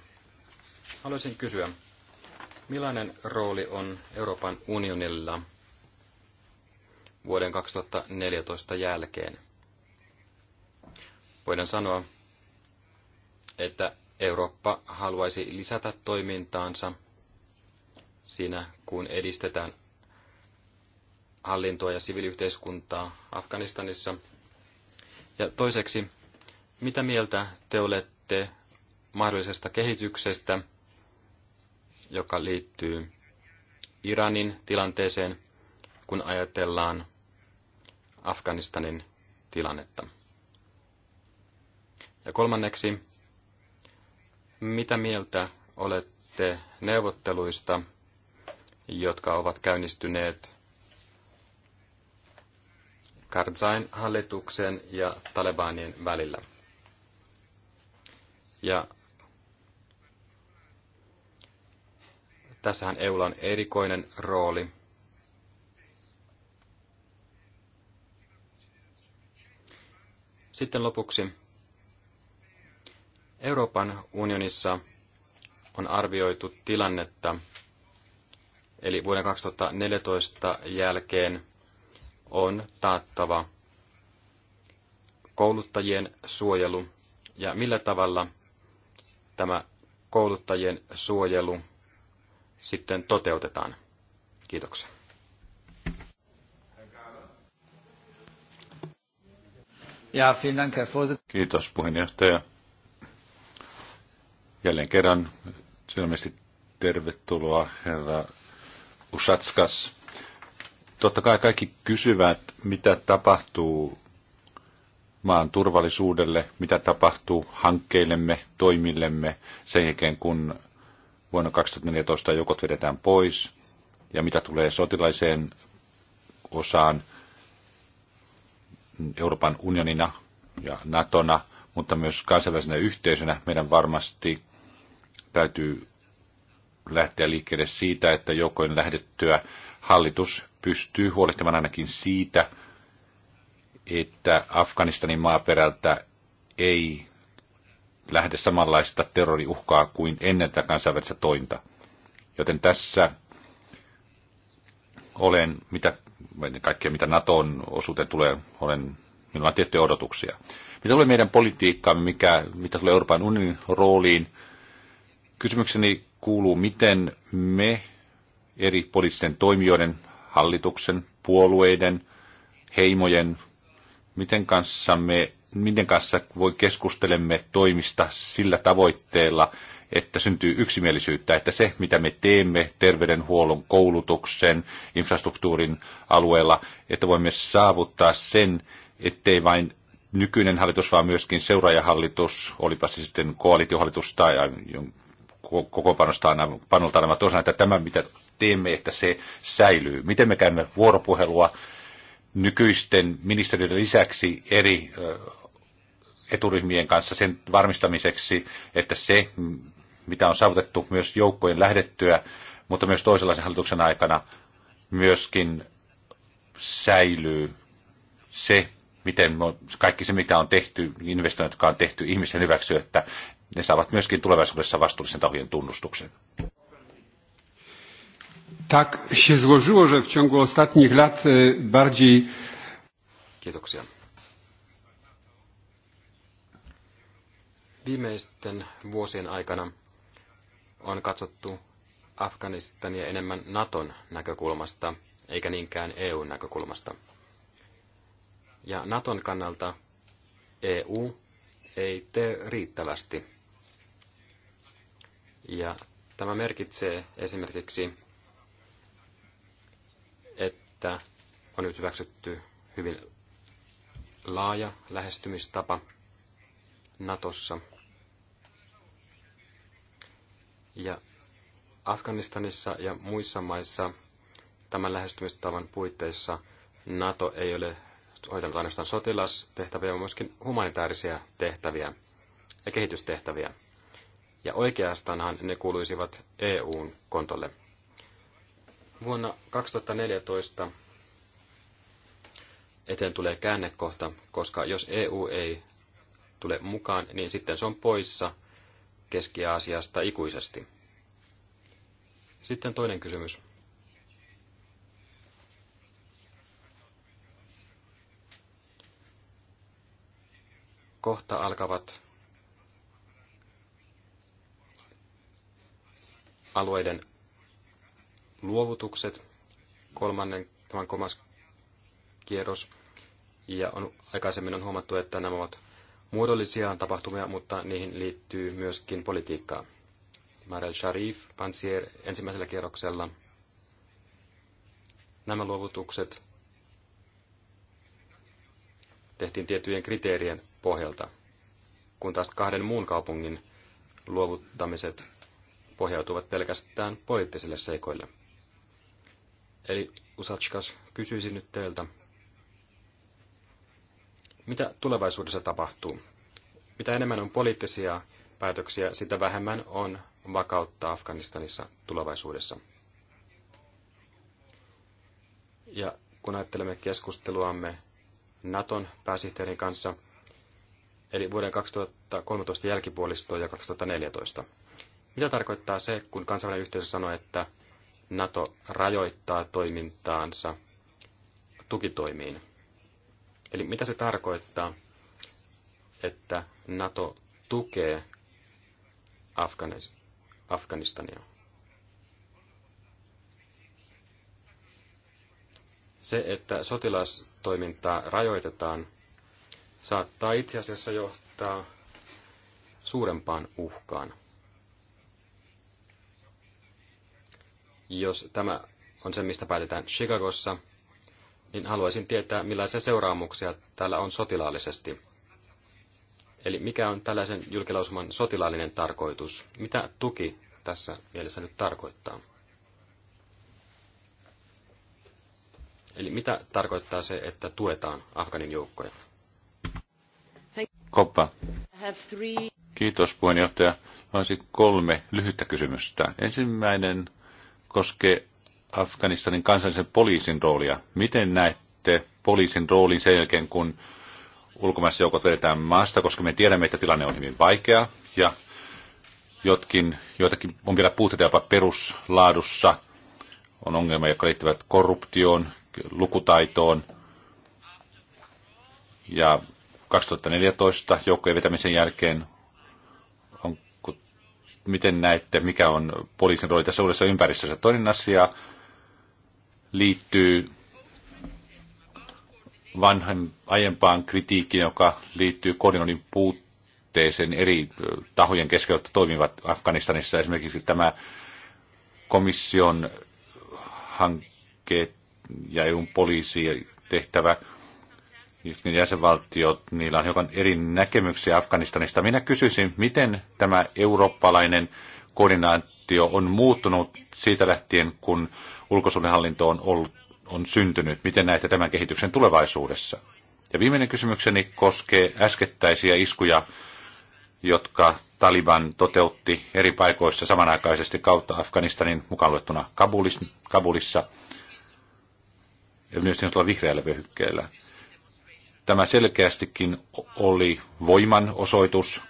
Haluaisin kysyä, millainen rooli on Euroopan unionilla vuoden 2014 jälkeen? Voidaan sanoa, että Eurooppa haluaisi lisätä toimintaansa siinä, kun edistetään hallintoa ja siviiliyhteiskuntaa Afganistanissa – ja toiseksi, mitä mieltä te olette mahdollisesta kehityksestä, joka liittyy Iranin tilanteeseen, kun ajatellaan Afganistanin tilannetta? Ja kolmanneksi, mitä mieltä olette neuvotteluista, jotka ovat käynnistyneet Karzain hallituksen ja Talebanien välillä. Ja tässähän EUlla on erikoinen rooli. Sitten lopuksi Euroopan unionissa on arvioitu tilannetta, eli vuoden 2014 jälkeen on taattava kouluttajien suojelu ja millä tavalla tämä kouluttajien suojelu sitten toteutetaan. Kiitoksia. Kiitos puheenjohtaja. Jälleen kerran selvästi tervetuloa herra Usatskas. Totta kai kaikki kysyvät, mitä tapahtuu maan turvallisuudelle, mitä tapahtuu hankkeillemme, toimillemme sen jälkeen, kun vuonna 2014 jokot vedetään pois ja mitä tulee sotilaiseen osaan Euroopan unionina ja Natona, mutta myös kansainvälisenä yhteisönä meidän varmasti täytyy lähteä liikkeelle siitä, että joukkojen lähdettyä hallitus pystyy huolehtimaan ainakin siitä, että Afganistanin maaperältä ei lähde samanlaista terroriuhkaa kuin ennen tätä kansainvälistä tointa. Joten tässä olen, mitä, kaikkea mitä NATOn osuuteen tulee, olen, minulla on tiettyjä odotuksia. Mitä tulee meidän politiikkaamme, mikä, mitä tulee Euroopan unionin rooliin, kysymykseni kuuluu, miten me eri poliittisten toimijoiden hallituksen, puolueiden, heimojen, miten kanssa me miten kanssa voi keskustelemme toimista sillä tavoitteella, että syntyy yksimielisyyttä, että se, mitä me teemme terveydenhuollon, koulutuksen, infrastruktuurin alueella, että voimme saavuttaa sen, ettei vain nykyinen hallitus, vaan myöskin seuraajahallitus, olipa se sitten koalitiohallitus tai kokoonpanostaan panolta aina osa, että tämä, mitä teemme, että se säilyy? Miten me käymme vuoropuhelua nykyisten ministeriöiden lisäksi eri eturyhmien kanssa sen varmistamiseksi, että se, mitä on saavutettu myös joukkojen lähdettyä, mutta myös toisenlaisen hallituksen aikana, myöskin säilyy se, miten kaikki se, mitä on tehty, investoinnit, jotka on tehty ihmisen hyväksi, että ne saavat myöskin tulevaisuudessa vastuullisen tahojen tunnustuksen. Tak się złożyło, że w ciągu ostatnich lat bardziej... Kiitoksia. Viimeisten vuosien aikana on katsottu Afganistania enemmän Naton näkökulmasta, eikä niinkään EUn näkökulmasta. Ja Naton kannalta EU ei tee riittävästi. Ja tämä merkitsee esimerkiksi että on nyt hyväksytty hyvin laaja lähestymistapa Natossa. Ja Afganistanissa ja muissa maissa tämän lähestymistavan puitteissa NATO ei ole hoitanut ainoastaan sotilastehtäviä, vaan myöskin humanitaarisia tehtäviä ja kehitystehtäviä. Ja oikeastaanhan ne kuuluisivat EUn kontolle. Vuonna 2014 eteen tulee käännekohta, koska jos EU ei tule mukaan, niin sitten se on poissa Keski-Aasiasta ikuisesti. Sitten toinen kysymys. Kohta alkavat alueiden luovutukset, kolmannen, tämän kolmas kierros. Ja on, aikaisemmin on huomattu, että nämä ovat muodollisia tapahtumia, mutta niihin liittyy myöskin politiikkaa. Marel Sharif, Pansier ensimmäisellä kierroksella. Nämä luovutukset tehtiin tiettyjen kriteerien pohjalta, kun taas kahden muun kaupungin luovuttamiset pohjautuvat pelkästään poliittisille seikoille. Eli Usatskas, kysyisin nyt teiltä, mitä tulevaisuudessa tapahtuu? Mitä enemmän on poliittisia päätöksiä, sitä vähemmän on vakautta Afganistanissa tulevaisuudessa. Ja kun ajattelemme keskusteluamme Naton pääsihteerin kanssa, eli vuoden 2013 jälkipuolistoa ja 2014. Mitä tarkoittaa se, kun kansainvälinen yhteisö sanoi, että NATO rajoittaa toimintaansa tukitoimiin. Eli mitä se tarkoittaa, että NATO tukee Afganistania? Se, että sotilastoimintaa rajoitetaan, saattaa itse asiassa johtaa suurempaan uhkaan. Jos tämä on se, mistä päätetään Chicagossa, niin haluaisin tietää, millaisia seuraamuksia tällä on sotilaallisesti. Eli mikä on tällaisen julkilausuman sotilaallinen tarkoitus? Mitä tuki tässä mielessä nyt tarkoittaa? Eli mitä tarkoittaa se, että tuetaan Afganin joukkoja? Koppa. Kiitos puheenjohtaja. Vaisi kolme lyhyttä kysymystä. Ensimmäinen koskee Afganistanin kansallisen poliisin roolia. Miten näette poliisin roolin sen jälkeen, kun ulkomaissa joukot vedetään maasta, koska me tiedämme, että tilanne on hyvin vaikea ja jotkin, joitakin on vielä puutteita jopa peruslaadussa. On ongelmia, jotka liittyvät korruptioon, lukutaitoon. Ja 2014 joukkojen vetämisen jälkeen miten näette, mikä on poliisin rooli tässä uudessa ympäristössä? Toinen asia liittyy vanhan aiempaan kritiikkiin, joka liittyy koordinoinnin puutteeseen eri tahojen kesken, jotka toimivat Afganistanissa. Esimerkiksi tämä komission hankkeet ja EUn poliisi tehtävä – niin jäsenvaltiot, niillä on hiukan eri näkemyksiä Afganistanista. Minä kysyisin, miten tämä eurooppalainen koordinaatio on muuttunut siitä lähtien, kun ulkosuudenhallinto on, ollut, on syntynyt. Miten näette tämän kehityksen tulevaisuudessa? Ja viimeinen kysymykseni koskee äskettäisiä iskuja, jotka Taliban toteutti eri paikoissa samanaikaisesti kautta Afganistanin mukaan luettuna Kabulissa ja myös tuolla vihreällä vyöhykkeellä. Tämä selkeästikin oli voiman osoitus.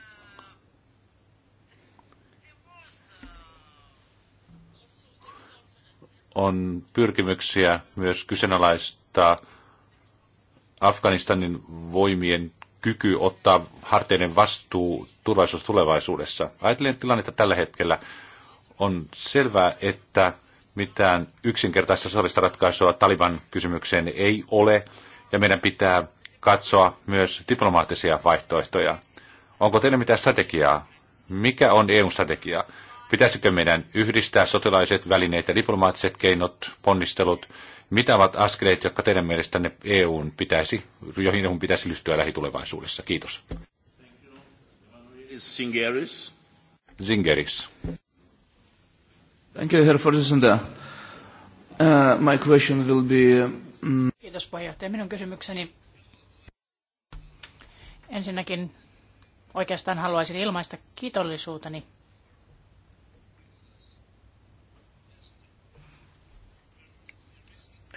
On pyrkimyksiä myös kyseenalaistaa Afganistanin voimien kyky ottaa harteiden vastuu turvallisuus tulevaisuudessa. Ajattelen tilannetta tällä hetkellä. On selvää, että mitään yksinkertaista sodallista ratkaisua Taliban kysymykseen ei ole, ja meidän pitää katsoa myös diplomaattisia vaihtoehtoja. Onko teillä mitään strategiaa? Mikä on EU-strategia? Pitäisikö meidän yhdistää sotilaiset välineet ja diplomaattiset keinot, ponnistelut? Mitä ovat askeleet, jotka teidän mielestänne EUn pitäisi, joihin EUn pitäisi lyhtyä lähitulevaisuudessa? Kiitos. Zingeris. Thank you, Herr Vorsitzender. Uh, my question will be... Um... Kiitos puheenjohtaja. Minun kysymykseni Ensinnäkin oikeastaan haluaisin ilmaista kiitollisuuteni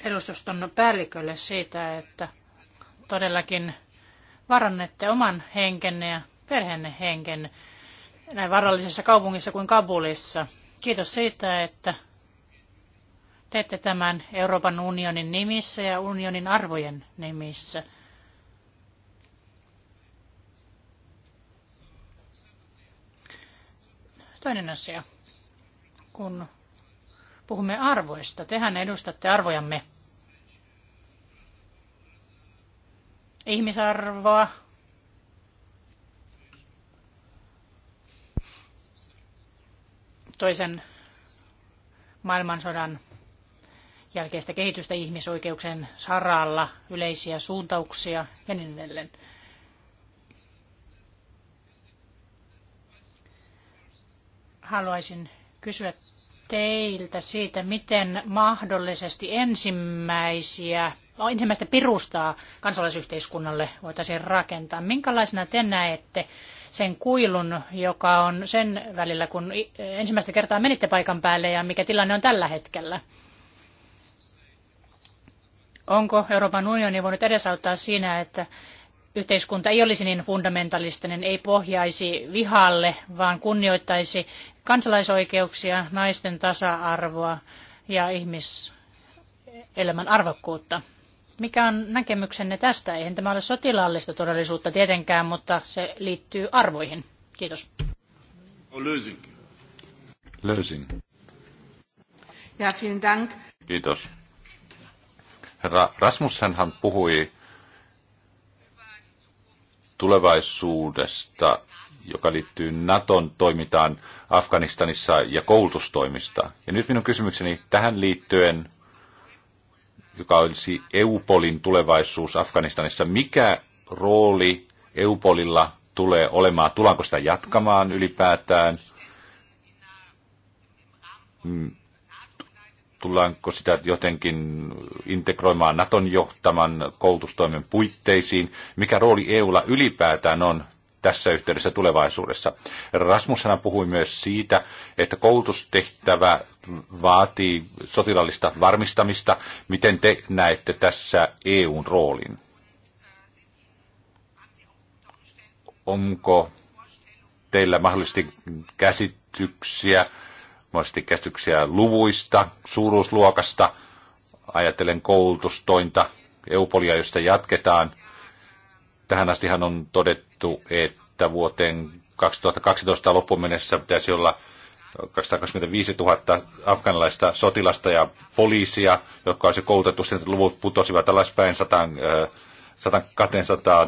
edustuston päällikölle siitä, että todellakin varannette oman henkenne ja perheenne henken näin varallisessa kaupungissa kuin Kabulissa. Kiitos siitä, että teette tämän Euroopan unionin nimissä ja unionin arvojen nimissä – Toinen asia, kun puhumme arvoista. Tehän edustatte arvojamme. Ihmisarvoa. Toisen maailmansodan jälkeistä kehitystä ihmisoikeuksien saralla, yleisiä suuntauksia ja niin edelleen. haluaisin kysyä teiltä siitä, miten mahdollisesti ensimmäisiä, ensimmäistä pirustaa kansalaisyhteiskunnalle voitaisiin rakentaa. Minkälaisena te näette sen kuilun, joka on sen välillä, kun ensimmäistä kertaa menitte paikan päälle ja mikä tilanne on tällä hetkellä? Onko Euroopan unioni voinut edesauttaa siinä, että yhteiskunta ei olisi niin fundamentalistinen, ei pohjaisi vihalle, vaan kunnioittaisi kansalaisoikeuksia, naisten tasa-arvoa ja ihmiselämän arvokkuutta. Mikä on näkemyksenne tästä? Eihän tämä ole sotilaallista todellisuutta tietenkään, mutta se liittyy arvoihin. Kiitos. Lösing. Lösing. Ja, vielen Dank. Kiitos. Herra Rasmussenhan puhui tulevaisuudesta, joka liittyy Naton toimintaan Afganistanissa ja koulutustoimista. Ja nyt minun kysymykseni tähän liittyen, joka olisi EUPOLin tulevaisuus Afganistanissa. Mikä rooli EUPOLilla tulee olemaan? Tullaanko sitä jatkamaan ylipäätään? Mm, tullaanko sitä jotenkin integroimaan Naton johtaman koulutustoimen puitteisiin? Mikä rooli EUlla ylipäätään on tässä yhteydessä tulevaisuudessa? Rasmushan puhui myös siitä, että koulutustehtävä vaatii sotilaallista varmistamista. Miten te näette tässä EUn roolin? Onko teillä mahdollisesti käsityksiä? mahdollisesti käsityksiä luvuista, suuruusluokasta, ajatellen koulutustointa, eupolia, josta jatketaan. Tähän astihan on todettu, että vuoteen 2012 loppuun mennessä pitäisi olla 225 000 afganalaista sotilasta ja poliisia, jotka olisi koulutettu. Sitten luvut putosivat alaspäin 100, 100, 200,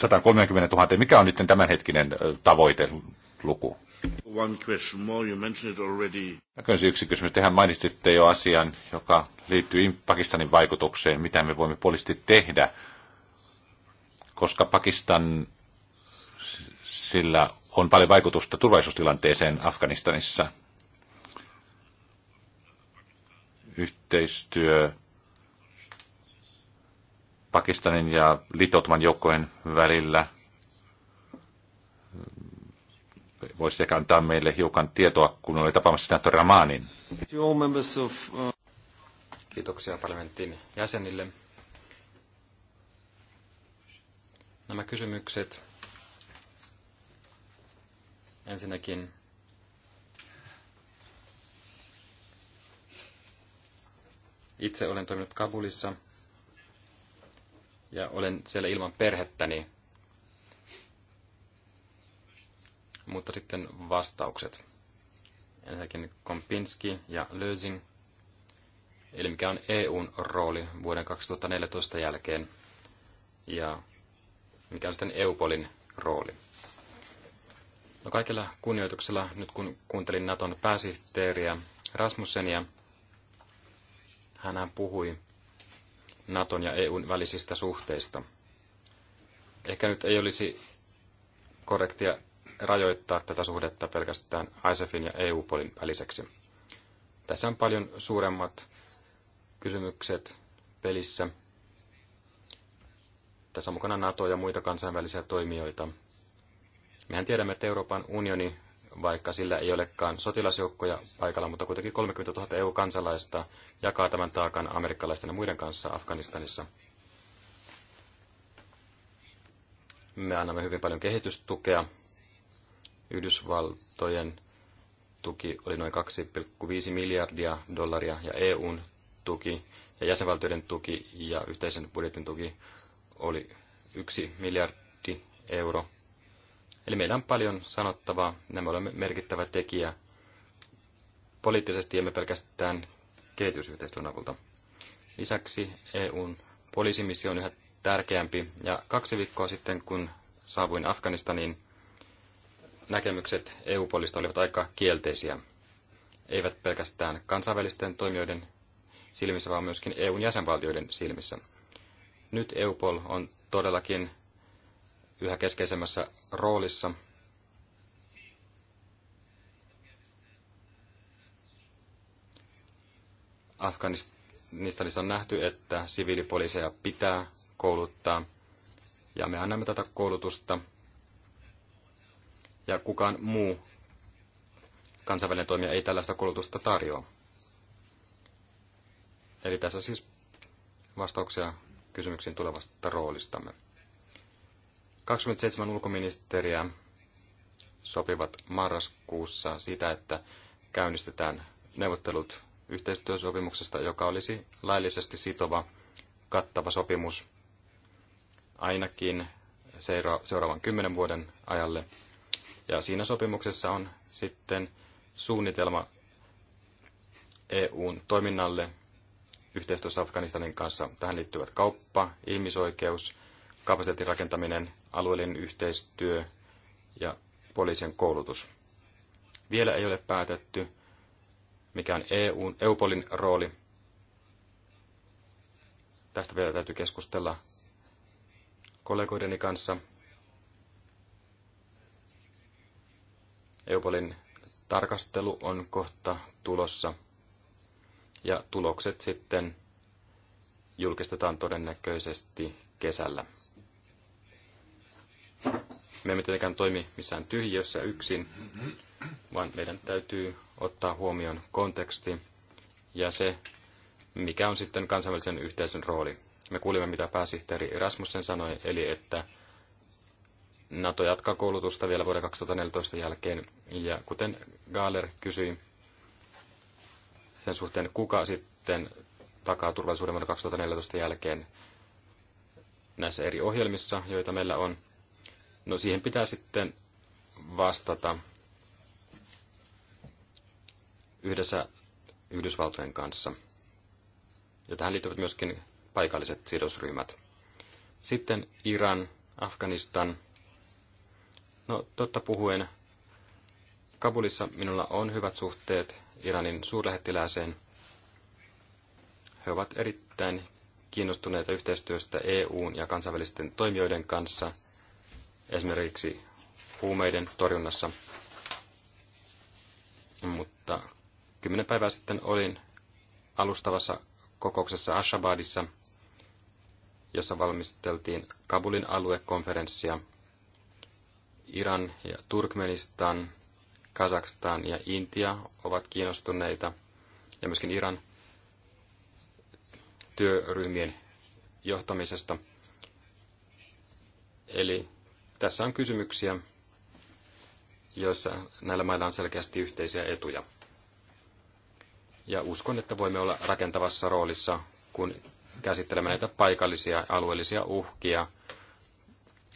130 000. Mikä on nyt tämänhetkinen tavoiteluku? One question more. You mentioned it already. Näköisin yksi kysymys. Tehän mainitsitte jo asian, joka liittyy Pakistanin vaikutukseen. Mitä me voimme poliittisesti tehdä? Koska Pakistan, sillä on paljon vaikutusta turvallisuustilanteeseen Afganistanissa. Yhteistyö Pakistanin ja liittoutuman joukkojen välillä – voisi ehkä antaa meille hiukan tietoa, kun oli tapaamassa senaattori Ramanin. Kiitoksia parlamentin jäsenille. Nämä kysymykset ensinnäkin itse olen toiminut Kabulissa ja olen siellä ilman perhettäni Mutta sitten vastaukset. Ensinnäkin Kompinski ja Lösing. Eli mikä on EUn rooli vuoden 2014 jälkeen ja mikä on sitten EUPOLin rooli. No kaikilla kunnioituksella, nyt kun kuuntelin Naton pääsihteeriä Rasmussenia, hän puhui Naton ja EUn välisistä suhteista. Ehkä nyt ei olisi korrektia rajoittaa tätä suhdetta pelkästään ISEFin ja EU-polin väliseksi. Tässä on paljon suuremmat kysymykset pelissä. Tässä on mukana NATO ja muita kansainvälisiä toimijoita. Mehän tiedämme, että Euroopan unioni, vaikka sillä ei olekaan sotilasjoukkoja paikalla, mutta kuitenkin 30 000 EU-kansalaista jakaa tämän taakan amerikkalaisten ja muiden kanssa Afganistanissa. Me annamme hyvin paljon kehitystukea Yhdysvaltojen tuki oli noin 2,5 miljardia dollaria ja EUn tuki ja jäsenvaltioiden tuki ja yhteisen budjetin tuki oli 1 miljardi euro. Eli meillä on paljon sanottavaa. Nämä olemme merkittävä tekijä poliittisesti emme pelkästään kehitysyhteistyön avulta. Lisäksi EUn poliisimissio on yhä tärkeämpi ja kaksi viikkoa sitten, kun saavuin Afganistaniin, näkemykset EU-puolista olivat aika kielteisiä. Eivät pelkästään kansainvälisten toimijoiden silmissä, vaan myöskin EUn jäsenvaltioiden silmissä. Nyt EUPOL on todellakin yhä keskeisemmässä roolissa. Afganistanissa on nähty, että siviilipoliiseja pitää kouluttaa, ja me annamme tätä koulutusta – ja kukaan muu kansainvälinen toimija ei tällaista koulutusta tarjoa. Eli tässä siis vastauksia kysymyksiin tulevasta roolistamme. 27 ulkoministeriä sopivat marraskuussa sitä, että käynnistetään neuvottelut yhteistyösopimuksesta, joka olisi laillisesti sitova, kattava sopimus ainakin seuraavan kymmenen vuoden ajalle ja siinä sopimuksessa on sitten suunnitelma EUn toiminnalle yhteistyössä Afganistanin kanssa. Tähän liittyvät kauppa, ihmisoikeus, kapasiteetin rakentaminen, alueellinen yhteistyö ja poliisin koulutus. Vielä ei ole päätetty, mikä on EUn, EUPOLin rooli. Tästä vielä täytyy keskustella kollegoideni kanssa Eupolin tarkastelu on kohta tulossa ja tulokset sitten julkistetaan todennäköisesti kesällä. Me emme tietenkään toimi missään tyhjössä yksin, vaan meidän täytyy ottaa huomioon konteksti ja se, mikä on sitten kansainvälisen yhteisön rooli. Me kuulimme, mitä pääsihteeri Erasmussen sanoi, eli että NATO jatkaa koulutusta vielä vuoden 2014 jälkeen. Ja kuten Gaaler kysyi sen suhteen, kuka sitten takaa turvallisuuden vuoden 2014 jälkeen näissä eri ohjelmissa, joita meillä on. No siihen pitää sitten vastata yhdessä Yhdysvaltojen kanssa. Ja tähän liittyvät myöskin paikalliset sidosryhmät. Sitten Iran, Afganistan, No totta puhuen, Kabulissa minulla on hyvät suhteet Iranin suurlähettilääseen. He ovat erittäin kiinnostuneita yhteistyöstä EUn ja kansainvälisten toimijoiden kanssa, esimerkiksi huumeiden torjunnassa. Mutta kymmenen päivää sitten olin alustavassa kokouksessa Ashabadissa, jossa valmisteltiin Kabulin aluekonferenssia – Iran ja Turkmenistan, Kazakstan ja Intia ovat kiinnostuneita, ja myöskin Iran työryhmien johtamisesta. Eli tässä on kysymyksiä, joissa näillä mailla on selkeästi yhteisiä etuja. Ja uskon, että voimme olla rakentavassa roolissa, kun käsittelemme näitä paikallisia alueellisia uhkia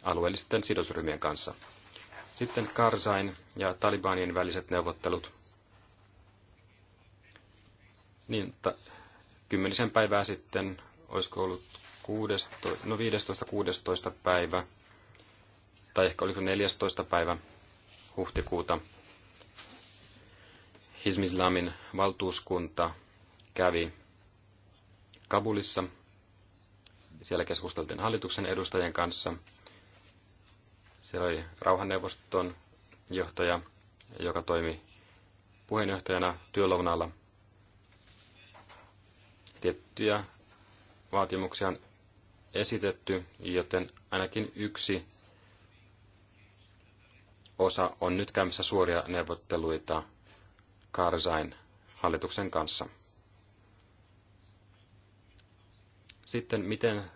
alueellisten sidosryhmien kanssa. Sitten Karzain ja Talibanien väliset neuvottelut. Niin, ta, kymmenisen päivää sitten, olisiko ollut 16, no 15-16 päivä, tai ehkä oliko 14 päivä huhtikuuta, Hizmislamin valtuuskunta kävi Kabulissa. Siellä keskusteltiin hallituksen edustajien kanssa – siellä oli rauhanneuvoston johtaja, joka toimi puheenjohtajana työlounalla. Tiettyjä vaatimuksia on esitetty, joten ainakin yksi osa on nyt käymässä suoria neuvotteluita Karzain hallituksen kanssa. Sitten miten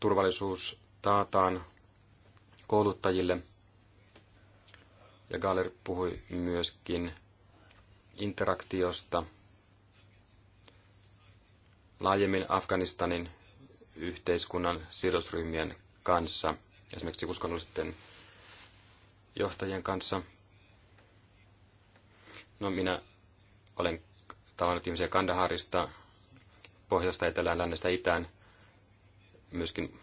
turvallisuus taataan kouluttajille. Ja Galler puhui myöskin interaktiosta laajemmin Afganistanin yhteiskunnan sidosryhmien kanssa, esimerkiksi uskonnollisten johtajien kanssa. No minä olen tavannut ihmisiä Kandaharista, pohjoista, etelään, lännestä, itään, myöskin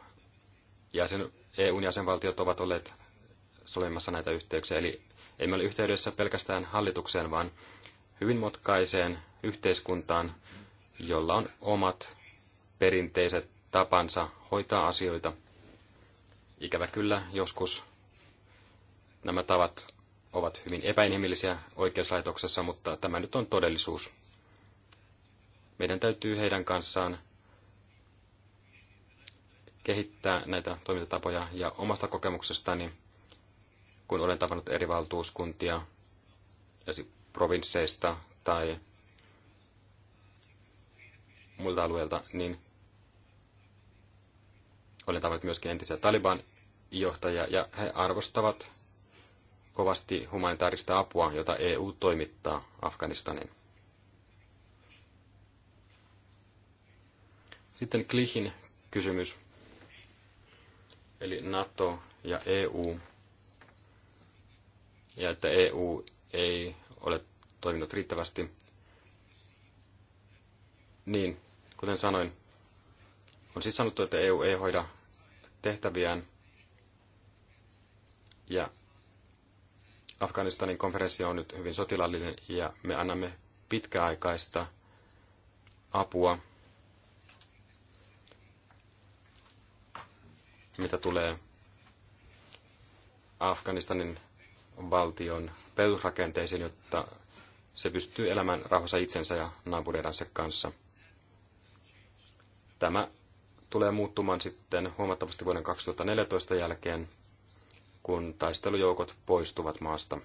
jäsen, EUn jäsenvaltiot ovat olleet solimassa näitä yhteyksiä. Eli emme ole yhteydessä pelkästään hallitukseen, vaan hyvin motkaiseen yhteiskuntaan, jolla on omat perinteiset tapansa hoitaa asioita. Ikävä kyllä, joskus nämä tavat ovat hyvin epäinhimillisiä oikeuslaitoksessa, mutta tämä nyt on todellisuus. Meidän täytyy heidän kanssaan kehittää näitä toimintatapoja. Ja omasta kokemuksestani, kun olen tavannut eri valtuuskuntia ja provinsseista tai muilta alueilta, niin olen tavannut myöskin entisiä Taliban johtajia, ja he arvostavat kovasti humanitaarista apua, jota EU toimittaa Afganistanin. Sitten Klihin kysymys eli NATO ja EU, ja että EU ei ole toiminut riittävästi. Niin, kuten sanoin, on siis sanottu, että EU ei hoida tehtäviään, ja Afganistanin konferenssi on nyt hyvin sotilaallinen, ja me annamme pitkäaikaista apua mitä tulee Afganistanin valtion perusrakenteisiin, jotta se pystyy elämään rauhassa itsensä ja naapureidensa kanssa. Tämä tulee muuttumaan sitten huomattavasti vuoden 2014 jälkeen, kun taistelujoukot poistuvat maasta.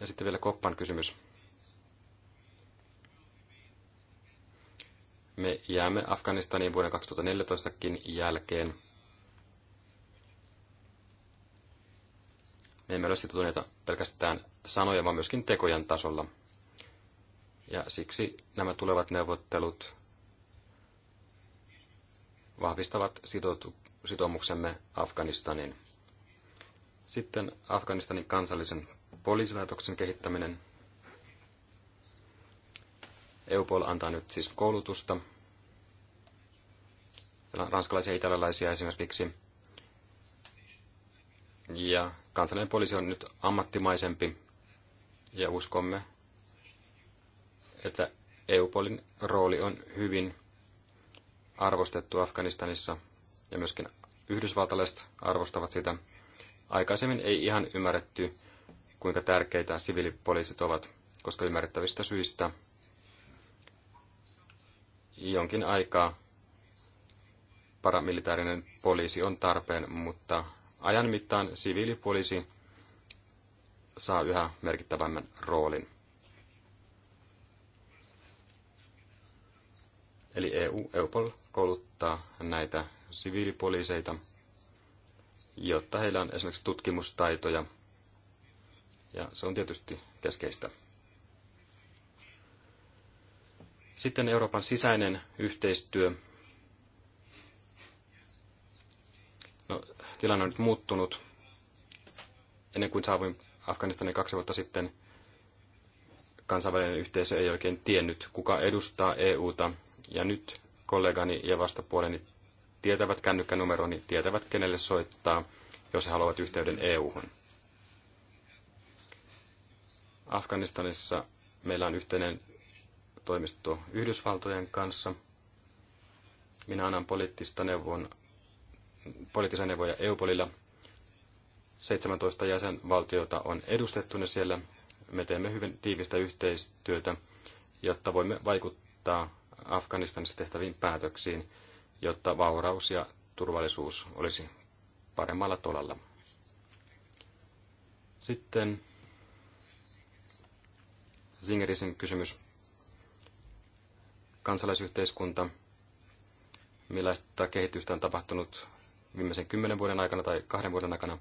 Ja sitten vielä Koppan kysymys. Me jäämme Afganistaniin vuoden 2014kin jälkeen. Me emme ole sitoutuneita pelkästään sanoja, vaan myöskin tekojen tasolla. Ja siksi nämä tulevat neuvottelut vahvistavat sitoumuksemme Afganistaniin. Sitten Afganistanin kansallisen poliisilaitoksen kehittäminen. EUPOL antaa nyt siis koulutusta. Ranskalaisia ja italialaisia esimerkiksi. Ja kansallinen poliisi on nyt ammattimaisempi ja uskomme, että EUPOLin rooli on hyvin arvostettu Afganistanissa ja myöskin yhdysvaltalaiset arvostavat sitä. Aikaisemmin ei ihan ymmärretty, kuinka tärkeitä siviilipoliisit ovat, koska ymmärrettävistä syistä – jonkin aikaa paramilitaarinen poliisi on tarpeen, mutta ajan mittaan siviilipoliisi saa yhä merkittävämmän roolin. Eli EU, EUPOL kouluttaa näitä siviilipoliiseita, jotta heillä on esimerkiksi tutkimustaitoja, ja se on tietysti keskeistä. Sitten Euroopan sisäinen yhteistyö. No, tilanne on nyt muuttunut. Ennen kuin saavuin Afganistanin kaksi vuotta sitten, kansainvälinen yhteisö ei oikein tiennyt, kuka edustaa EUta. Ja nyt kollegani ja vastapuoleni tietävät kännykkänumeroni, niin tietävät kenelle soittaa, jos he haluavat yhteyden EUhun. Afganistanissa meillä on yhteinen toimisto Yhdysvaltojen kanssa. Minä annan poliittista neuvon, poliittisia neuvoja EUPOLilla. 17 jäsenvaltiota on edustettuna siellä. Me teemme hyvin tiivistä yhteistyötä, jotta voimme vaikuttaa Afganistanissa tehtäviin päätöksiin, jotta vauraus ja turvallisuus olisi paremmalla tolalla. Sitten Zingerisin kysymys kansalaisyhteiskunta, millaista kehitystä on tapahtunut viimeisen kymmenen vuoden aikana tai kahden vuoden aikana,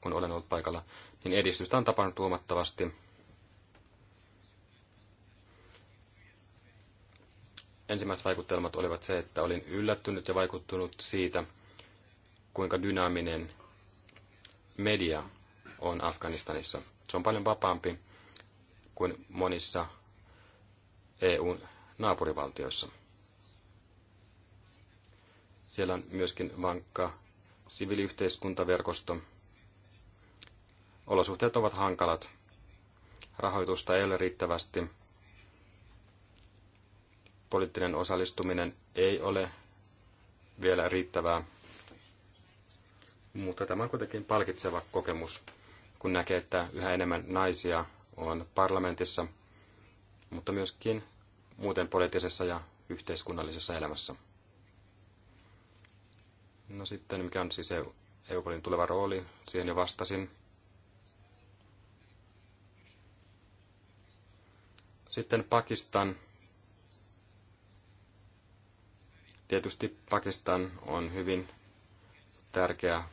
kun olen ollut paikalla, niin edistystä on tapahtunut huomattavasti. Ensimmäiset vaikutelmat olivat se, että olin yllättynyt ja vaikuttunut siitä, kuinka dynaaminen media on Afganistanissa. Se on paljon vapaampi kuin monissa EUn naapurivaltioissa. Siellä on myöskin vankka siviiliyhteiskuntaverkosto. Olosuhteet ovat hankalat. Rahoitusta ei ole riittävästi. Poliittinen osallistuminen ei ole vielä riittävää. Mutta tämä on kuitenkin palkitseva kokemus, kun näkee, että yhä enemmän naisia on parlamentissa, mutta myöskin muuten poliittisessa ja yhteiskunnallisessa elämässä. No sitten, mikä on siis EUPOLin tuleva rooli, siihen jo vastasin. Sitten Pakistan. Tietysti Pakistan on hyvin tärkeä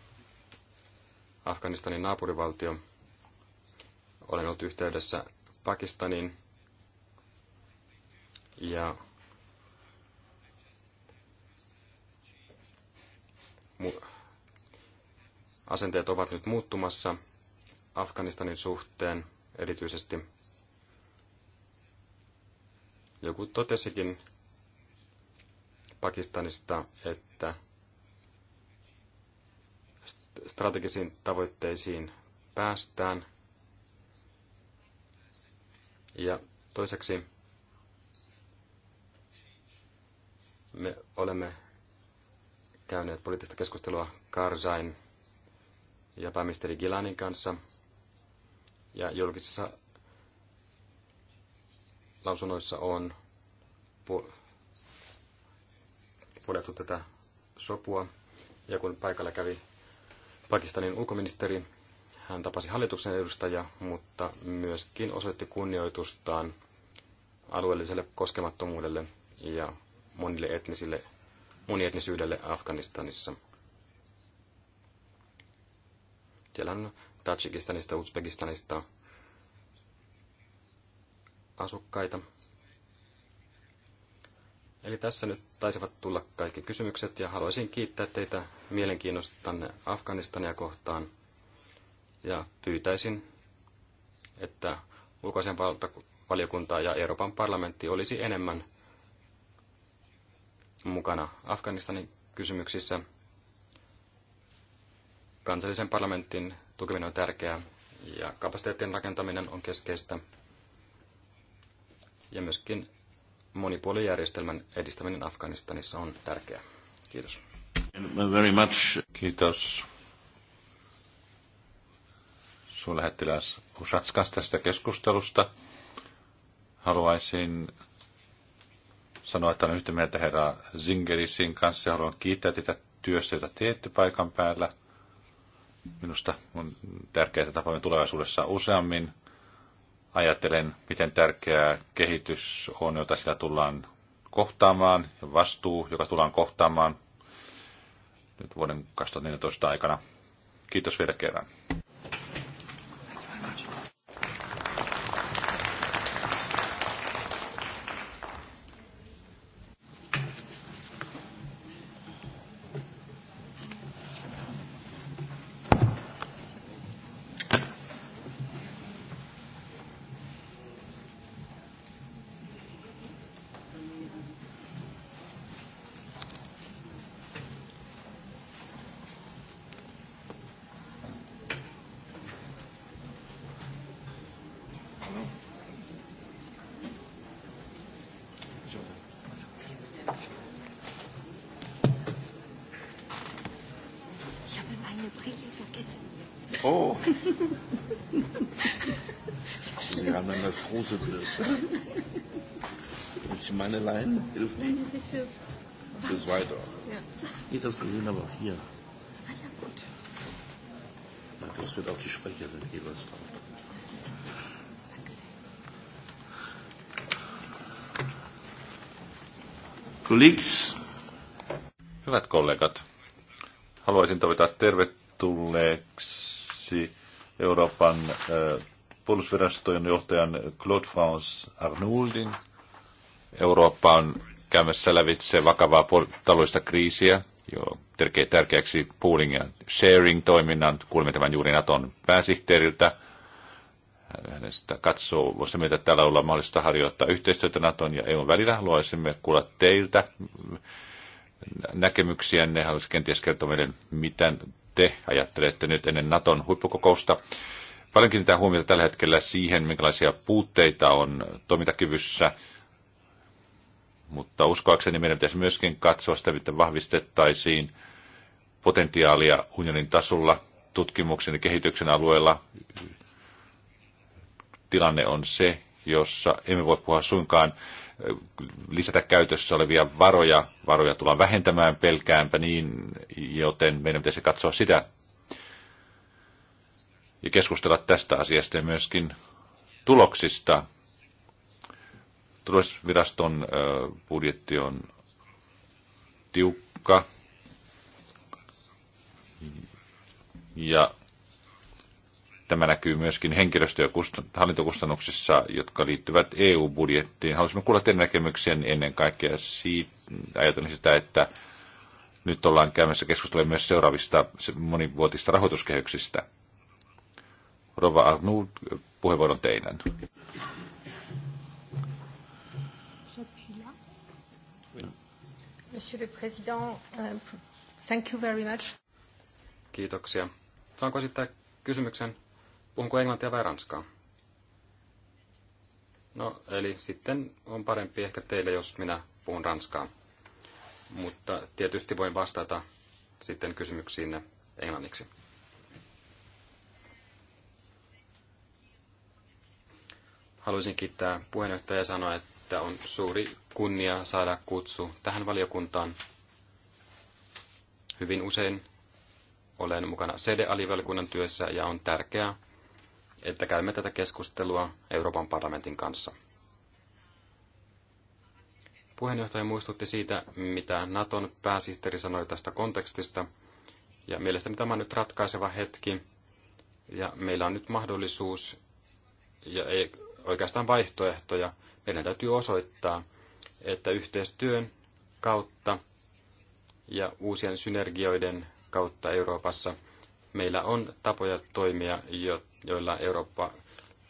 Afganistanin naapurivaltio. Olen ollut yhteydessä Pakistaniin ja asenteet ovat nyt muuttumassa Afganistanin suhteen erityisesti. Joku totesikin Pakistanista, että strategisiin tavoitteisiin päästään. Ja toiseksi Me olemme käyneet poliittista keskustelua Karzain ja pääministeri Gilanin kanssa. Ja julkisissa lausunnoissa on puolettu tätä sopua. Ja kun paikalla kävi Pakistanin ulkoministeri, hän tapasi hallituksen edustajia, mutta myöskin osoitti kunnioitustaan alueelliselle koskemattomuudelle ja monille etnisille, monietnisyydelle Afganistanissa. Siellä on Tajikistanista, Uzbekistanista asukkaita. Eli tässä nyt taisivat tulla kaikki kysymykset ja haluaisin kiittää teitä mielenkiinnostanne Afganistania kohtaan ja pyytäisin, että ulkoisen valiokunta ja Euroopan parlamentti olisi enemmän mukana Afganistanin kysymyksissä. Kansallisen parlamentin tukeminen on tärkeää ja kapasiteettien rakentaminen on keskeistä. Ja myöskin monipuolijärjestelmän edistäminen Afganistanissa on tärkeää. Kiitos. Very much. Kiitos. Suurlähettiläs Usatskas tästä keskustelusta. Haluaisin sanoa, että olen yhtä mieltä herra Zingerisin kanssa ja haluan kiittää teitä työstä, jota teette paikan päällä. Minusta on tärkeää, että tapaamme tulevaisuudessa useammin. Ajattelen, miten tärkeää kehitys on, jota sillä tullaan kohtaamaan ja vastuu, joka tullaan kohtaamaan nyt vuoden 2014 aikana. Kiitos vielä kerran. ich das gesehen, aber auch hier. Ah, ja, gut. das wird auch die Sprecher sind jeweils drauf. Kollegs. Hyvät kollegat, haluaisin toivottaa tervetulleeksi Euroopan puolustusvirastojen johtajan Claude France Arnoldin. Eurooppa on käymässä lävitse vakavaa taloudellista kriisiä. Joo, tärkeä, tärkeäksi pooling- ja sharing-toiminnan. Kuulimme tämän juuri Naton pääsihteeriltä. Hän sitä katsoo, voisi mieltä, että täällä ollaan mahdollista harjoittaa yhteistyötä Naton ja EUn välillä. Haluaisimme kuulla teiltä Ne haluaisi kenties kertoa meille, mitä te ajattelette nyt ennen Naton huippukokousta. Paljon kiinnitetään huomiota tällä hetkellä siihen, minkälaisia puutteita on toimintakyvyssä – mutta uskoakseni meidän pitäisi myöskin katsoa sitä, miten vahvistettaisiin potentiaalia unionin tasolla, tutkimuksen ja kehityksen alueella. Tilanne on se, jossa emme voi puhua suinkaan eh, lisätä käytössä olevia varoja. Varoja tullaan vähentämään pelkäänpä niin, joten meidän pitäisi katsoa sitä ja keskustella tästä asiasta ja myöskin tuloksista Turvallisuusviraston budjetti on tiukka ja tämä näkyy myöskin henkilöstö- ja hallintokustannuksissa, jotka liittyvät EU-budjettiin. Haluaisimme kuulla teidän näkemyksiä ennen kaikkea siitä, ajatellen sitä, että nyt ollaan käymässä keskustelua myös seuraavista monivuotista rahoituskehyksistä. Rova Arnoud, puheenvuoron teidän. Monsieur le Président. Euh, thank you very much. Kiitoksia. Saanko esittää kysymyksen? Puhunko englantia vai ranskaa? No, eli sitten on parempi ehkä teille, jos minä puhun ranskaa. Mutta tietysti voin vastata sitten kysymyksiinne englanniksi. Haluaisin kiittää puheenjohtajaa ja sanoa, että että on suuri kunnia saada kutsu tähän valiokuntaan. Hyvin usein olen mukana cd alivalikunnan työssä ja on tärkeää, että käymme tätä keskustelua Euroopan parlamentin kanssa. Puheenjohtaja muistutti siitä, mitä Naton pääsihteeri sanoi tästä kontekstista, ja mielestäni tämä on nyt ratkaiseva hetki, ja meillä on nyt mahdollisuus ja ei oikeastaan vaihtoehtoja meidän täytyy osoittaa, että yhteistyön kautta ja uusien synergioiden kautta Euroopassa meillä on tapoja toimia, joilla Eurooppa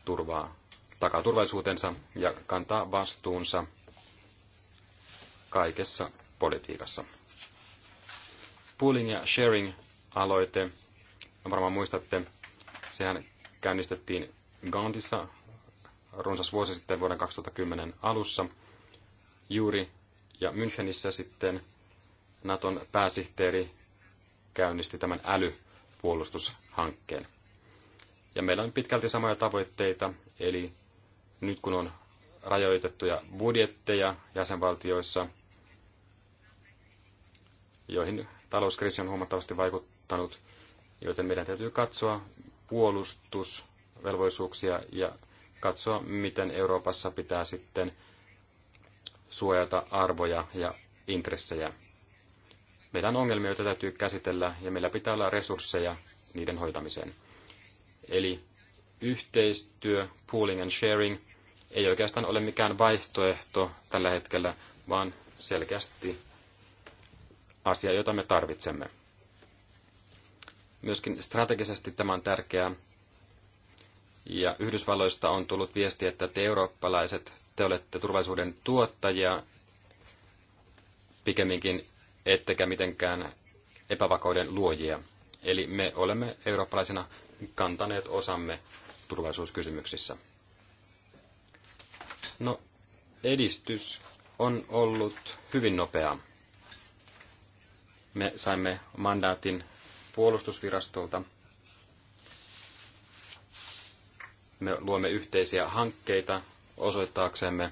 turvaa, takaa turvallisuutensa ja kantaa vastuunsa kaikessa politiikassa. Pooling ja sharing aloite, no varmaan muistatte, sehän käynnistettiin Gantissa runsas vuosi sitten vuoden 2010 alussa juuri ja Münchenissä sitten Naton pääsihteeri käynnisti tämän älypuolustushankkeen. Ja meillä on pitkälti samoja tavoitteita, eli nyt kun on rajoitettuja budjetteja jäsenvaltioissa, joihin talouskriisi on huomattavasti vaikuttanut, joten meidän täytyy katsoa puolustusvelvollisuuksia ja katsoa, miten Euroopassa pitää sitten suojata arvoja ja intressejä. Meillä on ongelmia, joita täytyy käsitellä, ja meillä pitää olla resursseja niiden hoitamiseen. Eli yhteistyö, pooling and sharing, ei oikeastaan ole mikään vaihtoehto tällä hetkellä, vaan selkeästi asia, jota me tarvitsemme. Myöskin strategisesti tämä on tärkeää, ja Yhdysvalloista on tullut viesti, että te eurooppalaiset, te olette turvallisuuden tuottajia pikemminkin ettekä mitenkään epävakauden luojia. Eli me olemme eurooppalaisina kantaneet osamme turvallisuuskysymyksissä. No, edistys on ollut hyvin nopea. Me saimme mandaatin puolustusvirastolta – Me luomme yhteisiä hankkeita osoittaaksemme,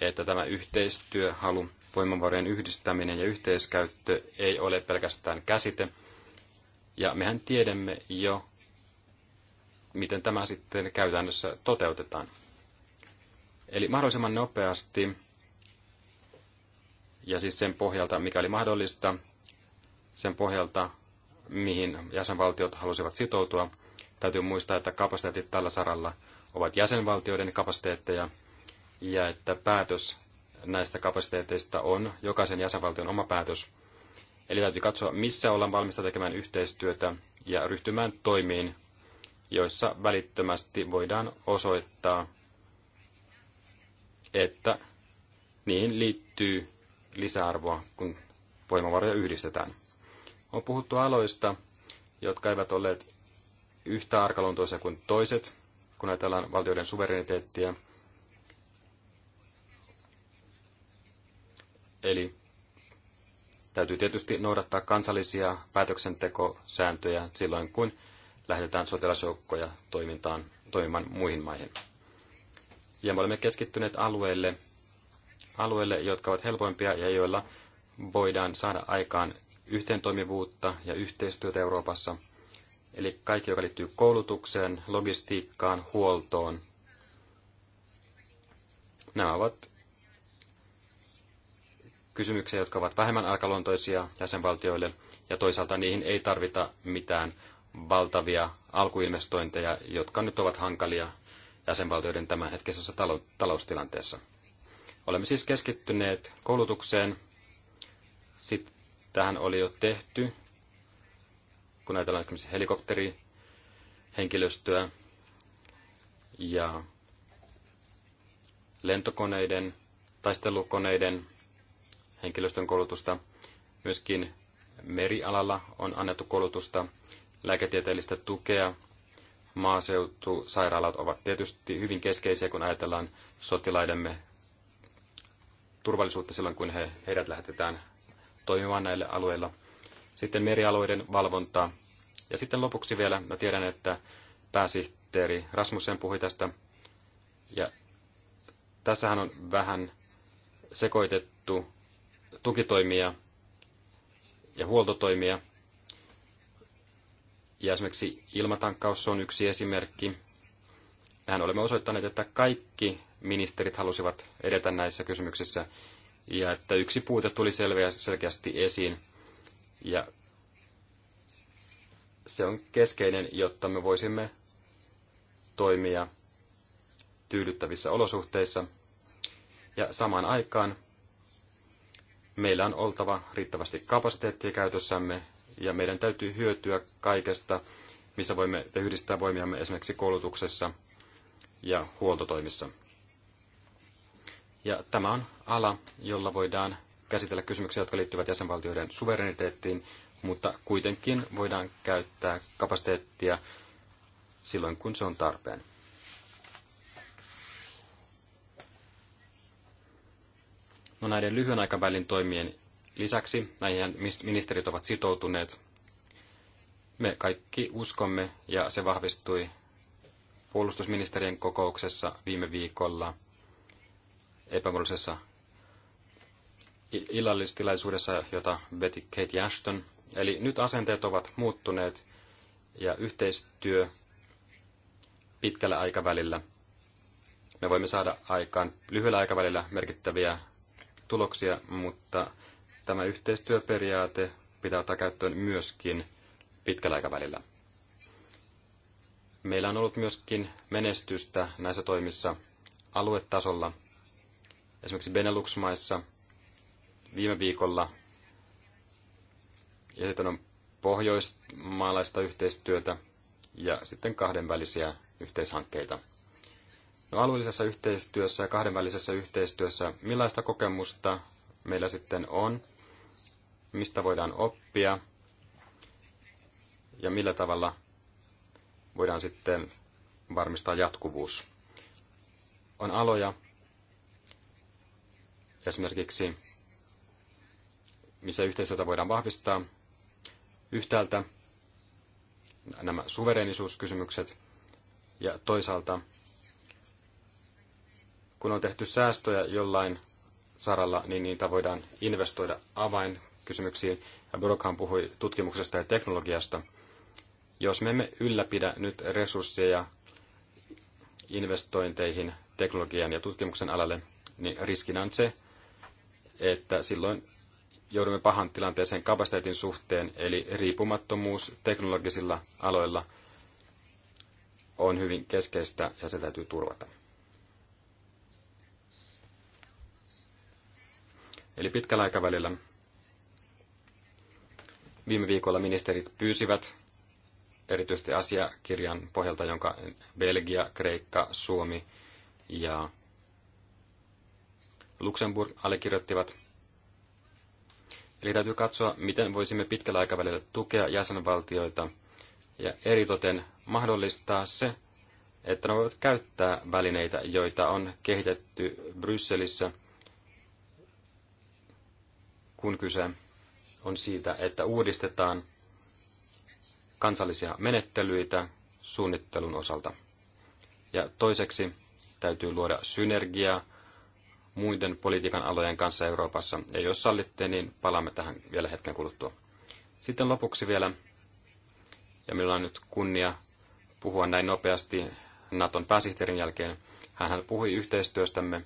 että tämä yhteistyöhalu, voimavarojen yhdistäminen ja yhteiskäyttö ei ole pelkästään käsite. Ja mehän tiedämme jo, miten tämä sitten käytännössä toteutetaan. Eli mahdollisimman nopeasti ja siis sen pohjalta, mikä oli mahdollista, sen pohjalta, mihin jäsenvaltiot halusivat sitoutua, Täytyy muistaa, että kapasiteetit tällä saralla ovat jäsenvaltioiden kapasiteetteja ja että päätös näistä kapasiteeteista on jokaisen jäsenvaltion oma päätös. Eli täytyy katsoa, missä ollaan valmista tekemään yhteistyötä ja ryhtymään toimiin, joissa välittömästi voidaan osoittaa, että niihin liittyy lisäarvoa, kun voimavaroja yhdistetään. On puhuttu aloista, jotka eivät olleet yhtä arkaluontoisia kuin toiset, kun ajatellaan valtioiden suvereniteettia. Eli täytyy tietysti noudattaa kansallisia päätöksentekosääntöjä silloin, kun lähetetään sotilasjoukkoja toimintaan, toimimaan muihin maihin. Ja me olemme keskittyneet alueille, alueille, jotka ovat helpoimpia ja joilla voidaan saada aikaan yhteentoimivuutta ja yhteistyötä Euroopassa – Eli kaikki, joka liittyy koulutukseen, logistiikkaan, huoltoon. Nämä ovat kysymyksiä, jotka ovat vähemmän arkaluontoisia jäsenvaltioille, ja toisaalta niihin ei tarvita mitään valtavia alkuinvestointeja, jotka nyt ovat hankalia jäsenvaltioiden tämänhetkisessä taloustilanteessa. Olemme siis keskittyneet koulutukseen. Sitten tähän oli jo tehty kun ajatellaan esimerkiksi helikopterihenkilöstöä ja lentokoneiden, taistelukoneiden henkilöstön koulutusta. Myöskin merialalla on annettu koulutusta, lääketieteellistä tukea. Maaseutusairaalat ovat tietysti hyvin keskeisiä, kun ajatellaan sotilaidemme turvallisuutta silloin, kun he, heidät lähetetään toimimaan näille alueilla sitten merialueiden valvontaa. Ja sitten lopuksi vielä, mä tiedän, että pääsihteeri Rasmussen puhui tästä, ja tässähän on vähän sekoitettu tukitoimia ja huoltotoimia. Ja esimerkiksi ilmatankkaus on yksi esimerkki. Mehän olemme osoittaneet, että kaikki ministerit halusivat edetä näissä kysymyksissä ja että yksi puute tuli selkeästi esiin – ja se on keskeinen, jotta me voisimme toimia tyydyttävissä olosuhteissa. Ja samaan aikaan meillä on oltava riittävästi kapasiteettia käytössämme ja meidän täytyy hyötyä kaikesta, missä voimme yhdistää voimiamme esimerkiksi koulutuksessa ja huoltotoimissa. Ja tämä on ala, jolla voidaan käsitellä kysymyksiä, jotka liittyvät jäsenvaltioiden suvereniteettiin, mutta kuitenkin voidaan käyttää kapasiteettia silloin, kun se on tarpeen. No näiden lyhyen aikavälin toimien lisäksi näihin ministerit ovat sitoutuneet. Me kaikki uskomme, ja se vahvistui puolustusministerien kokouksessa viime viikolla epämuodollisessa illallistilaisuudessa, jota veti Kate Ashton. Eli nyt asenteet ovat muuttuneet ja yhteistyö pitkällä aikavälillä. Me voimme saada aikaan lyhyellä aikavälillä merkittäviä tuloksia, mutta tämä yhteistyöperiaate pitää ottaa käyttöön myöskin pitkällä aikavälillä. Meillä on ollut myöskin menestystä näissä toimissa aluetasolla. Esimerkiksi Benelux-maissa viime viikolla. Ja sitten on pohjoismaalaista yhteistyötä ja sitten kahdenvälisiä yhteishankkeita. No, alueellisessa yhteistyössä ja kahdenvälisessä yhteistyössä, millaista kokemusta meillä sitten on, mistä voidaan oppia ja millä tavalla voidaan sitten varmistaa jatkuvuus. On aloja, esimerkiksi missä yhteistyötä voidaan vahvistaa. Yhtäältä nämä suvereenisuuskysymykset ja toisaalta kun on tehty säästöjä jollain saralla, niin niitä voidaan investoida avainkysymyksiin. Ja Brokhan puhui tutkimuksesta ja teknologiasta. Jos me emme ylläpidä nyt resursseja investointeihin teknologian ja tutkimuksen alalle, niin riskinä on se, että silloin joudumme pahan tilanteeseen kapasiteetin suhteen, eli riippumattomuus teknologisilla aloilla on hyvin keskeistä ja se täytyy turvata. Eli pitkällä aikavälillä viime viikolla ministerit pyysivät erityisesti asiakirjan pohjalta, jonka Belgia, Kreikka, Suomi ja Luxemburg allekirjoittivat Eli täytyy katsoa, miten voisimme pitkällä aikavälillä tukea jäsenvaltioita ja eritoten mahdollistaa se, että ne voivat käyttää välineitä, joita on kehitetty Brysselissä, kun kyse on siitä, että uudistetaan kansallisia menettelyitä suunnittelun osalta. Ja toiseksi täytyy luoda synergiaa muiden politiikan alojen kanssa Euroopassa. Ja jos sallitte, niin palaamme tähän vielä hetken kuluttua. Sitten lopuksi vielä, ja minulla on nyt kunnia puhua näin nopeasti Naton pääsihteerin jälkeen. Hän puhui yhteistyöstämme,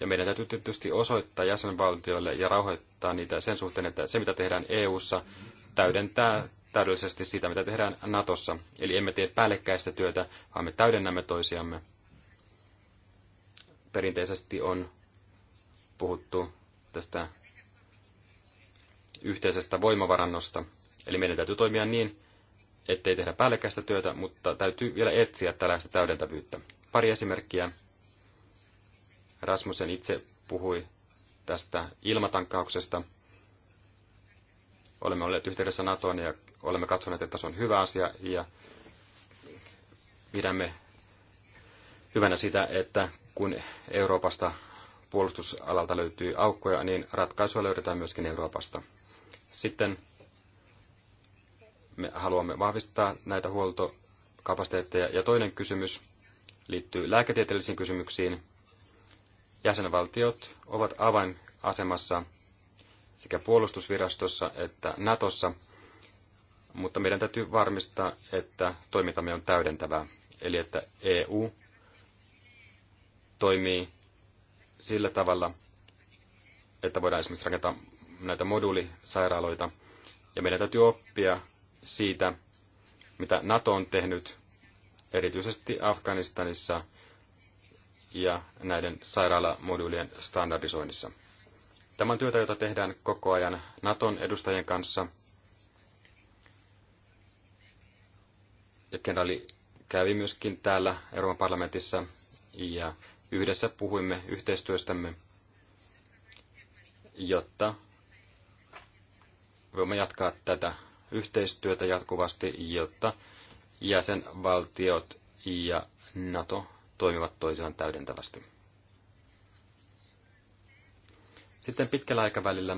ja meidän täytyy tietysti osoittaa jäsenvaltioille ja rauhoittaa niitä sen suhteen, että se mitä tehdään EU:ssa täydentää täydellisesti sitä, mitä tehdään Natossa. Eli emme tee päällekkäistä työtä, vaan me täydennämme toisiamme. Perinteisesti on puhuttu tästä yhteisestä voimavarannosta. Eli meidän täytyy toimia niin, ettei tehdä päällekkäistä työtä, mutta täytyy vielä etsiä tällaista täydentävyyttä. Pari esimerkkiä. Rasmussen itse puhui tästä ilmatankkauksesta. Olemme olleet yhteydessä NATOon ja olemme katsoneet, että se on hyvä asia ja pidämme hyvänä sitä, että kun Euroopasta puolustusalalta löytyy aukkoja, niin ratkaisua löydetään myöskin Euroopasta. Sitten me haluamme vahvistaa näitä huoltokapasiteetteja. Ja toinen kysymys liittyy lääketieteellisiin kysymyksiin. Jäsenvaltiot ovat avainasemassa sekä puolustusvirastossa että Natossa, mutta meidän täytyy varmistaa, että toimintamme on täydentävää, eli että EU toimii sillä tavalla, että voidaan esimerkiksi rakentaa näitä moduulisairaaloita. Ja meidän täytyy oppia siitä, mitä NATO on tehnyt, erityisesti Afganistanissa ja näiden sairaalamoduulien standardisoinnissa. Tämä on työtä, jota tehdään koko ajan Naton edustajien kanssa. Ja kenraali kävi myöskin täällä Euroopan parlamentissa ja Yhdessä puhuimme yhteistyöstämme, jotta voimme jatkaa tätä yhteistyötä jatkuvasti, jotta jäsenvaltiot ja NATO toimivat toisiaan täydentävästi. Sitten pitkällä aikavälillä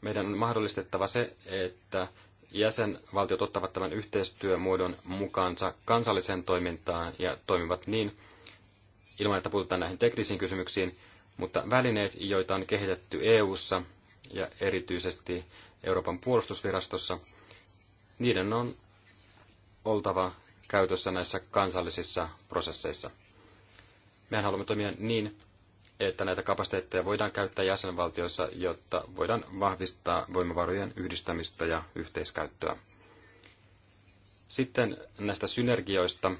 meidän on mahdollistettava se, että jäsenvaltiot ottavat tämän yhteistyömuodon mukaansa kansalliseen toimintaan ja toimivat niin, ilman että puututaan näihin teknisiin kysymyksiin, mutta välineet, joita on kehitetty EU:ssa ja erityisesti Euroopan puolustusvirastossa, niiden on oltava käytössä näissä kansallisissa prosesseissa. Mehän haluamme toimia niin, että näitä kapasiteetteja voidaan käyttää jäsenvaltioissa, jotta voidaan vahvistaa voimavarojen yhdistämistä ja yhteiskäyttöä. Sitten näistä synergioista.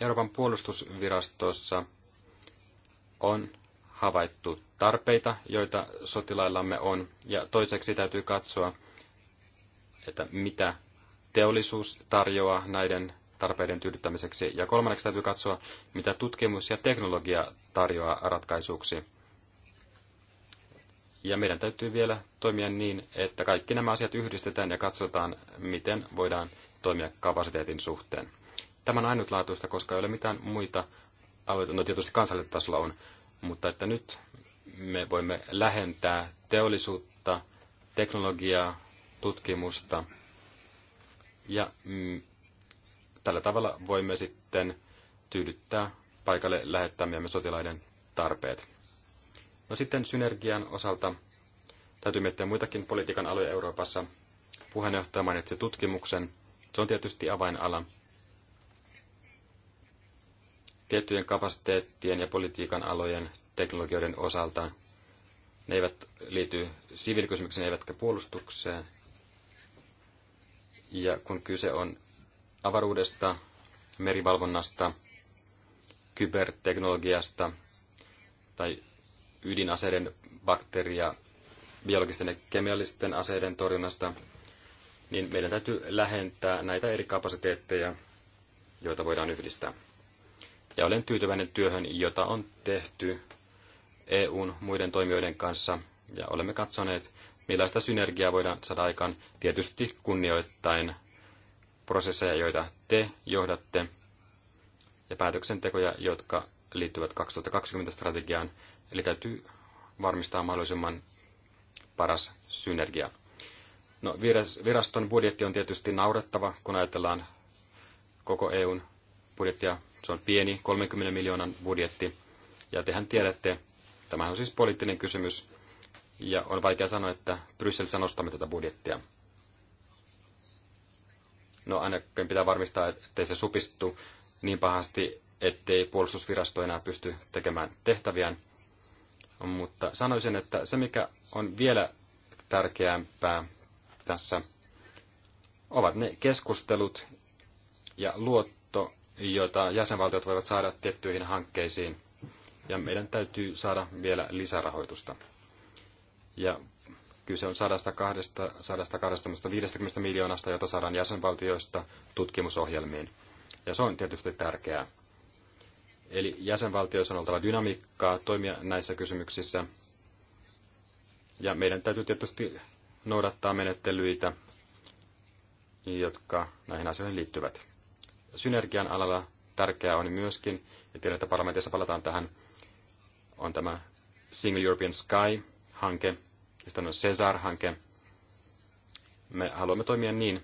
Euroopan puolustusvirastossa on havaittu tarpeita, joita sotilaillamme on, ja toiseksi täytyy katsoa, että mitä teollisuus tarjoaa näiden tarpeiden tyydyttämiseksi. Ja kolmanneksi täytyy katsoa, mitä tutkimus ja teknologia tarjoaa ratkaisuksi. Ja meidän täytyy vielä toimia niin, että kaikki nämä asiat yhdistetään ja katsotaan, miten voidaan toimia kapasiteetin suhteen. Tämä on ainutlaatuista, koska ei ole mitään muita alueita, no tietysti kansallisella tasolla on, mutta että nyt me voimme lähentää teollisuutta, teknologiaa, tutkimusta ja Tällä tavalla voimme sitten tyydyttää paikalle lähettämiämme sotilaiden tarpeet. No sitten synergian osalta täytyy miettiä muitakin politiikan aloja Euroopassa. Puheenjohtaja mainitsi tutkimuksen. Se on tietysti avainala. Tiettyjen kapasiteettien ja politiikan alojen teknologioiden osalta ne eivät liity siviilikysymykseen eivätkä puolustukseen. Ja kun kyse on avaruudesta, merivalvonnasta, kyberteknologiasta tai ydinaseiden, bakteeria, biologisten ja kemiallisten aseiden torjunnasta, niin meidän täytyy lähentää näitä eri kapasiteetteja, joita voidaan yhdistää. Ja olen tyytyväinen työhön, jota on tehty EUn muiden toimijoiden kanssa, ja olemme katsoneet, millaista synergiaa voidaan saada aikaan tietysti kunnioittain prosesseja, joita te johdatte, ja päätöksentekoja, jotka liittyvät 2020-strategiaan, eli täytyy varmistaa mahdollisimman paras synergia. No, viraston budjetti on tietysti naurettava, kun ajatellaan koko EUn budjettia. Se on pieni, 30 miljoonan budjetti. Ja tehän tiedätte, tämä on siis poliittinen kysymys, ja on vaikea sanoa, että Brysselissä nostamme tätä budjettia. No ainakin pitää varmistaa, ettei se supistu niin pahasti, ettei puolustusvirasto enää pysty tekemään tehtäviään. Mutta sanoisin, että se mikä on vielä tärkeämpää tässä ovat ne keskustelut ja luotto, joita jäsenvaltiot voivat saada tiettyihin hankkeisiin. Ja meidän täytyy saada vielä lisärahoitusta. Ja Kyse on 120-150 miljoonasta, jota saadaan jäsenvaltioista tutkimusohjelmiin. Ja se on tietysti tärkeää. Eli jäsenvaltioissa on oltava dynamiikkaa toimia näissä kysymyksissä. Ja meidän täytyy tietysti noudattaa menettelyitä, jotka näihin asioihin liittyvät. Synergian alalla tärkeää on myöskin, ja tiedän, että parlamentissa palataan tähän, on tämä Single European Sky-hanke, sitten on Cesar-hanke. Me haluamme toimia niin,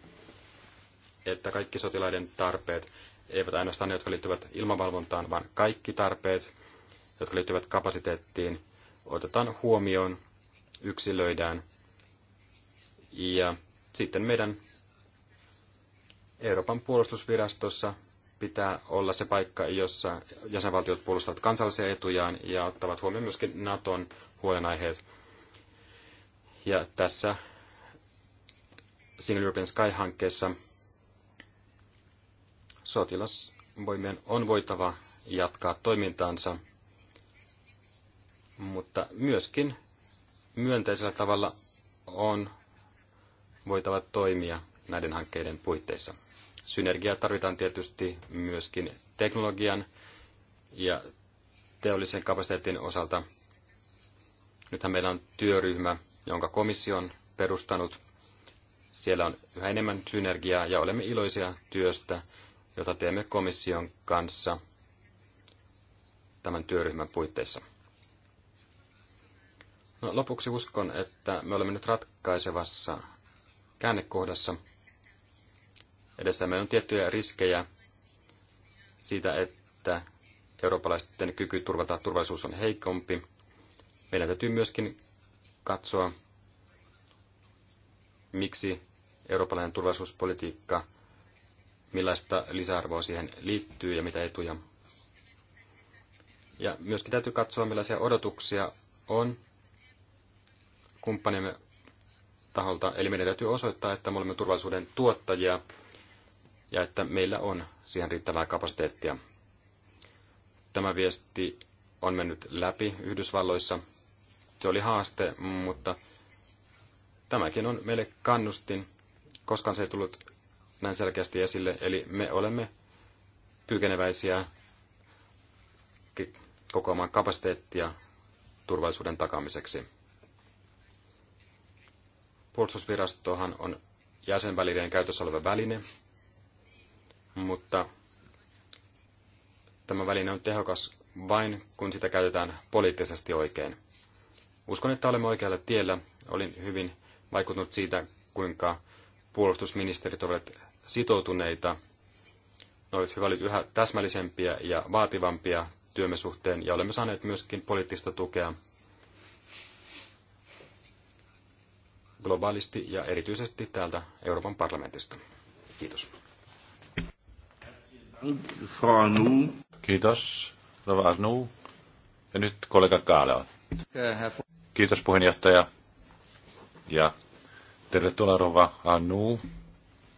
että kaikki sotilaiden tarpeet, eivät ainoastaan ne, jotka liittyvät ilmavalvontaan, vaan kaikki tarpeet, jotka liittyvät kapasiteettiin, otetaan huomioon, yksilöidään. Ja sitten meidän Euroopan puolustusvirastossa pitää olla se paikka, jossa jäsenvaltiot puolustavat kansallisia etujaan ja ottavat huomioon myöskin Naton huolenaiheet. Ja tässä Single European Sky-hankkeessa sotilasvoimien on voitava jatkaa toimintaansa, mutta myöskin myönteisellä tavalla on voitava toimia näiden hankkeiden puitteissa. Synergiaa tarvitaan tietysti myöskin teknologian ja teollisen kapasiteetin osalta. Nythän meillä on työryhmä, jonka komissio on perustanut. Siellä on yhä enemmän synergiaa ja olemme iloisia työstä, jota teemme komission kanssa tämän työryhmän puitteissa. No, lopuksi uskon, että me olemme nyt ratkaisevassa käännekohdassa. Edessämme on tiettyjä riskejä siitä, että eurooppalaisten kyky turvata turvallisuus on heikompi. Meidän täytyy myöskin katsoa, miksi eurooppalainen turvallisuuspolitiikka, millaista lisäarvoa siihen liittyy ja mitä etuja. Ja myöskin täytyy katsoa, millaisia odotuksia on kumppanimme taholta. Eli meidän täytyy osoittaa, että me olemme turvallisuuden tuottajia ja että meillä on siihen riittävää kapasiteettia. Tämä viesti on mennyt läpi Yhdysvalloissa se oli haaste, mutta tämäkin on meille kannustin. koska se ei tullut näin selkeästi esille, eli me olemme kykeneväisiä kokoamaan kapasiteettia turvallisuuden takaamiseksi. Puolustusvirastohan on jäsenvälineen käytössä oleva väline, mutta tämä väline on tehokas vain, kun sitä käytetään poliittisesti oikein. Uskon, että olemme oikealla tiellä. Olin hyvin vaikuttunut siitä, kuinka puolustusministerit ovat sitoutuneita. Ne ovat hyvä yhä täsmällisempiä ja vaativampia työmme suhteen ja olemme saaneet myöskin poliittista tukea globaalisti ja erityisesti täältä Euroopan parlamentista. Kiitos. Kiitos. Ja nyt kollega Kaale Kiitos puheenjohtaja ja tervetuloa Rova Anu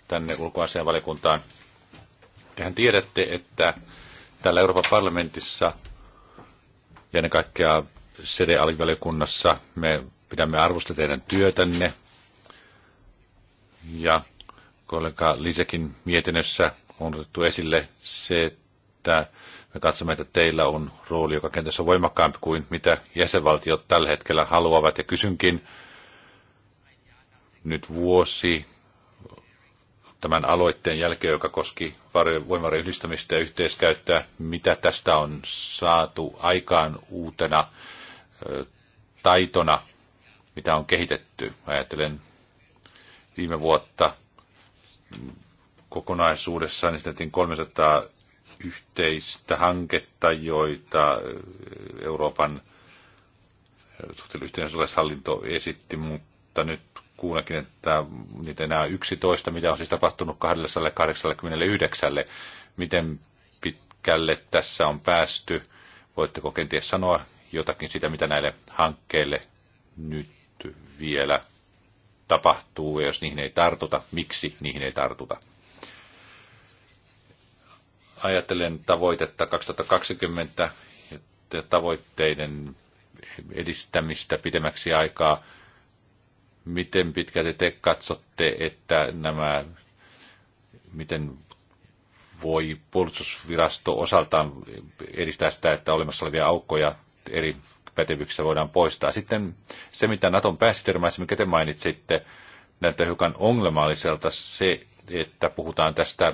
tänne ulkoasianvaliokuntaan. Tehän tiedätte, että täällä Euroopan parlamentissa ja ennen kaikkea CD-alivaliokunnassa me pidämme arvosta teidän työtänne. Ja kollega Lisekin mietinnössä on otettu esille se, että me katsomme, että teillä on rooli, joka kenties on voimakkaampi kuin mitä jäsenvaltiot tällä hetkellä haluavat. Ja kysynkin nyt vuosi tämän aloitteen jälkeen, joka koski voimavarojen yhdistämistä ja yhteiskäyttöä, mitä tästä on saatu aikaan uutena taitona, mitä on kehitetty. Ajattelen viime vuotta kokonaisuudessaan esitettiin niin 300 yhteistä hanketta, joita äh, Euroopan äh, yhteisöllishallinto esitti, mutta nyt kuulekin, että niitä enää 11, mitä on siis tapahtunut 289, miten pitkälle tässä on päästy. Voitteko kenties sanoa jotakin sitä, mitä näille hankkeille nyt vielä tapahtuu, ja jos niihin ei tartuta, miksi niihin ei tartuta? ajatellen tavoitetta 2020 ja tavoitteiden edistämistä pitemmäksi aikaa, miten pitkälti te katsotte, että nämä, miten voi puolustusvirasto osaltaan edistää sitä, että olemassa olevia aukkoja eri pätevyyksissä voidaan poistaa. Sitten se, mitä Naton pääsihteerimaissa, mikä te mainitsitte, näyttää hiukan ongelmalliselta se, että puhutaan tästä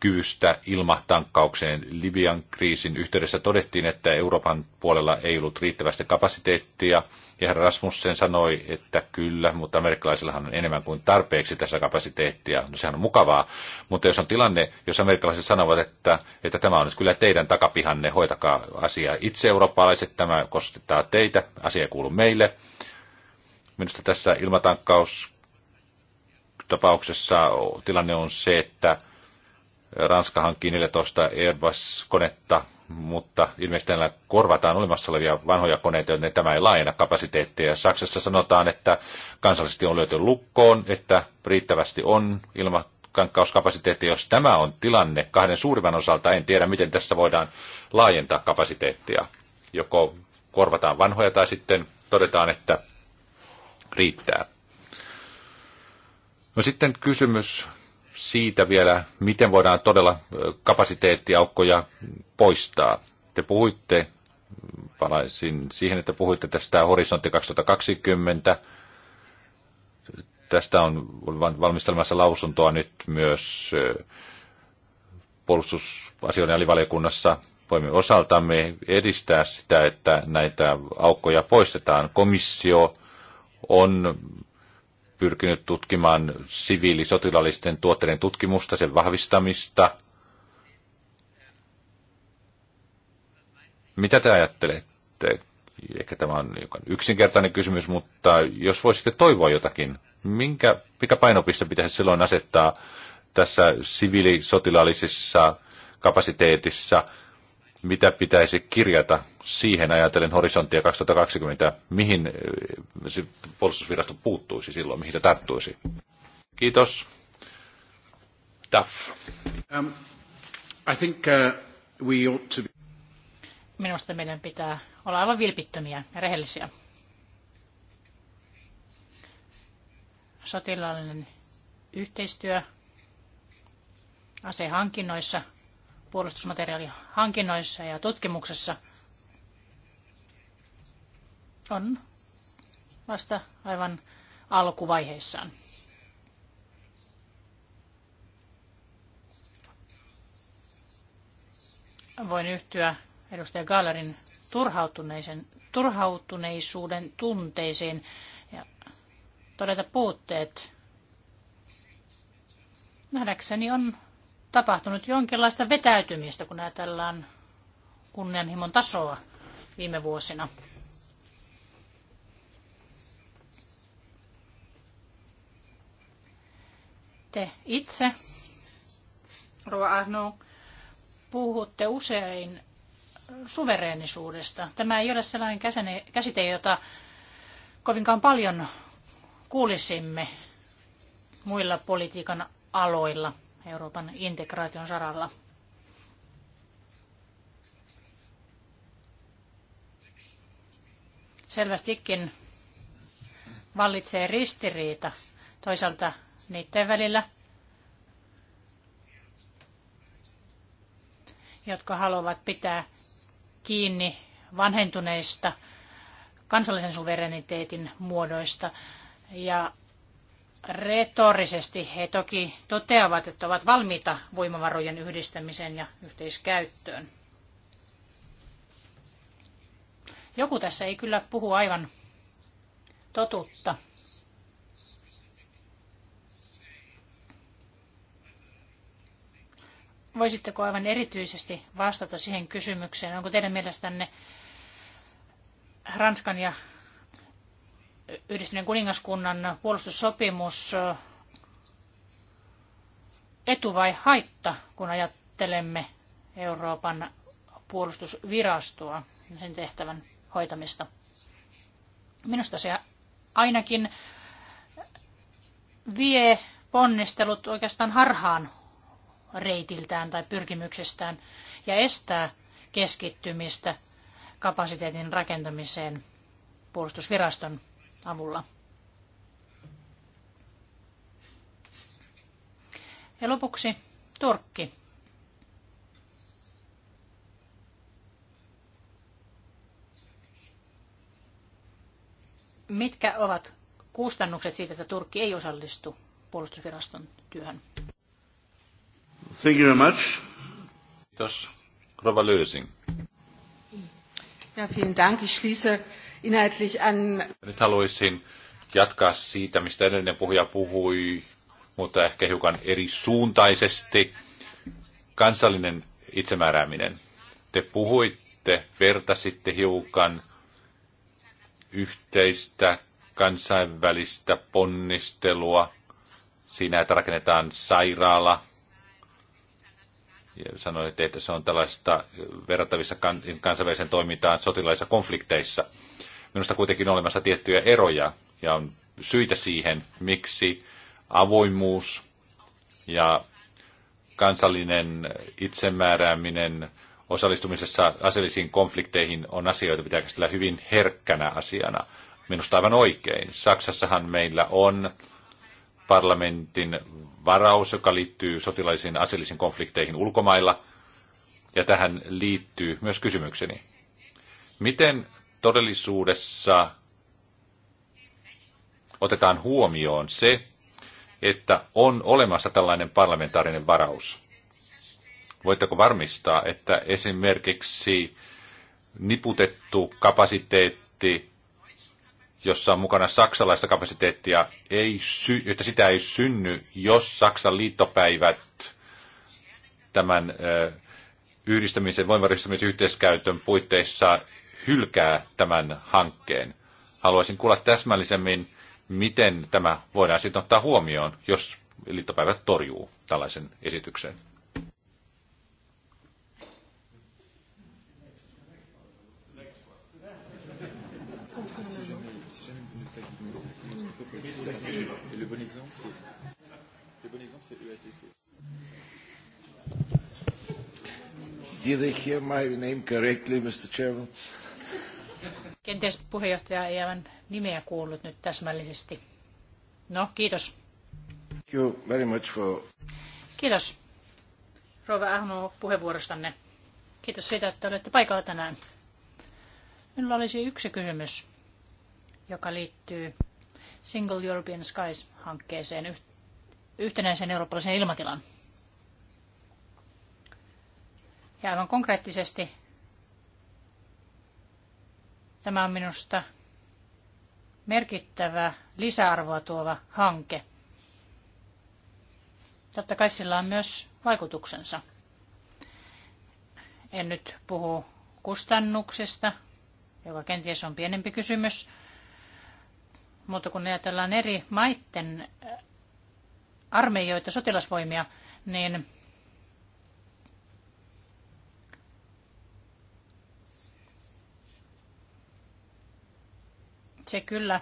kyvystä ilmatankkaukseen. Libian kriisin yhteydessä todettiin, että Euroopan puolella ei ollut riittävästi kapasiteettia, ja herra Rasmussen sanoi, että kyllä, mutta amerikkalaisillahan on enemmän kuin tarpeeksi tässä kapasiteettia. No sehän on mukavaa, mutta jos on tilanne, jos amerikkalaiset sanovat, että, että tämä on nyt kyllä teidän takapihanne, hoitakaa asiaa itse eurooppalaiset, tämä koskettaa teitä, asia ei kuulu meille. Minusta tässä ilmatankkaus tapauksessa tilanne on se, että Ranska hankkii 14 Airbus-konetta, mutta ilmeisesti näillä korvataan olemassa olevia vanhoja koneita, joten tämä ei laajena kapasiteettia. Saksassa sanotaan, että kansallisesti on löyty lukkoon, että riittävästi on ilma Jos tämä on tilanne kahden suurimman osalta, en tiedä, miten tässä voidaan laajentaa kapasiteettia. Joko korvataan vanhoja tai sitten todetaan, että riittää. No sitten kysymys siitä vielä, miten voidaan todella kapasiteettiaukkoja poistaa. Te puhuitte, palaisin siihen, että puhuitte tästä horisontti 2020. Tästä on valmistelemassa lausuntoa nyt myös puolustusasioiden alivaliokunnassa voimme osaltamme edistää sitä, että näitä aukkoja poistetaan. Komissio on pyrkinyt tutkimaan siviilisotilaallisten tuotteiden tutkimusta, sen vahvistamista. Mitä te ajattelette? Ehkä tämä on yksinkertainen kysymys, mutta jos voisitte toivoa jotakin, minkä, mikä painopiste pitäisi silloin asettaa tässä siviilisotilaallisessa kapasiteetissa – mitä pitäisi kirjata siihen ajatellen horisonttia 2020, mihin eh, se puolustusvirasto puuttuisi silloin, mihin se tarttuisi. Kiitos. Duff. Um, I think, uh, we ought to be... Minusta meidän pitää olla aivan vilpittömiä ja rehellisiä. Sotilaallinen yhteistyö asehankinnoissa – puolustusmateriaalihankinnoissa ja tutkimuksessa on vasta aivan alkuvaiheissaan. Voin yhtyä edustaja Gallerin turhautuneisen, turhautuneisuuden tunteisiin ja todeta puutteet. Nähdäkseni on tapahtunut jonkinlaista vetäytymistä, kun ajatellaan kunnianhimon tasoa viime vuosina. Te itse, Rova Arno, puhutte usein suvereenisuudesta. Tämä ei ole sellainen käsite, jota kovinkaan paljon kuulisimme muilla politiikan aloilla – Euroopan integraation saralla. Selvästikin vallitsee ristiriita toisaalta niiden välillä, jotka haluavat pitää kiinni vanhentuneista kansallisen suvereniteetin muodoista ja retorisesti he toki toteavat, että ovat valmiita voimavarojen yhdistämiseen ja yhteiskäyttöön. Joku tässä ei kyllä puhu aivan totuutta. Voisitteko aivan erityisesti vastata siihen kysymykseen, onko teidän mielestänne Ranskan ja yhdistyneen kuningaskunnan puolustussopimus etu vai haitta, kun ajattelemme Euroopan puolustusvirastoa ja sen tehtävän hoitamista? Minusta se ainakin vie ponnistelut oikeastaan harhaan reitiltään tai pyrkimyksestään ja estää keskittymistä kapasiteetin rakentamiseen puolustusviraston avulla. Ja lopuksi Turkki. Mitkä ovat kustannukset siitä, että Turkki ei osallistu puolustusviraston työhön? Thank you very much. Kiitos. Rova Lösing. Ja, vielen Dank. Ich schließe nyt haluaisin jatkaa siitä, mistä edellinen puhuja puhui, mutta ehkä hiukan eri suuntaisesti. Kansallinen itsemäärääminen. Te puhuitte, vertasitte hiukan yhteistä kansainvälistä ponnistelua siinä, että rakennetaan sairaala. Ja sanoitte, että se on tällaista verrattavissa kansainväliseen toimintaan sotilaissa konflikteissa – Minusta kuitenkin on olemassa tiettyjä eroja ja on syitä siihen, miksi avoimuus ja kansallinen itsemäärääminen osallistumisessa aseellisiin konflikteihin on asioita, pitää käsitellä hyvin herkkänä asiana. Minusta aivan oikein. Saksassahan meillä on parlamentin varaus, joka liittyy sotilaisiin aseellisiin konflikteihin ulkomailla, ja tähän liittyy myös kysymykseni. Miten todellisuudessa otetaan huomioon se, että on olemassa tällainen parlamentaarinen varaus. Voitteko varmistaa, että esimerkiksi niputettu kapasiteetti, jossa on mukana saksalaista kapasiteettia, ei sy- että sitä ei synny, jos Saksan liittopäivät tämän yhdistämisen, voimayhdistämisen yhteiskäytön puitteissa hylkää tämän hankkeen. Haluaisin kuulla täsmällisemmin, miten tämä voidaan sitten ottaa huomioon, jos liittopäivät torjuu tällaisen esityksen. Did I hear my name correctly, Mr. Chairman? Kenties puheenjohtaja ei aivan nimeä kuullut nyt täsmällisesti. No, kiitos. Thank you very much for... Kiitos, Rova Ahmo, puheenvuorostanne. Kiitos siitä, että olette paikalla tänään. Minulla olisi yksi kysymys, joka liittyy Single European Skies-hankkeeseen, yhtenäiseen eurooppalaisen ilmatilan. Ja aivan konkreettisesti Tämä on minusta merkittävä lisäarvoa tuova hanke. Totta kai sillä on myös vaikutuksensa. En nyt puhu kustannuksista, joka kenties on pienempi kysymys, mutta kun ajatellaan eri maiden armeijoita, sotilasvoimia, niin Se kyllä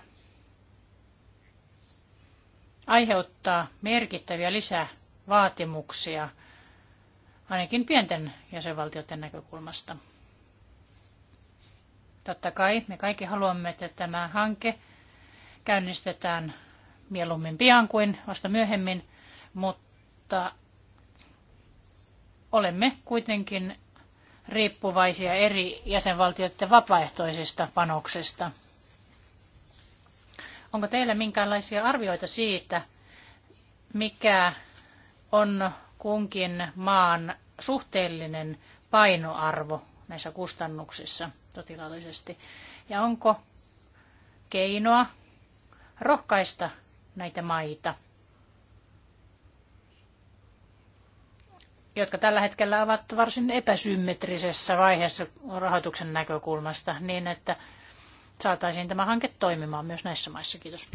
aiheuttaa merkittäviä lisävaatimuksia, ainakin pienten jäsenvaltioiden näkökulmasta. Totta kai me kaikki haluamme, että tämä hanke käynnistetään mieluummin pian kuin vasta myöhemmin, mutta olemme kuitenkin riippuvaisia eri jäsenvaltioiden vapaaehtoisista panoksesta – Onko teillä minkäänlaisia arvioita siitä, mikä on kunkin maan suhteellinen painoarvo näissä kustannuksissa sotilaallisesti? Ja onko keinoa rohkaista näitä maita, jotka tällä hetkellä ovat varsin epäsymmetrisessä vaiheessa rahoituksen näkökulmasta, niin että saataisiin tämä hanke toimimaan myös näissä maissa. Kiitos.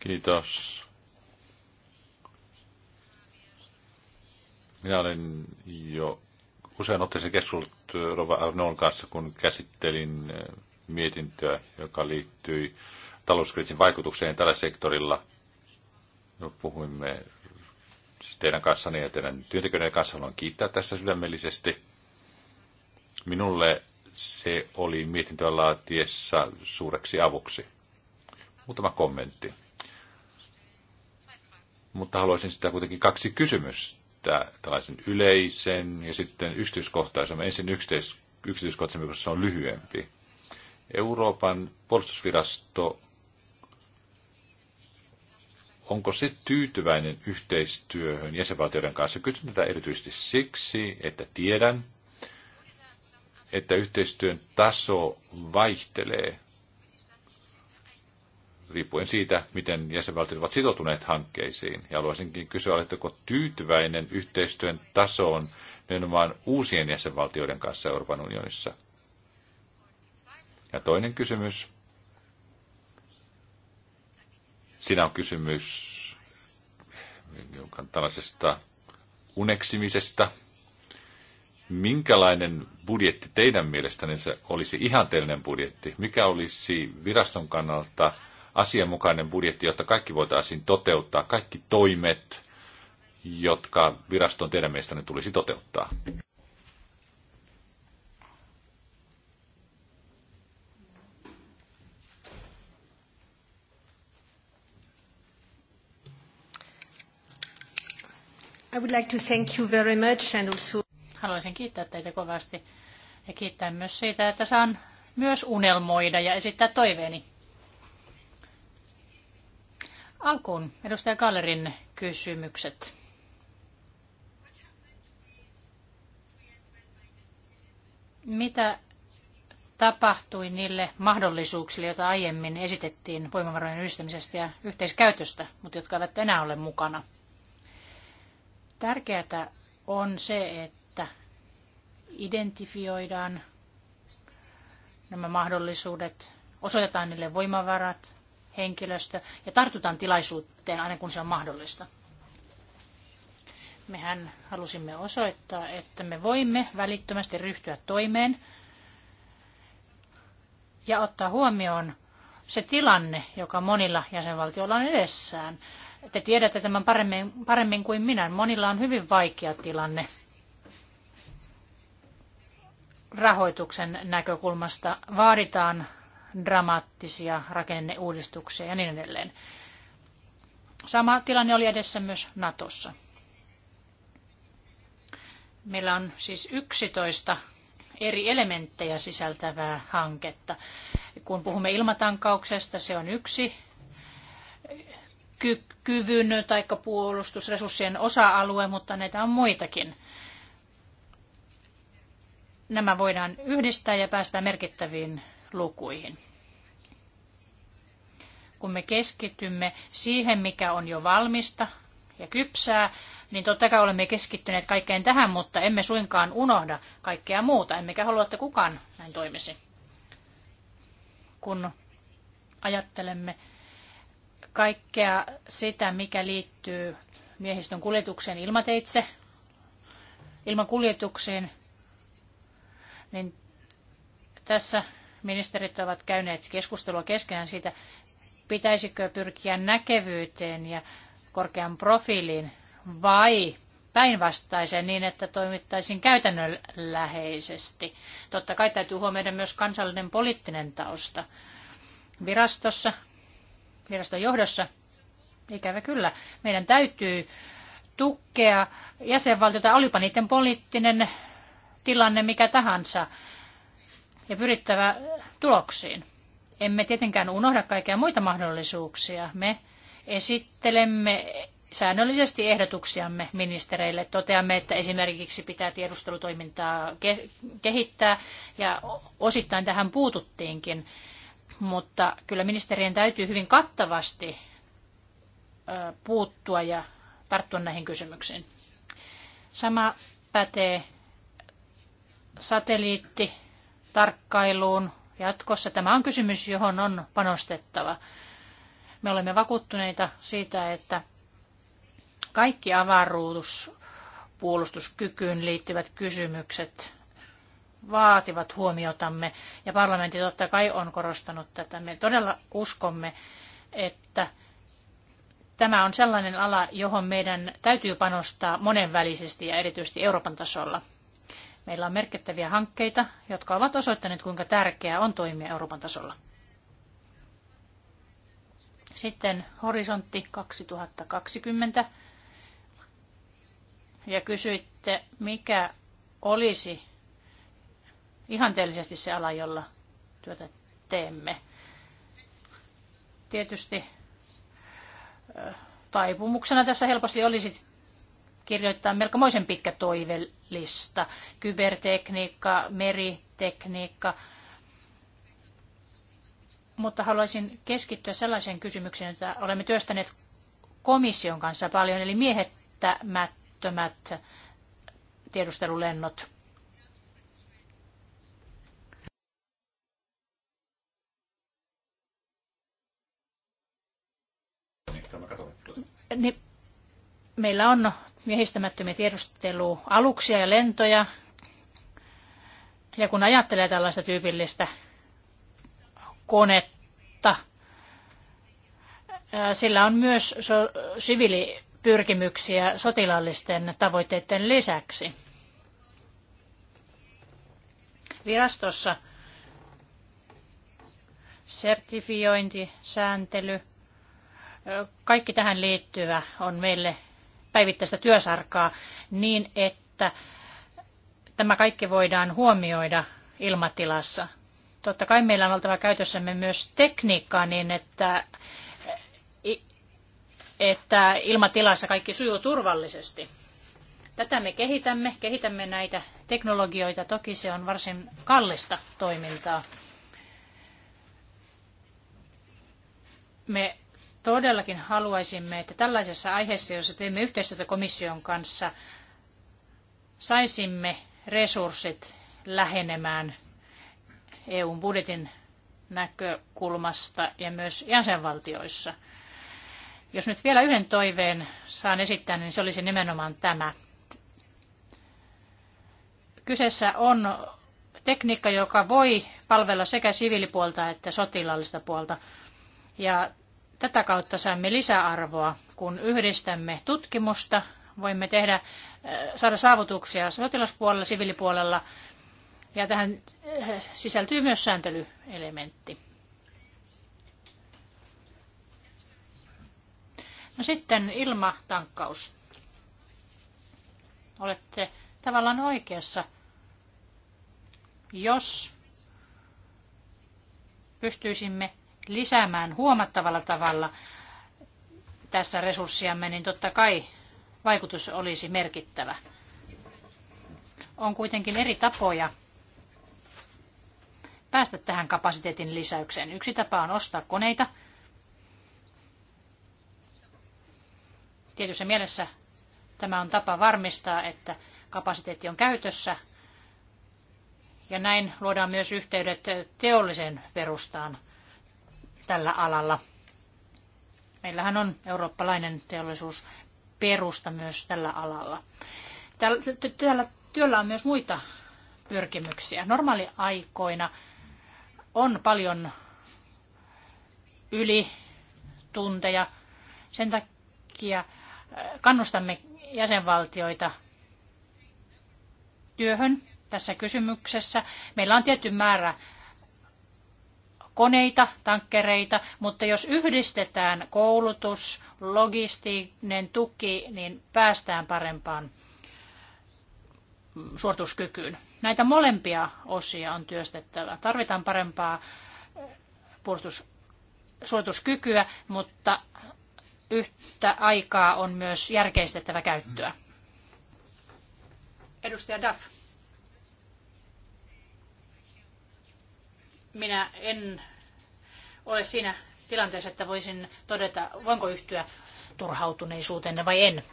Kiitos. Minä olen jo usein otteeseen keskustellut Rova Arnon kanssa, kun käsittelin eh, mietintöä, joka liittyi talouskriisin vaikutukseen tällä sektorilla. No, puhuimme Siis teidän kanssanne ja teidän työntekijöiden kanssa. Haluan kiittää tässä sydämellisesti. Minulle se oli mietintöä laatiessa suureksi avuksi. Muutama kommentti. Mutta haluaisin sitä kuitenkin kaksi kysymystä, tällaisen yleisen ja sitten yksityiskohtaisemman. Ensin yksityiskohtaisemman, koska se on lyhyempi. Euroopan puolustusvirasto onko se tyytyväinen yhteistyöhön jäsenvaltioiden kanssa? Kysyn tätä erityisesti siksi, että tiedän, että yhteistyön taso vaihtelee riippuen siitä, miten jäsenvaltiot ovat sitoutuneet hankkeisiin. Ja haluaisinkin kysyä, oletteko tyytyväinen yhteistyön tasoon nimenomaan uusien jäsenvaltioiden kanssa Euroopan unionissa? Ja toinen kysymys. Siinä on kysymys joka niin, tällaisesta uneksimisesta. Minkälainen budjetti teidän mielestänne se olisi ihanteellinen budjetti? Mikä olisi viraston kannalta asianmukainen budjetti, jotta kaikki voitaisiin toteuttaa, kaikki toimet, jotka viraston teidän mielestänne tulisi toteuttaa? would like to thank you very much and also... Haluaisin kiittää teitä kovasti ja kiittää myös siitä, että saan myös unelmoida ja esittää toiveeni. Alkuun edustaja Kallerin kysymykset. Mitä tapahtui niille mahdollisuuksille, joita aiemmin esitettiin voimavarojen yhdistämisestä ja yhteiskäytöstä, mutta jotka eivät enää ole mukana? Tärkeää on se, että identifioidaan nämä mahdollisuudet, osoitetaan niille voimavarat, henkilöstö ja tartutaan tilaisuuteen aina kun se on mahdollista. Mehän halusimme osoittaa, että me voimme välittömästi ryhtyä toimeen ja ottaa huomioon se tilanne, joka monilla jäsenvaltioilla on edessään. Te tiedätte tämän paremmin, paremmin kuin minä. Monilla on hyvin vaikea tilanne rahoituksen näkökulmasta. Vaaditaan dramaattisia rakenneuudistuksia ja niin edelleen. Sama tilanne oli edessä myös Natossa. Meillä on siis 11 eri elementtejä sisältävää hanketta. Kun puhumme ilmatankauksesta, se on yksi kyvyn tai puolustusresurssien osa-alue, mutta näitä on muitakin. Nämä voidaan yhdistää ja päästä merkittäviin lukuihin. Kun me keskitymme siihen, mikä on jo valmista ja kypsää, niin totta kai olemme keskittyneet kaikkeen tähän, mutta emme suinkaan unohda kaikkea muuta, emmekä halua, että kukaan näin toimisi. Kun ajattelemme kaikkea sitä, mikä liittyy miehistön kuljetukseen ilmateitse, ilman kuljetuksiin, niin tässä ministerit ovat käyneet keskustelua keskenään siitä, pitäisikö pyrkiä näkevyyteen ja korkean profiiliin vai päinvastaiseen niin, että toimittaisiin käytännönläheisesti. Totta kai täytyy huomioida myös kansallinen poliittinen tausta. Virastossa viraston johdossa. Ikävä kyllä. Meidän täytyy tukea jäsenvaltiota, olipa niiden poliittinen tilanne mikä tahansa, ja pyrittävä tuloksiin. Emme tietenkään unohda kaikkia muita mahdollisuuksia. Me esittelemme säännöllisesti ehdotuksiamme ministereille. Toteamme, että esimerkiksi pitää tiedustelutoimintaa kehittää ja osittain tähän puututtiinkin mutta kyllä ministerien täytyy hyvin kattavasti puuttua ja tarttua näihin kysymyksiin. Sama pätee satelliittitarkkailuun jatkossa. Tämä on kysymys, johon on panostettava. Me olemme vakuuttuneita siitä, että kaikki avaruuspuolustuskykyyn liittyvät kysymykset vaativat huomiotamme ja parlamentti totta kai on korostanut tätä. Me todella uskomme, että tämä on sellainen ala, johon meidän täytyy panostaa monenvälisesti ja erityisesti Euroopan tasolla. Meillä on merkittäviä hankkeita, jotka ovat osoittaneet, kuinka tärkeää on toimia Euroopan tasolla. Sitten horisontti 2020. Ja kysyitte, mikä olisi ihanteellisesti se ala, jolla työtä teemme. Tietysti taipumuksena tässä helposti olisi kirjoittaa melkomoisen pitkä toivelista. Kybertekniikka, meritekniikka. Mutta haluaisin keskittyä sellaiseen kysymykseen, että olemme työstäneet komission kanssa paljon, eli miehettämättömät tiedustelulennot. niin meillä on miehistämättömiä tiedustelualuksia ja lentoja. Ja kun ajattelee tällaista tyypillistä konetta, sillä on myös so- siviilipyrkimyksiä sotilaallisten tavoitteiden lisäksi. Virastossa sertifiointi, sääntely – kaikki tähän liittyvä on meille päivittäistä työsarkaa niin, että tämä kaikki voidaan huomioida ilmatilassa. Totta kai meillä on oltava käytössämme myös tekniikkaa niin, että, että ilmatilassa kaikki sujuu turvallisesti. Tätä me kehitämme, kehitämme näitä teknologioita. Toki se on varsin kallista toimintaa. Me todellakin haluaisimme, että tällaisessa aiheessa, jossa teemme yhteistyötä komission kanssa, saisimme resurssit lähenemään EUn budjetin näkökulmasta ja myös jäsenvaltioissa. Jos nyt vielä yhden toiveen saan esittää, niin se olisi nimenomaan tämä. Kyseessä on tekniikka, joka voi palvella sekä siviilipuolta että sotilaallista puolta. Ja Tätä kautta saamme lisäarvoa, kun yhdistämme tutkimusta, voimme tehdä, äh, saada saavutuksia sotilaspuolella, siviilipuolella, ja tähän äh, sisältyy myös sääntelyelementti. No sitten ilmatankkaus. Olette tavallaan oikeassa. Jos pystyisimme lisäämään huomattavalla tavalla tässä resurssiamme, niin totta kai vaikutus olisi merkittävä. On kuitenkin eri tapoja päästä tähän kapasiteetin lisäykseen. Yksi tapa on ostaa koneita. Tietyssä mielessä tämä on tapa varmistaa, että kapasiteetti on käytössä ja näin luodaan myös yhteydet teolliseen perustaan – tällä alalla. Meillähän on eurooppalainen teollisuus perusta myös tällä alalla. Tällä työllä on myös muita pyrkimyksiä. Normaaliaikoina on paljon yli tunteja. Sen takia äh, kannustamme jäsenvaltioita työhön tässä kysymyksessä. Meillä on tietty määrä koneita, tankkereita, mutta jos yhdistetään koulutus, logistinen tuki, niin päästään parempaan suorituskykyyn. Näitä molempia osia on työstettävä. Tarvitaan parempaa eh, suorituskykyä, mutta yhtä aikaa on myös järkeistettävä käyttöä. Edustaja Duff. minä en ole siinä tilanteessa, että voisin todeta, voinko yhtyä turhautuneisuuteenne vai en.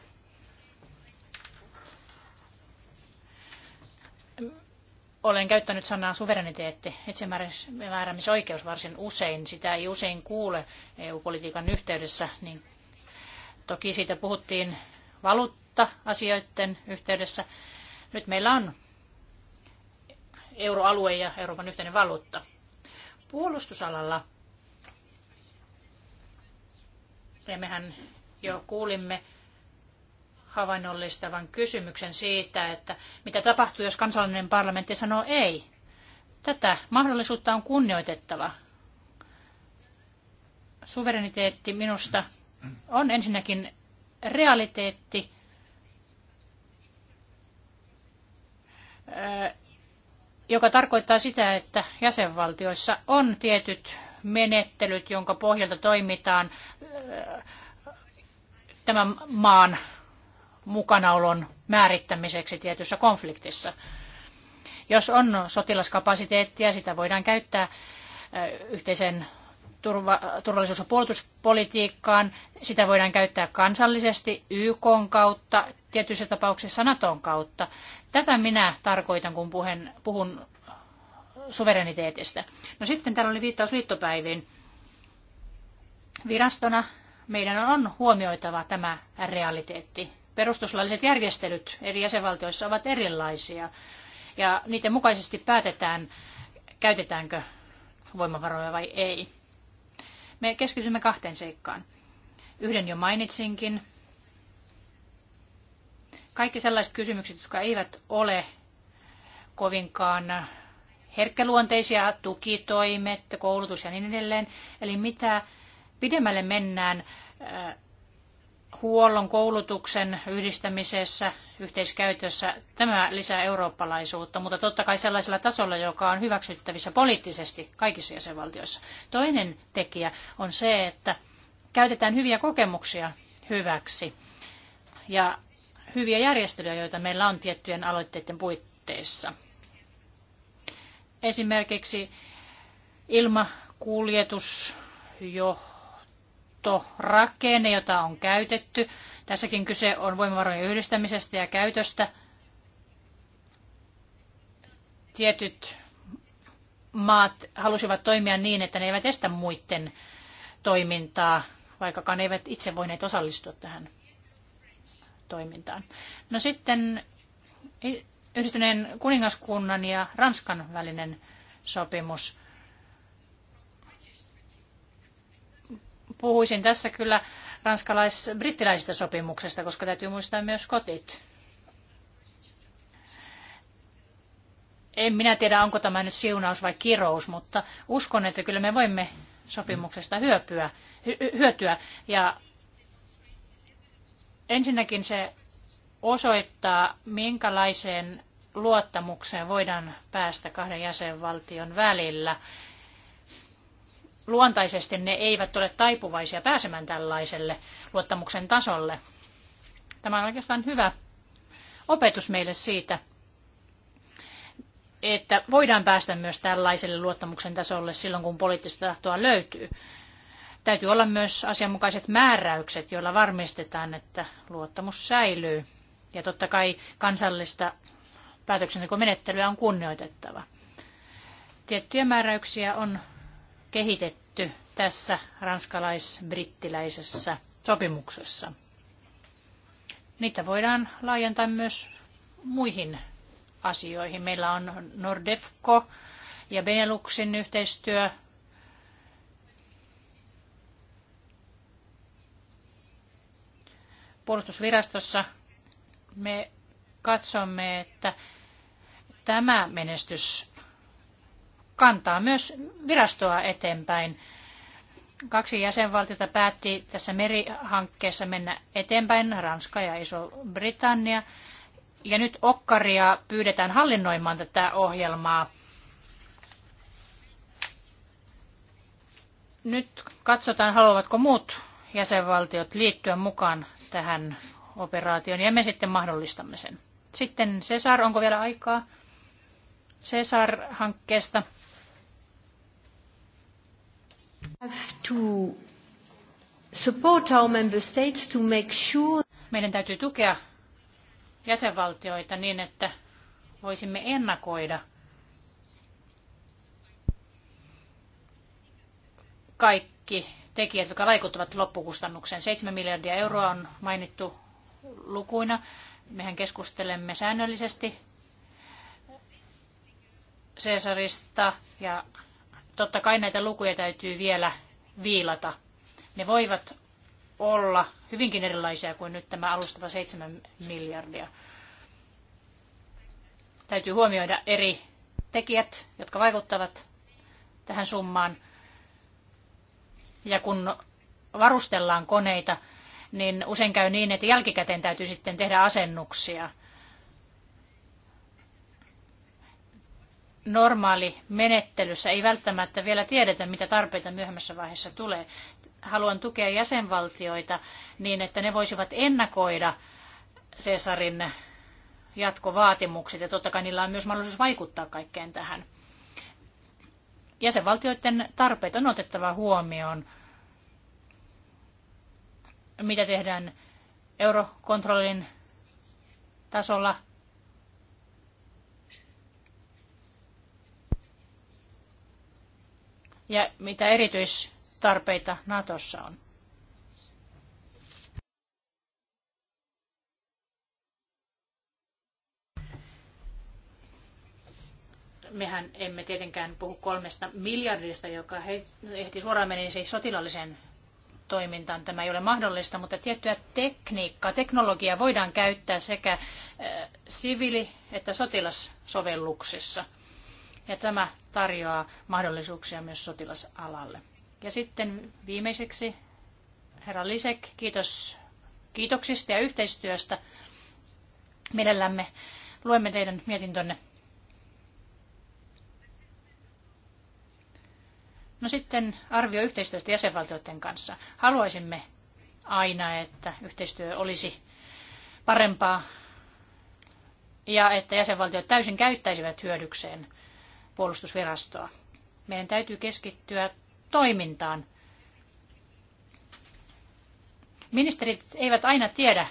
Olen käyttänyt sanaa suvereniteetti, itsemääräämisoikeus varsin usein. Sitä ei usein kuule EU-politiikan yhteydessä, niin toki siitä puhuttiin valuutta-asioiden yhteydessä. Nyt meillä on euroalue ja Euroopan yhteinen valuutta puolustusalalla. Ja mehän jo kuulimme havainnollistavan kysymyksen siitä, että mitä tapahtuu, jos kansallinen parlamentti sanoo ei. Tätä mahdollisuutta on kunnioitettava. Suvereniteetti minusta on ensinnäkin realiteetti, joka tarkoittaa sitä, että jäsenvaltioissa on tietyt menettelyt, jonka pohjalta toimitaan äh, tämän maan mukanaolon määrittämiseksi tietyssä konfliktissa. Jos on sotilaskapasiteettia, sitä voidaan käyttää äh, yhteisen turva, turvallisuus- ja puolustuspolitiikkaan. Sitä voidaan käyttää kansallisesti YK kautta, tietyissä tapauksissa Naton kautta. Tätä minä tarkoitan, kun puhen, puhun suvereniteetistä. No sitten täällä oli viittaus liittopäiviin. Virastona meidän on huomioitava tämä realiteetti. Perustuslailliset järjestelyt eri jäsenvaltioissa ovat erilaisia ja niiden mukaisesti päätetään, käytetäänkö voimavaroja vai ei. Me keskitymme kahteen seikkaan. Yhden jo mainitsinkin. Kaikki sellaiset kysymykset, jotka eivät ole kovinkaan herkkäluonteisia, tukitoimet, koulutus ja niin edelleen. Eli mitä pidemmälle mennään huollon koulutuksen yhdistämisessä, yhteiskäytössä, tämä lisää eurooppalaisuutta, mutta totta kai sellaisella tasolla, joka on hyväksyttävissä poliittisesti kaikissa jäsenvaltioissa. Toinen tekijä on se, että käytetään hyviä kokemuksia hyväksi ja hyviä järjestelyjä, joita meillä on tiettyjen aloitteiden puitteissa. Esimerkiksi ilmakuljetusjohto johtorakenne, jota on käytetty. Tässäkin kyse on voimavarojen yhdistämisestä ja käytöstä. Tietyt maat halusivat toimia niin, että ne eivät estä muiden toimintaa, vaikkakaan ne eivät itse voineet osallistua tähän toimintaan. No sitten Yhdistyneen kuningaskunnan ja Ranskan välinen sopimus. puhuisin tässä kyllä ranskalais-brittiläisestä sopimuksesta, koska täytyy muistaa myös kotit. En minä tiedä, onko tämä nyt siunaus vai kirous, mutta uskon, että kyllä me voimme sopimuksesta hyöpyä, hyötyä. Ja ensinnäkin se osoittaa, minkälaiseen luottamukseen voidaan päästä kahden jäsenvaltion välillä luontaisesti ne eivät ole taipuvaisia pääsemään tällaiselle luottamuksen tasolle. Tämä on oikeastaan hyvä opetus meille siitä, että voidaan päästä myös tällaiselle luottamuksen tasolle silloin, kun poliittista tahtoa löytyy. Täytyy olla myös asianmukaiset määräykset, joilla varmistetaan, että luottamus säilyy. Ja totta kai kansallista päätöksentekomenettelyä on kunnioitettava. Tiettyjä määräyksiä on kehitetty tässä ranskalais-brittiläisessä sopimuksessa. Niitä voidaan laajentaa myös muihin asioihin. Meillä on Nordefco ja Beneluxin yhteistyö. Puolustusvirastossa me katsomme, että tämä menestys kantaa myös virastoa eteenpäin. Kaksi jäsenvaltiota päätti tässä merihankkeessa mennä eteenpäin, Ranska ja Iso-Britannia. Ja nyt Okkaria pyydetään hallinnoimaan tätä ohjelmaa. Nyt katsotaan, haluavatko muut jäsenvaltiot liittyä mukaan tähän operaatioon, ja me sitten mahdollistamme sen. Sitten Cesar, onko vielä aikaa? Cesar-hankkeesta. Meidän täytyy tukea jäsenvaltioita niin, että voisimme ennakoida kaikki tekijät, jotka vaikuttavat loppukustannukseen. 7 miljardia euroa on mainittu lukuina. Mehän keskustelemme säännöllisesti Cesarista ja Totta kai näitä lukuja täytyy vielä viilata. Ne voivat olla hyvinkin erilaisia kuin nyt tämä alustava 7 miljardia. Täytyy huomioida eri tekijät, jotka vaikuttavat tähän summaan. Ja kun varustellaan koneita, niin usein käy niin, että jälkikäteen täytyy sitten tehdä asennuksia – normaali menettelyssä ei välttämättä vielä tiedetä, mitä tarpeita myöhemmässä vaiheessa tulee. Haluan tukea jäsenvaltioita niin, että ne voisivat ennakoida Cesarin jatkovaatimukset ja totta kai niillä on myös mahdollisuus vaikuttaa kaikkeen tähän. Jäsenvaltioiden tarpeet on otettava huomioon, mitä tehdään eurokontrollin tasolla – ja mitä erityistarpeita Natossa on. mehän emme tietenkään puhu kolmesta miljardista, joka ehti suoraan menisi siis sotilaalliseen toimintaan. Tämä ei ole mahdollista, mutta tiettyä tekniikkaa, teknologiaa voidaan käyttää sekä eh, siviili- että sotilassovelluksissa ja tämä tarjoaa mahdollisuuksia myös sotilasalalle. Ja sitten viimeiseksi, herra Lisek, kiitos kiitoksista ja yhteistyöstä. Mielellämme luemme teidän mietintönne. No sitten arvio yhteistyöstä jäsenvaltioiden kanssa. Haluaisimme aina, että yhteistyö olisi parempaa ja että jäsenvaltiot täysin käyttäisivät hyödykseen puolustusvirastoa. Meidän täytyy keskittyä toimintaan. Ministerit eivät aina tiedä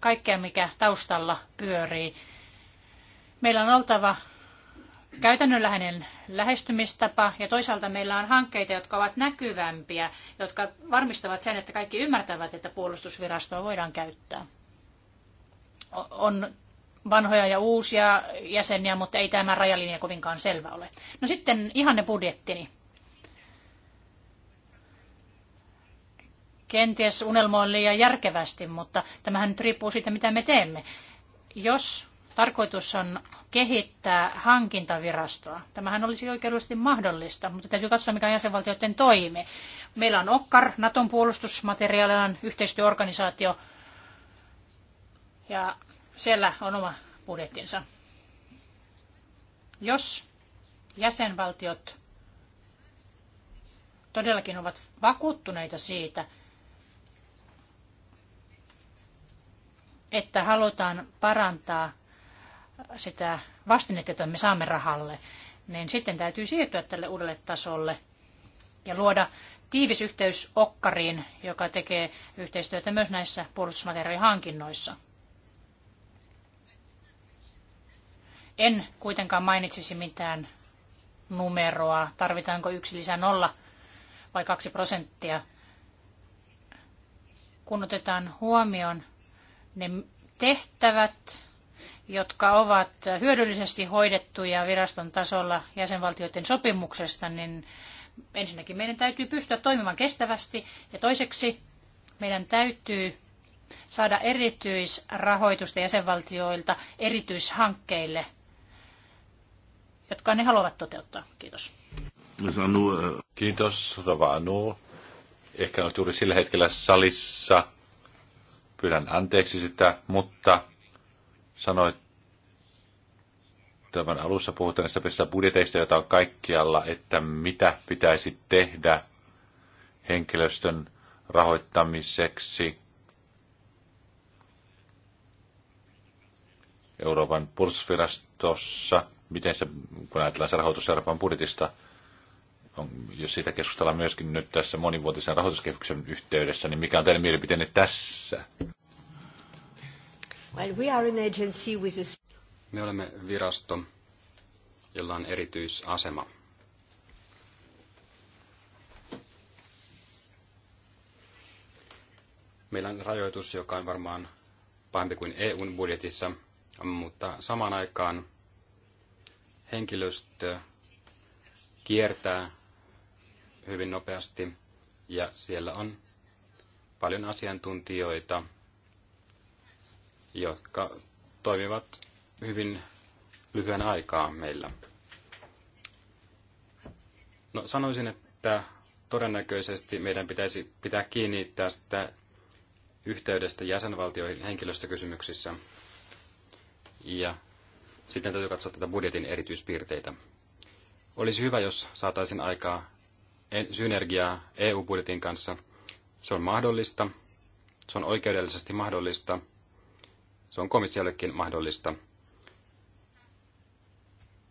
kaikkea, mikä taustalla pyörii. Meillä on oltava käytännönläheinen lähestymistapa ja toisaalta meillä on hankkeita, jotka ovat näkyvämpiä, jotka varmistavat sen, että kaikki ymmärtävät, että puolustusvirastoa voidaan käyttää. On vanhoja ja uusia jäseniä, mutta ei tämä rajalinja kovinkaan selvä ole. No sitten ihan ne budjettini. Kenties unelmoin liian järkevästi, mutta tämähän nyt riippuu siitä, mitä me teemme. Jos tarkoitus on kehittää hankintavirastoa. Tämähän olisi oikeudellisesti mahdollista, mutta täytyy katsoa, mikä on jäsenvaltioiden toimi. Meillä on OKKAR, Naton puolustusmateriaalien yhteistyöorganisaatio, ja siellä on oma budjettinsa. Jos jäsenvaltiot todellakin ovat vakuuttuneita siitä, että halutaan parantaa sitä vastinetta, jota me saamme rahalle, niin sitten täytyy siirtyä tälle uudelle tasolle ja luoda tiivis yhteys Okkariin, joka tekee yhteistyötä myös näissä puolustusmateriaalihankinnoissa. En kuitenkaan mainitsisi mitään numeroa, tarvitaanko yksi lisää nolla vai kaksi prosenttia. Kun otetaan huomioon ne tehtävät, jotka ovat hyödyllisesti hoidettuja viraston tasolla jäsenvaltioiden sopimuksesta, niin ensinnäkin meidän täytyy pystyä toimimaan kestävästi ja toiseksi meidän täytyy saada erityisrahoitusta jäsenvaltioilta erityishankkeille – jotka ne haluavat toteuttaa. Kiitos. Äh, Kiitos, Rovanu. Ehkä olet juuri sillä hetkellä salissa. Pyydän anteeksi sitä, mutta sanoit tämän alussa puhutaan näistä pistä budjeteista, joita on kaikkialla, että mitä pitäisi tehdä henkilöstön rahoittamiseksi Euroopan puolustusvirastossa – miten se, kun ajatellaan se rahoitus Euroopan budjetista, on, jos siitä keskustellaan myöskin nyt tässä monivuotisen rahoituskehityksen yhteydessä, niin mikä on teidän mielipiteenne tässä? Well, we are an agency with a... Me olemme virasto, jolla on erityisasema. Meillä on rajoitus, joka on varmaan pahempi kuin EUn budjetissa, mutta samaan aikaan henkilöstö kiertää hyvin nopeasti ja siellä on paljon asiantuntijoita, jotka toimivat hyvin lyhyen aikaa meillä. No, sanoisin, että todennäköisesti meidän pitäisi pitää kiinni tästä yhteydestä jäsenvaltioihin henkilöstökysymyksissä. Ja sitten täytyy katsoa tätä budjetin erityispiirteitä. Olisi hyvä, jos saataisiin aikaa synergiaa EU-budjetin kanssa. Se on mahdollista, se on oikeudellisesti mahdollista, se on komissiollekin mahdollista.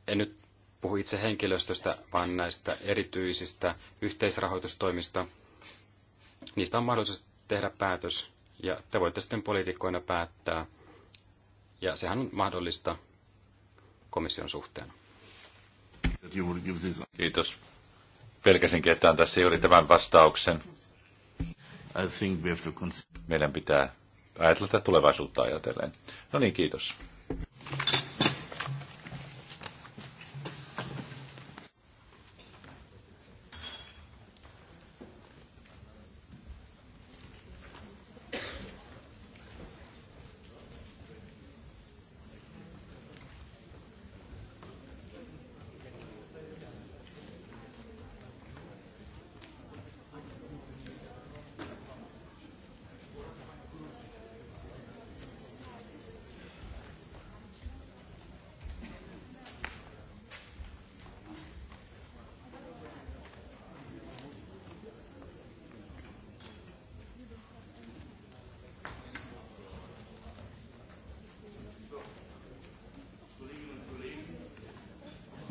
En nyt puhu itse henkilöstöstä, vaan näistä erityisistä yhteisrahoitustoimista. Niistä on mahdollisuus tehdä päätös, ja te voitte sitten poliitikkoina päättää. Ja sehän on mahdollista komission suhteen. Kiitos. Pelkäsinkin, että antaa se juuri tämän vastauksen. Meidän pitää ajatella tulevaisuutta ajatellen. No niin, kiitos.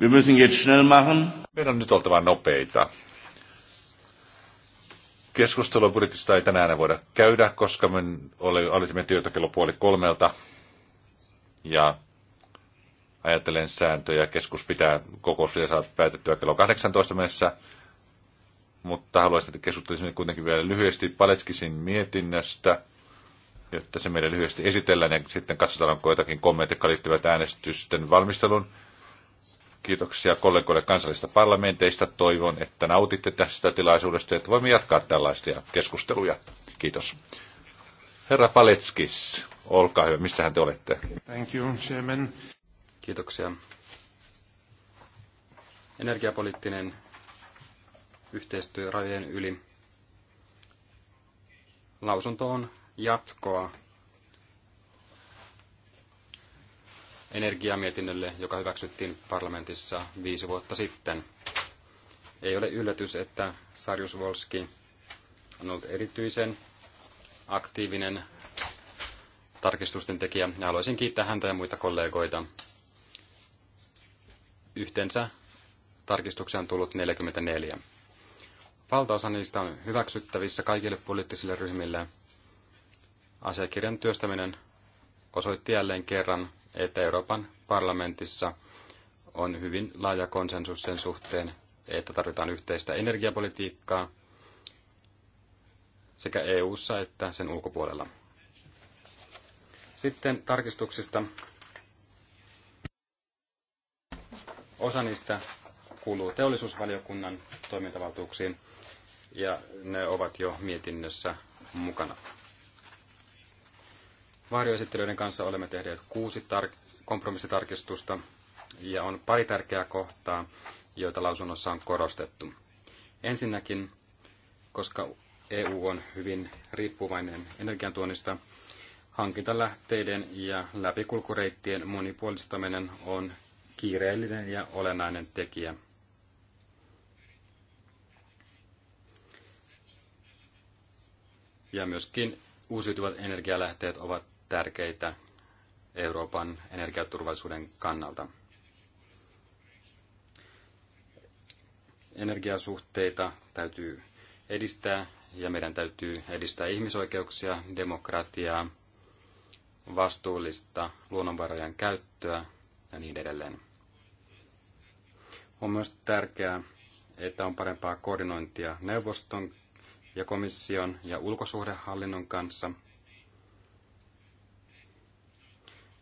Wir müssen jetzt schnell machen. Meidän on nyt oltava nopeita. Keskustelua budjetista ei tänään voida käydä, koska me olisimme työtä kello puoli kolmelta. Ja ajattelen sääntöjä. Keskus pitää kokous pitää saada päätettyä kello 18 mennessä. Mutta haluaisin, että keskustelisimme kuitenkin vielä lyhyesti Paletskisin mietinnöstä, jotta se meille lyhyesti esitellään ja sitten katsotaan, onko jotakin kommentteja, jotka liittyvät äänestysten valmisteluun. Kiitoksia kollegoille kansallisista parlamenteista. Toivon, että nautitte tästä tilaisuudesta että voimme jatkaa tällaisia keskusteluja. Kiitos. Herra Paletskis, olkaa hyvä. Missähän te olette? Thank you, Chairman. Kiitoksia. Energiapoliittinen yhteistyö rajojen yli. Lausunto on jatkoa energiamietinnölle, joka hyväksyttiin parlamentissa viisi vuotta sitten. Ei ole yllätys, että Sarjus Volski on ollut erityisen aktiivinen tarkistusten tekijä ja haluaisin kiittää häntä ja muita kollegoita. Yhteensä tarkistuksia on tullut 44. Valtaosa niistä on hyväksyttävissä kaikille poliittisille ryhmille. Asiakirjan työstäminen osoitti jälleen kerran, että Euroopan parlamentissa on hyvin laaja konsensus sen suhteen, että tarvitaan yhteistä energiapolitiikkaa sekä EU:ssa että sen ulkopuolella. Sitten tarkistuksista. Osa niistä kuuluu teollisuusvaliokunnan toimintavaltuuksiin ja ne ovat jo mietinnössä mukana. Varjoesittelyiden kanssa olemme tehneet kuusi tar- kompromissitarkistusta ja on pari tärkeää kohtaa, joita lausunnossa on korostettu. Ensinnäkin, koska EU on hyvin riippuvainen energiantuonnista, hankintalähteiden ja läpikulkureittien monipuolistaminen on kiireellinen ja olennainen tekijä. Ja myöskin uusiutuvat energialähteet ovat tärkeitä Euroopan energiaturvallisuuden kannalta. Energiasuhteita täytyy edistää ja meidän täytyy edistää ihmisoikeuksia, demokratiaa, vastuullista luonnonvarojen käyttöä ja niin edelleen. On myös tärkeää, että on parempaa koordinointia neuvoston ja komission ja ulkosuhdehallinnon kanssa –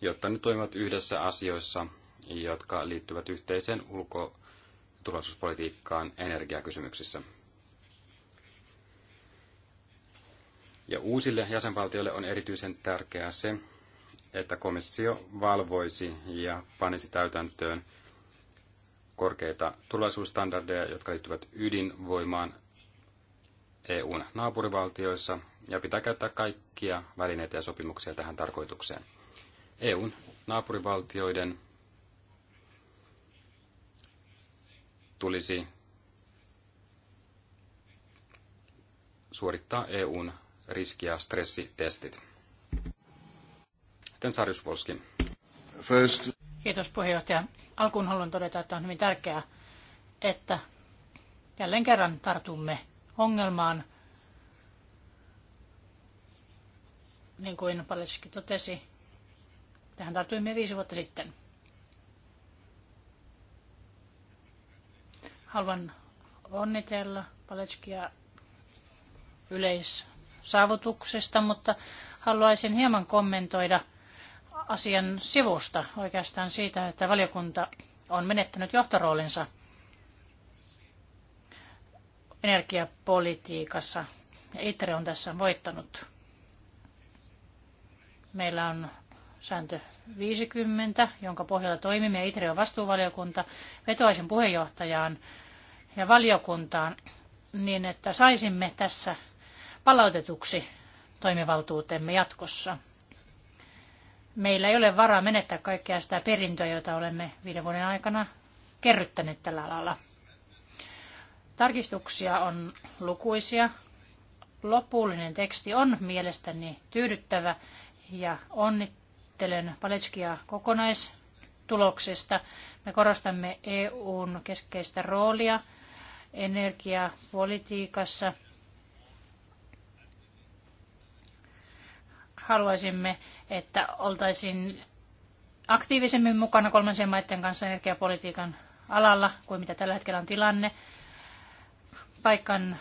jotta ne toimivat yhdessä asioissa, jotka liittyvät yhteiseen ulko- ja turvallisuuspolitiikkaan energiakysymyksissä. Ja uusille jäsenvaltioille on erityisen tärkeää se, että komissio valvoisi ja panisi täytäntöön korkeita turvallisuusstandardeja, jotka liittyvät ydinvoimaan EUn naapurivaltioissa, ja pitää käyttää kaikkia välineitä ja sopimuksia tähän tarkoitukseen. EUn naapurivaltioiden tulisi suorittaa EUn riski- ja stressitestit. Sitten Volski. First. Kiitos puheenjohtaja. Alkuun haluan todeta, että on hyvin tärkeää, että jälleen kerran tartumme ongelmaan, niin kuin Paleski totesi, Tähän tartuimme viisi vuotta sitten. Haluan onnitella Paletskia yleissaavutuksesta, mutta haluaisin hieman kommentoida asian sivusta oikeastaan siitä, että valiokunta on menettänyt johtoroolinsa energiapolitiikassa. Ja ITRE on tässä voittanut. Meillä on sääntö 50, jonka pohjalta toimimme, ja ITRE on vastuuvaliokunta, vetoaisin puheenjohtajaan ja valiokuntaan niin, että saisimme tässä palautetuksi toimivaltuutemme jatkossa. Meillä ei ole varaa menettää kaikkea sitä perintöä, jota olemme viiden vuoden aikana kerryttäneet tällä alalla. Tarkistuksia on lukuisia. Lopullinen teksti on mielestäni tyydyttävä ja onnittelen. Onnittelen Paletskia kokonaistuloksesta. Me korostamme EUn keskeistä roolia energiapolitiikassa. Haluaisimme, että oltaisiin aktiivisemmin mukana kolmansien maiden kanssa energiapolitiikan alalla kuin mitä tällä hetkellä on tilanne. Paikan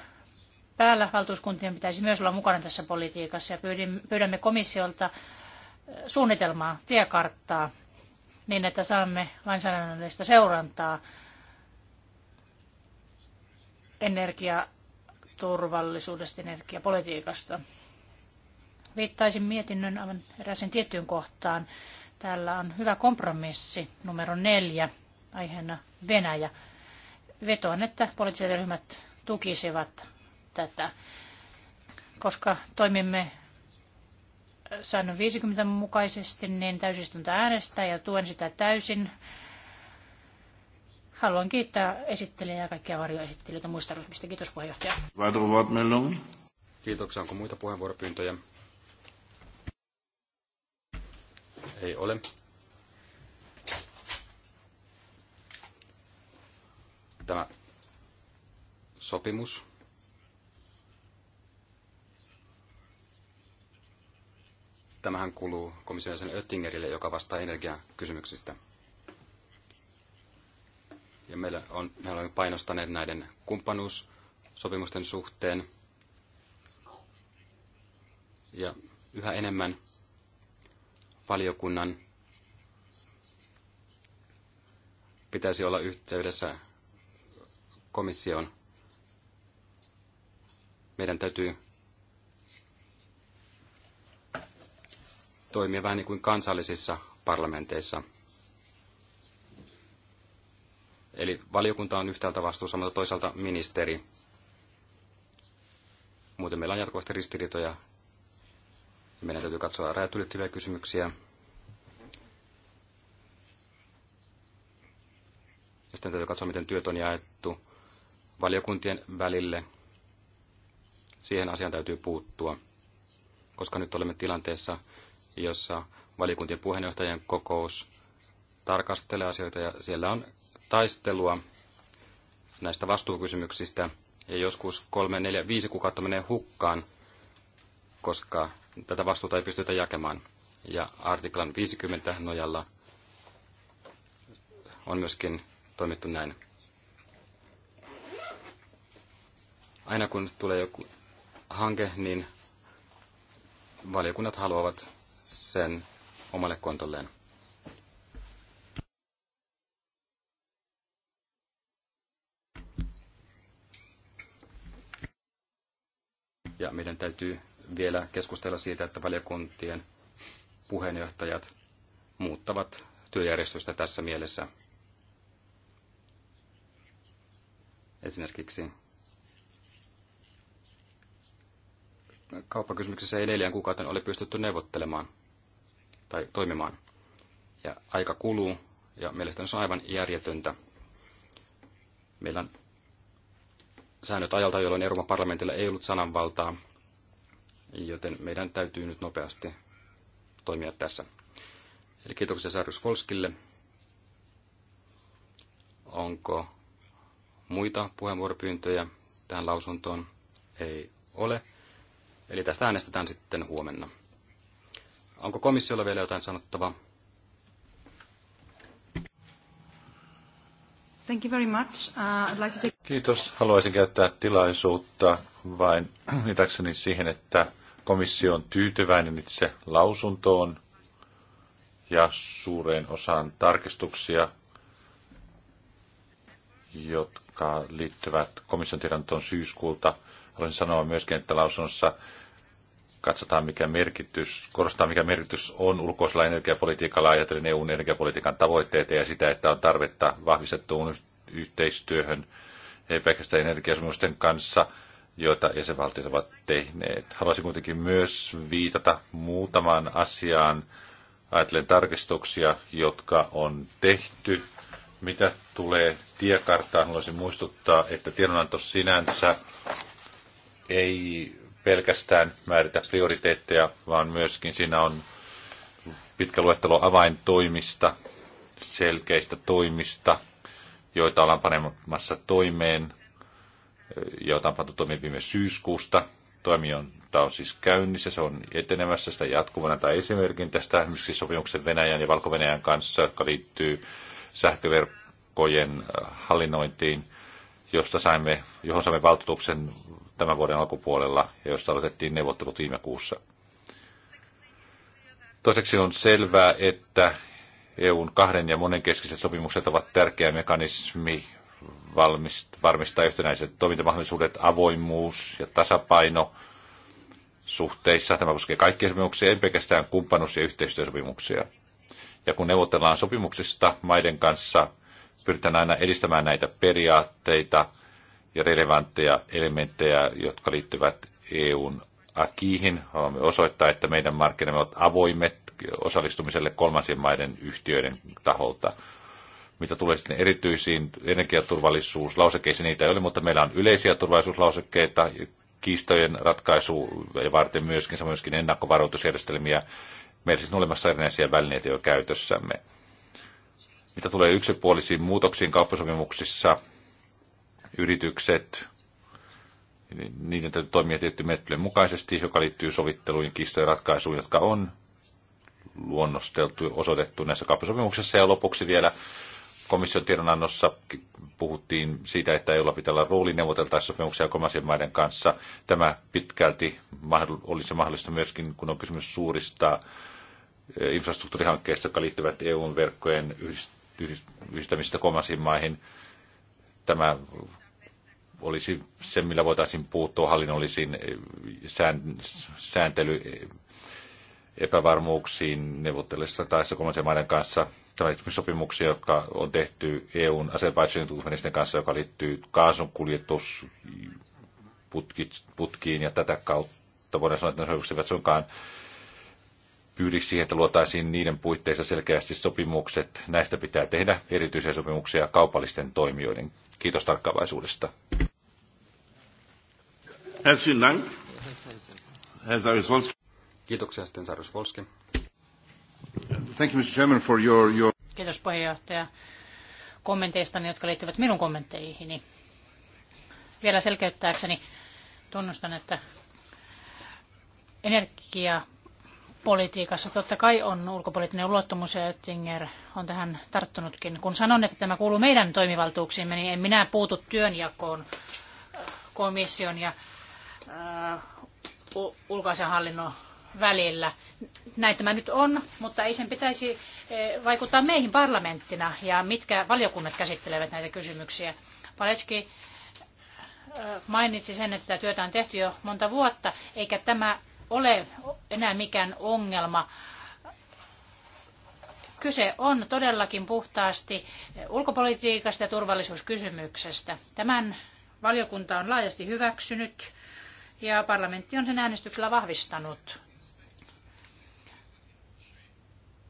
päällä valtuuskuntien pitäisi myös olla mukana tässä politiikassa ja pyydämme komissiolta suunnitelmaa, tiekarttaa, niin että saamme lainsäädännöllistä seurantaa energiaturvallisuudesta, energiapolitiikasta. Viittaisin mietinnön aivan eräisen tiettyyn kohtaan. Täällä on hyvä kompromissi numero neljä, aiheena Venäjä. Vetoan, että poliittiset ryhmät tukisivat tätä, koska toimimme säännön 50 mukaisesti, niin täysistunto äänestää ja tuen sitä täysin. Haluan kiittää esittelijää ja kaikkia varjoesittelijöitä muista ryhmistä. Kiitos puheenjohtaja. Kiitoksia. Onko muita puheenvuoropyyntöjä? Ei ole. Tämä sopimus Tämähän kuuluu komission jäsen Oettingerille, joka vastaa energiakysymyksistä. Ja meillä on, me olemme painostaneet näiden kumppanuussopimusten suhteen. Ja yhä enemmän valiokunnan pitäisi olla yhteydessä komission. Meidän täytyy toimia vähän niin kuin kansallisissa parlamenteissa. Eli valiokunta on yhtäältä vastuussa, mutta toisaalta ministeri. Muuten meillä on jatkuvasti ristiriitoja. Meidän täytyy katsoa rajat ylittyviä kysymyksiä. Ja sitten täytyy katsoa, miten työt on jaettu valiokuntien välille. Siihen asiaan täytyy puuttua, koska nyt olemme tilanteessa, jossa valiokuntien puheenjohtajien kokous tarkastelee asioita ja siellä on taistelua näistä vastuukysymyksistä ja joskus kolme, neljä, viisi kuukautta menee hukkaan, koska tätä vastuuta ei pystytä jakemaan Ja artiklan 50 nojalla on myöskin toimittu näin. Aina kun tulee joku hanke, niin valiokunnat haluavat sen omalle kontolleen. Ja meidän täytyy vielä keskustella siitä, että valiokuntien puheenjohtajat muuttavat työjärjestystä tässä mielessä. Esimerkiksi kauppakysymyksessä ei neljän kuukauten ole pystytty neuvottelemaan – tai toimimaan. Ja aika kuluu, ja mielestäni se on aivan järjetöntä. Meillä on säännöt ajalta, jolloin Euroopan parlamentilla ei ollut sananvaltaa, joten meidän täytyy nyt nopeasti toimia tässä. Eli kiitoksia Sarjus Volskille. Onko muita puheenvuoropyyntöjä tähän lausuntoon? Ei ole. Eli tästä äänestetään sitten huomenna. Onko komissiolla vielä jotain sanottavaa? Thank you very much. Uh, I'd like to take... Kiitos. Haluaisin käyttää tilaisuutta vain lisäkseni siihen, että komissio on tyytyväinen itse lausuntoon ja suureen osaan tarkistuksia, jotka liittyvät komission tiedontoon syyskuulta. Haluaisin sanoa myöskin, että lausunnossa katsotaan mikä merkitys, korostaa mikä merkitys on ulkoisella energiapolitiikalla ajatellen EUn energiapolitiikan tavoitteita ja sitä, että on tarvetta vahvistettuun yhteistyöhön, ei pelkästään energiasopimusten kanssa, joita jäsenvaltiot ovat tehneet. Haluaisin kuitenkin myös viitata muutamaan asiaan, ajatellen tarkistuksia, jotka on tehty. Mitä tulee tiekarttaan, haluaisin muistuttaa, että tiedonanto sinänsä ei pelkästään määritä prioriteetteja, vaan myöskin siinä on pitkä luettelo avaintoimista, selkeistä toimista, joita ollaan panemassa toimeen, joita on pantu toimeen viime syyskuusta. Toimi on siis käynnissä, se on etenemässä sitä jatkuvana tai esimerkin tästä esimerkiksi sopimuksen Venäjän ja valko -Venäjän kanssa, joka liittyy sähköverkkojen äh, hallinnointiin, josta saimme, johon saimme valtuutuksen tämän vuoden alkupuolella ja josta aloitettiin neuvottelut viime kuussa. Toiseksi on selvää, että EUn kahden ja monenkeskiset sopimukset ovat tärkeä mekanismi varmistaa yhtenäiset toimintamahdollisuudet, avoimuus ja tasapaino suhteissa. Tämä koskee kaikkia sopimuksia, ei pelkästään kumppanuus- ja yhteistyösopimuksia. Ja kun neuvotellaan sopimuksista maiden kanssa, pyritään aina edistämään näitä periaatteita – ja relevantteja elementtejä, jotka liittyvät EUn akiihin. Haluamme osoittaa, että meidän markkinamme ovat avoimet osallistumiselle kolmansien maiden yhtiöiden taholta. Mitä tulee sitten erityisiin energiaturvallisuuslausekkeisiin, niitä ei ole, mutta meillä on yleisiä turvallisuuslausekkeita, kiistojen ratkaisu ja varten myöskin, se myöskin ennakkovaroitusjärjestelmiä. Meillä siis on olemassa erinäisiä välineitä jo käytössämme. Mitä tulee yksipuolisiin muutoksiin kauppasopimuksissa, yritykset, niin niiden täytyy toimia tietty menettely mukaisesti, joka liittyy sovitteluun ja ratkaisuun, jotka on luonnosteltu, osoitettu näissä kauppasopimuksissa. Ja lopuksi vielä komission tiedonannossa puhuttiin siitä, että olla pitää olla rooli neuvoteltaessa sopimuksia kolmansien maiden kanssa. Tämä pitkälti olisi mahdollista myöskin, kun on kysymys suurista eh, infrastruktuurihankkeista, jotka liittyvät eu verkkojen yhdistämistä kolmansiin maihin. Tämä olisi se, millä voitaisiin puuttua hallinnollisiin eh, sääntely eh, epävarmuuksiin neuvottelessa tai kolmansien maiden kanssa. Tämä on sopimuksia, jotka on tehty EUn Azerbaidžanin tutkimusten kanssa, joka liittyy kaasun kuljetusputkiin ja tätä kautta voidaan sanoa, että ne sopimukset eivät suinkaan pyydi siihen, että luotaisiin niiden puitteissa selkeästi sopimukset. Näistä pitää tehdä erityisiä sopimuksia kaupallisten toimijoiden. Kiitos tarkkaavaisuudesta. Herzlichen Dank. Herr Saryusz-Wolski. Kiitoksia sitten Saryusz-Wolski. Thank you, Mr. Chairman, for your, your... Kiitos puheenjohtaja kommenteista, jotka liittyvät minun kommentteihini. Vielä selkeyttääkseni tunnustan, että energiapolitiikassa totta kai on ulkopoliittinen ulottumus ja Oettinger on tähän tarttunutkin. Kun sanon, että tämä kuuluu meidän toimivaltuuksiimme, niin en minä puutu työnjakoon komission ja ulkoisen hallinnon välillä. Näin tämä nyt on, mutta ei sen pitäisi vaikuttaa meihin parlamenttina ja mitkä valiokunnat käsittelevät näitä kysymyksiä. Paletski mainitsi sen, että työtä on tehty jo monta vuotta, eikä tämä ole enää mikään ongelma. Kyse on todellakin puhtaasti ulkopolitiikasta ja turvallisuuskysymyksestä. Tämän valiokunta on laajasti hyväksynyt ja parlamentti on sen äänestyksellä vahvistanut.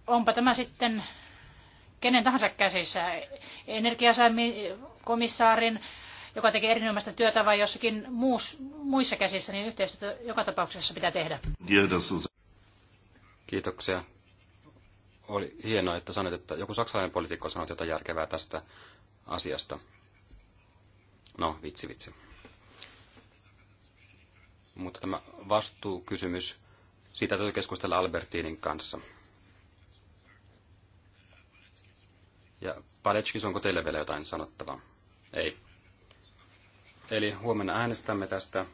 Onpa tämä sitten kenen tahansa käsissä, energiasaamikomissaarin, joka tekee erinomaista työtä vai jossakin muus, muissa käsissä, niin yhteistyötä joka tapauksessa pitää tehdä. Kiitoksia. Oli hienoa, että sanoit, että joku saksalainen poliitikko sanoi jotain järkevää tästä asiasta. No, vitsi vitsi. Mutta tämä vastuukysymys, siitä täytyy keskustella Albertinin kanssa. Ja Paletskis, onko teille vielä jotain sanottavaa? Ei. Eli huomenna äänestämme tästä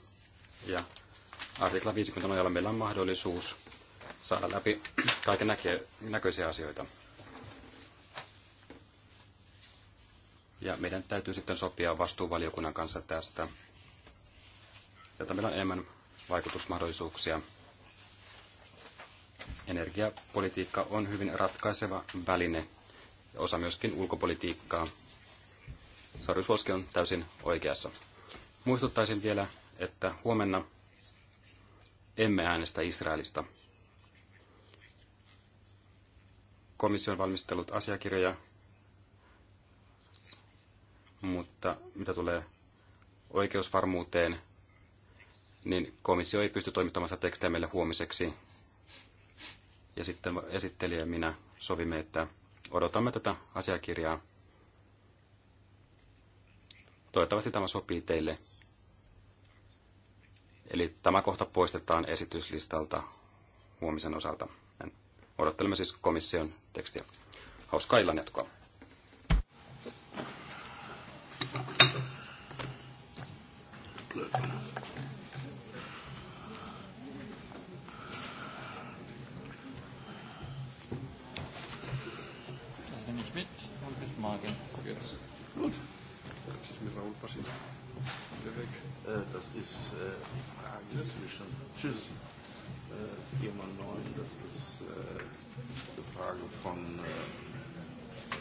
ja artikla 50 nojalla meillä on mahdollisuus saada läpi kaiken näköisiä asioita. Ja meidän täytyy sitten sopia vastuuvaliokunnan kanssa tästä jotta meillä on enemmän vaikutusmahdollisuuksia. Energiapolitiikka on hyvin ratkaiseva väline ja osa myöskin ulkopolitiikkaa. Sarjusvoski on täysin oikeassa. Muistuttaisin vielä, että huomenna emme äänestä Israelista. Komission valmistelut asiakirjoja, mutta mitä tulee oikeusvarmuuteen, niin komissio ei pysty toimittamaan tekstejä meille huomiseksi. Ja sitten esittelijä ja minä sovimme, että odotamme tätä asiakirjaa. Toivottavasti tämä sopii teille. Eli tämä kohta poistetaan esityslistalta huomisen osalta. Odottelemme siis komission tekstiä. Hauskaa illan jatkoa. Margin. Jetzt. Gut. Das ist mit Raoul passiert. Wieder weg. Äh, das ist äh, die Frage dazwischen. Tschüss. Äh, 4 x 9, das ist äh, die Frage von äh,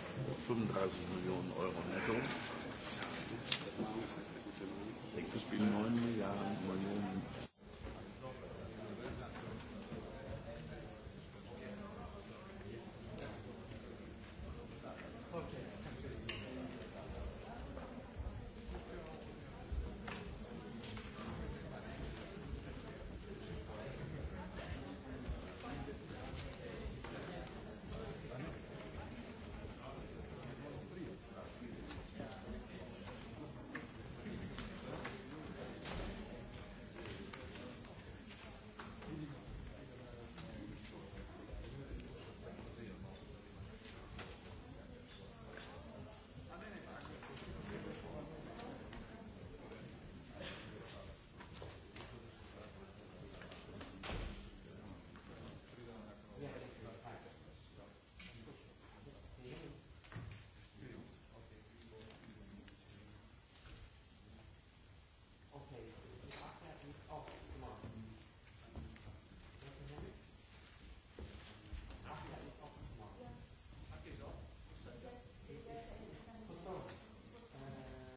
35 Millionen Euro netto. Das ist ja eine gute Marke. Das 9 Milliarden Millionen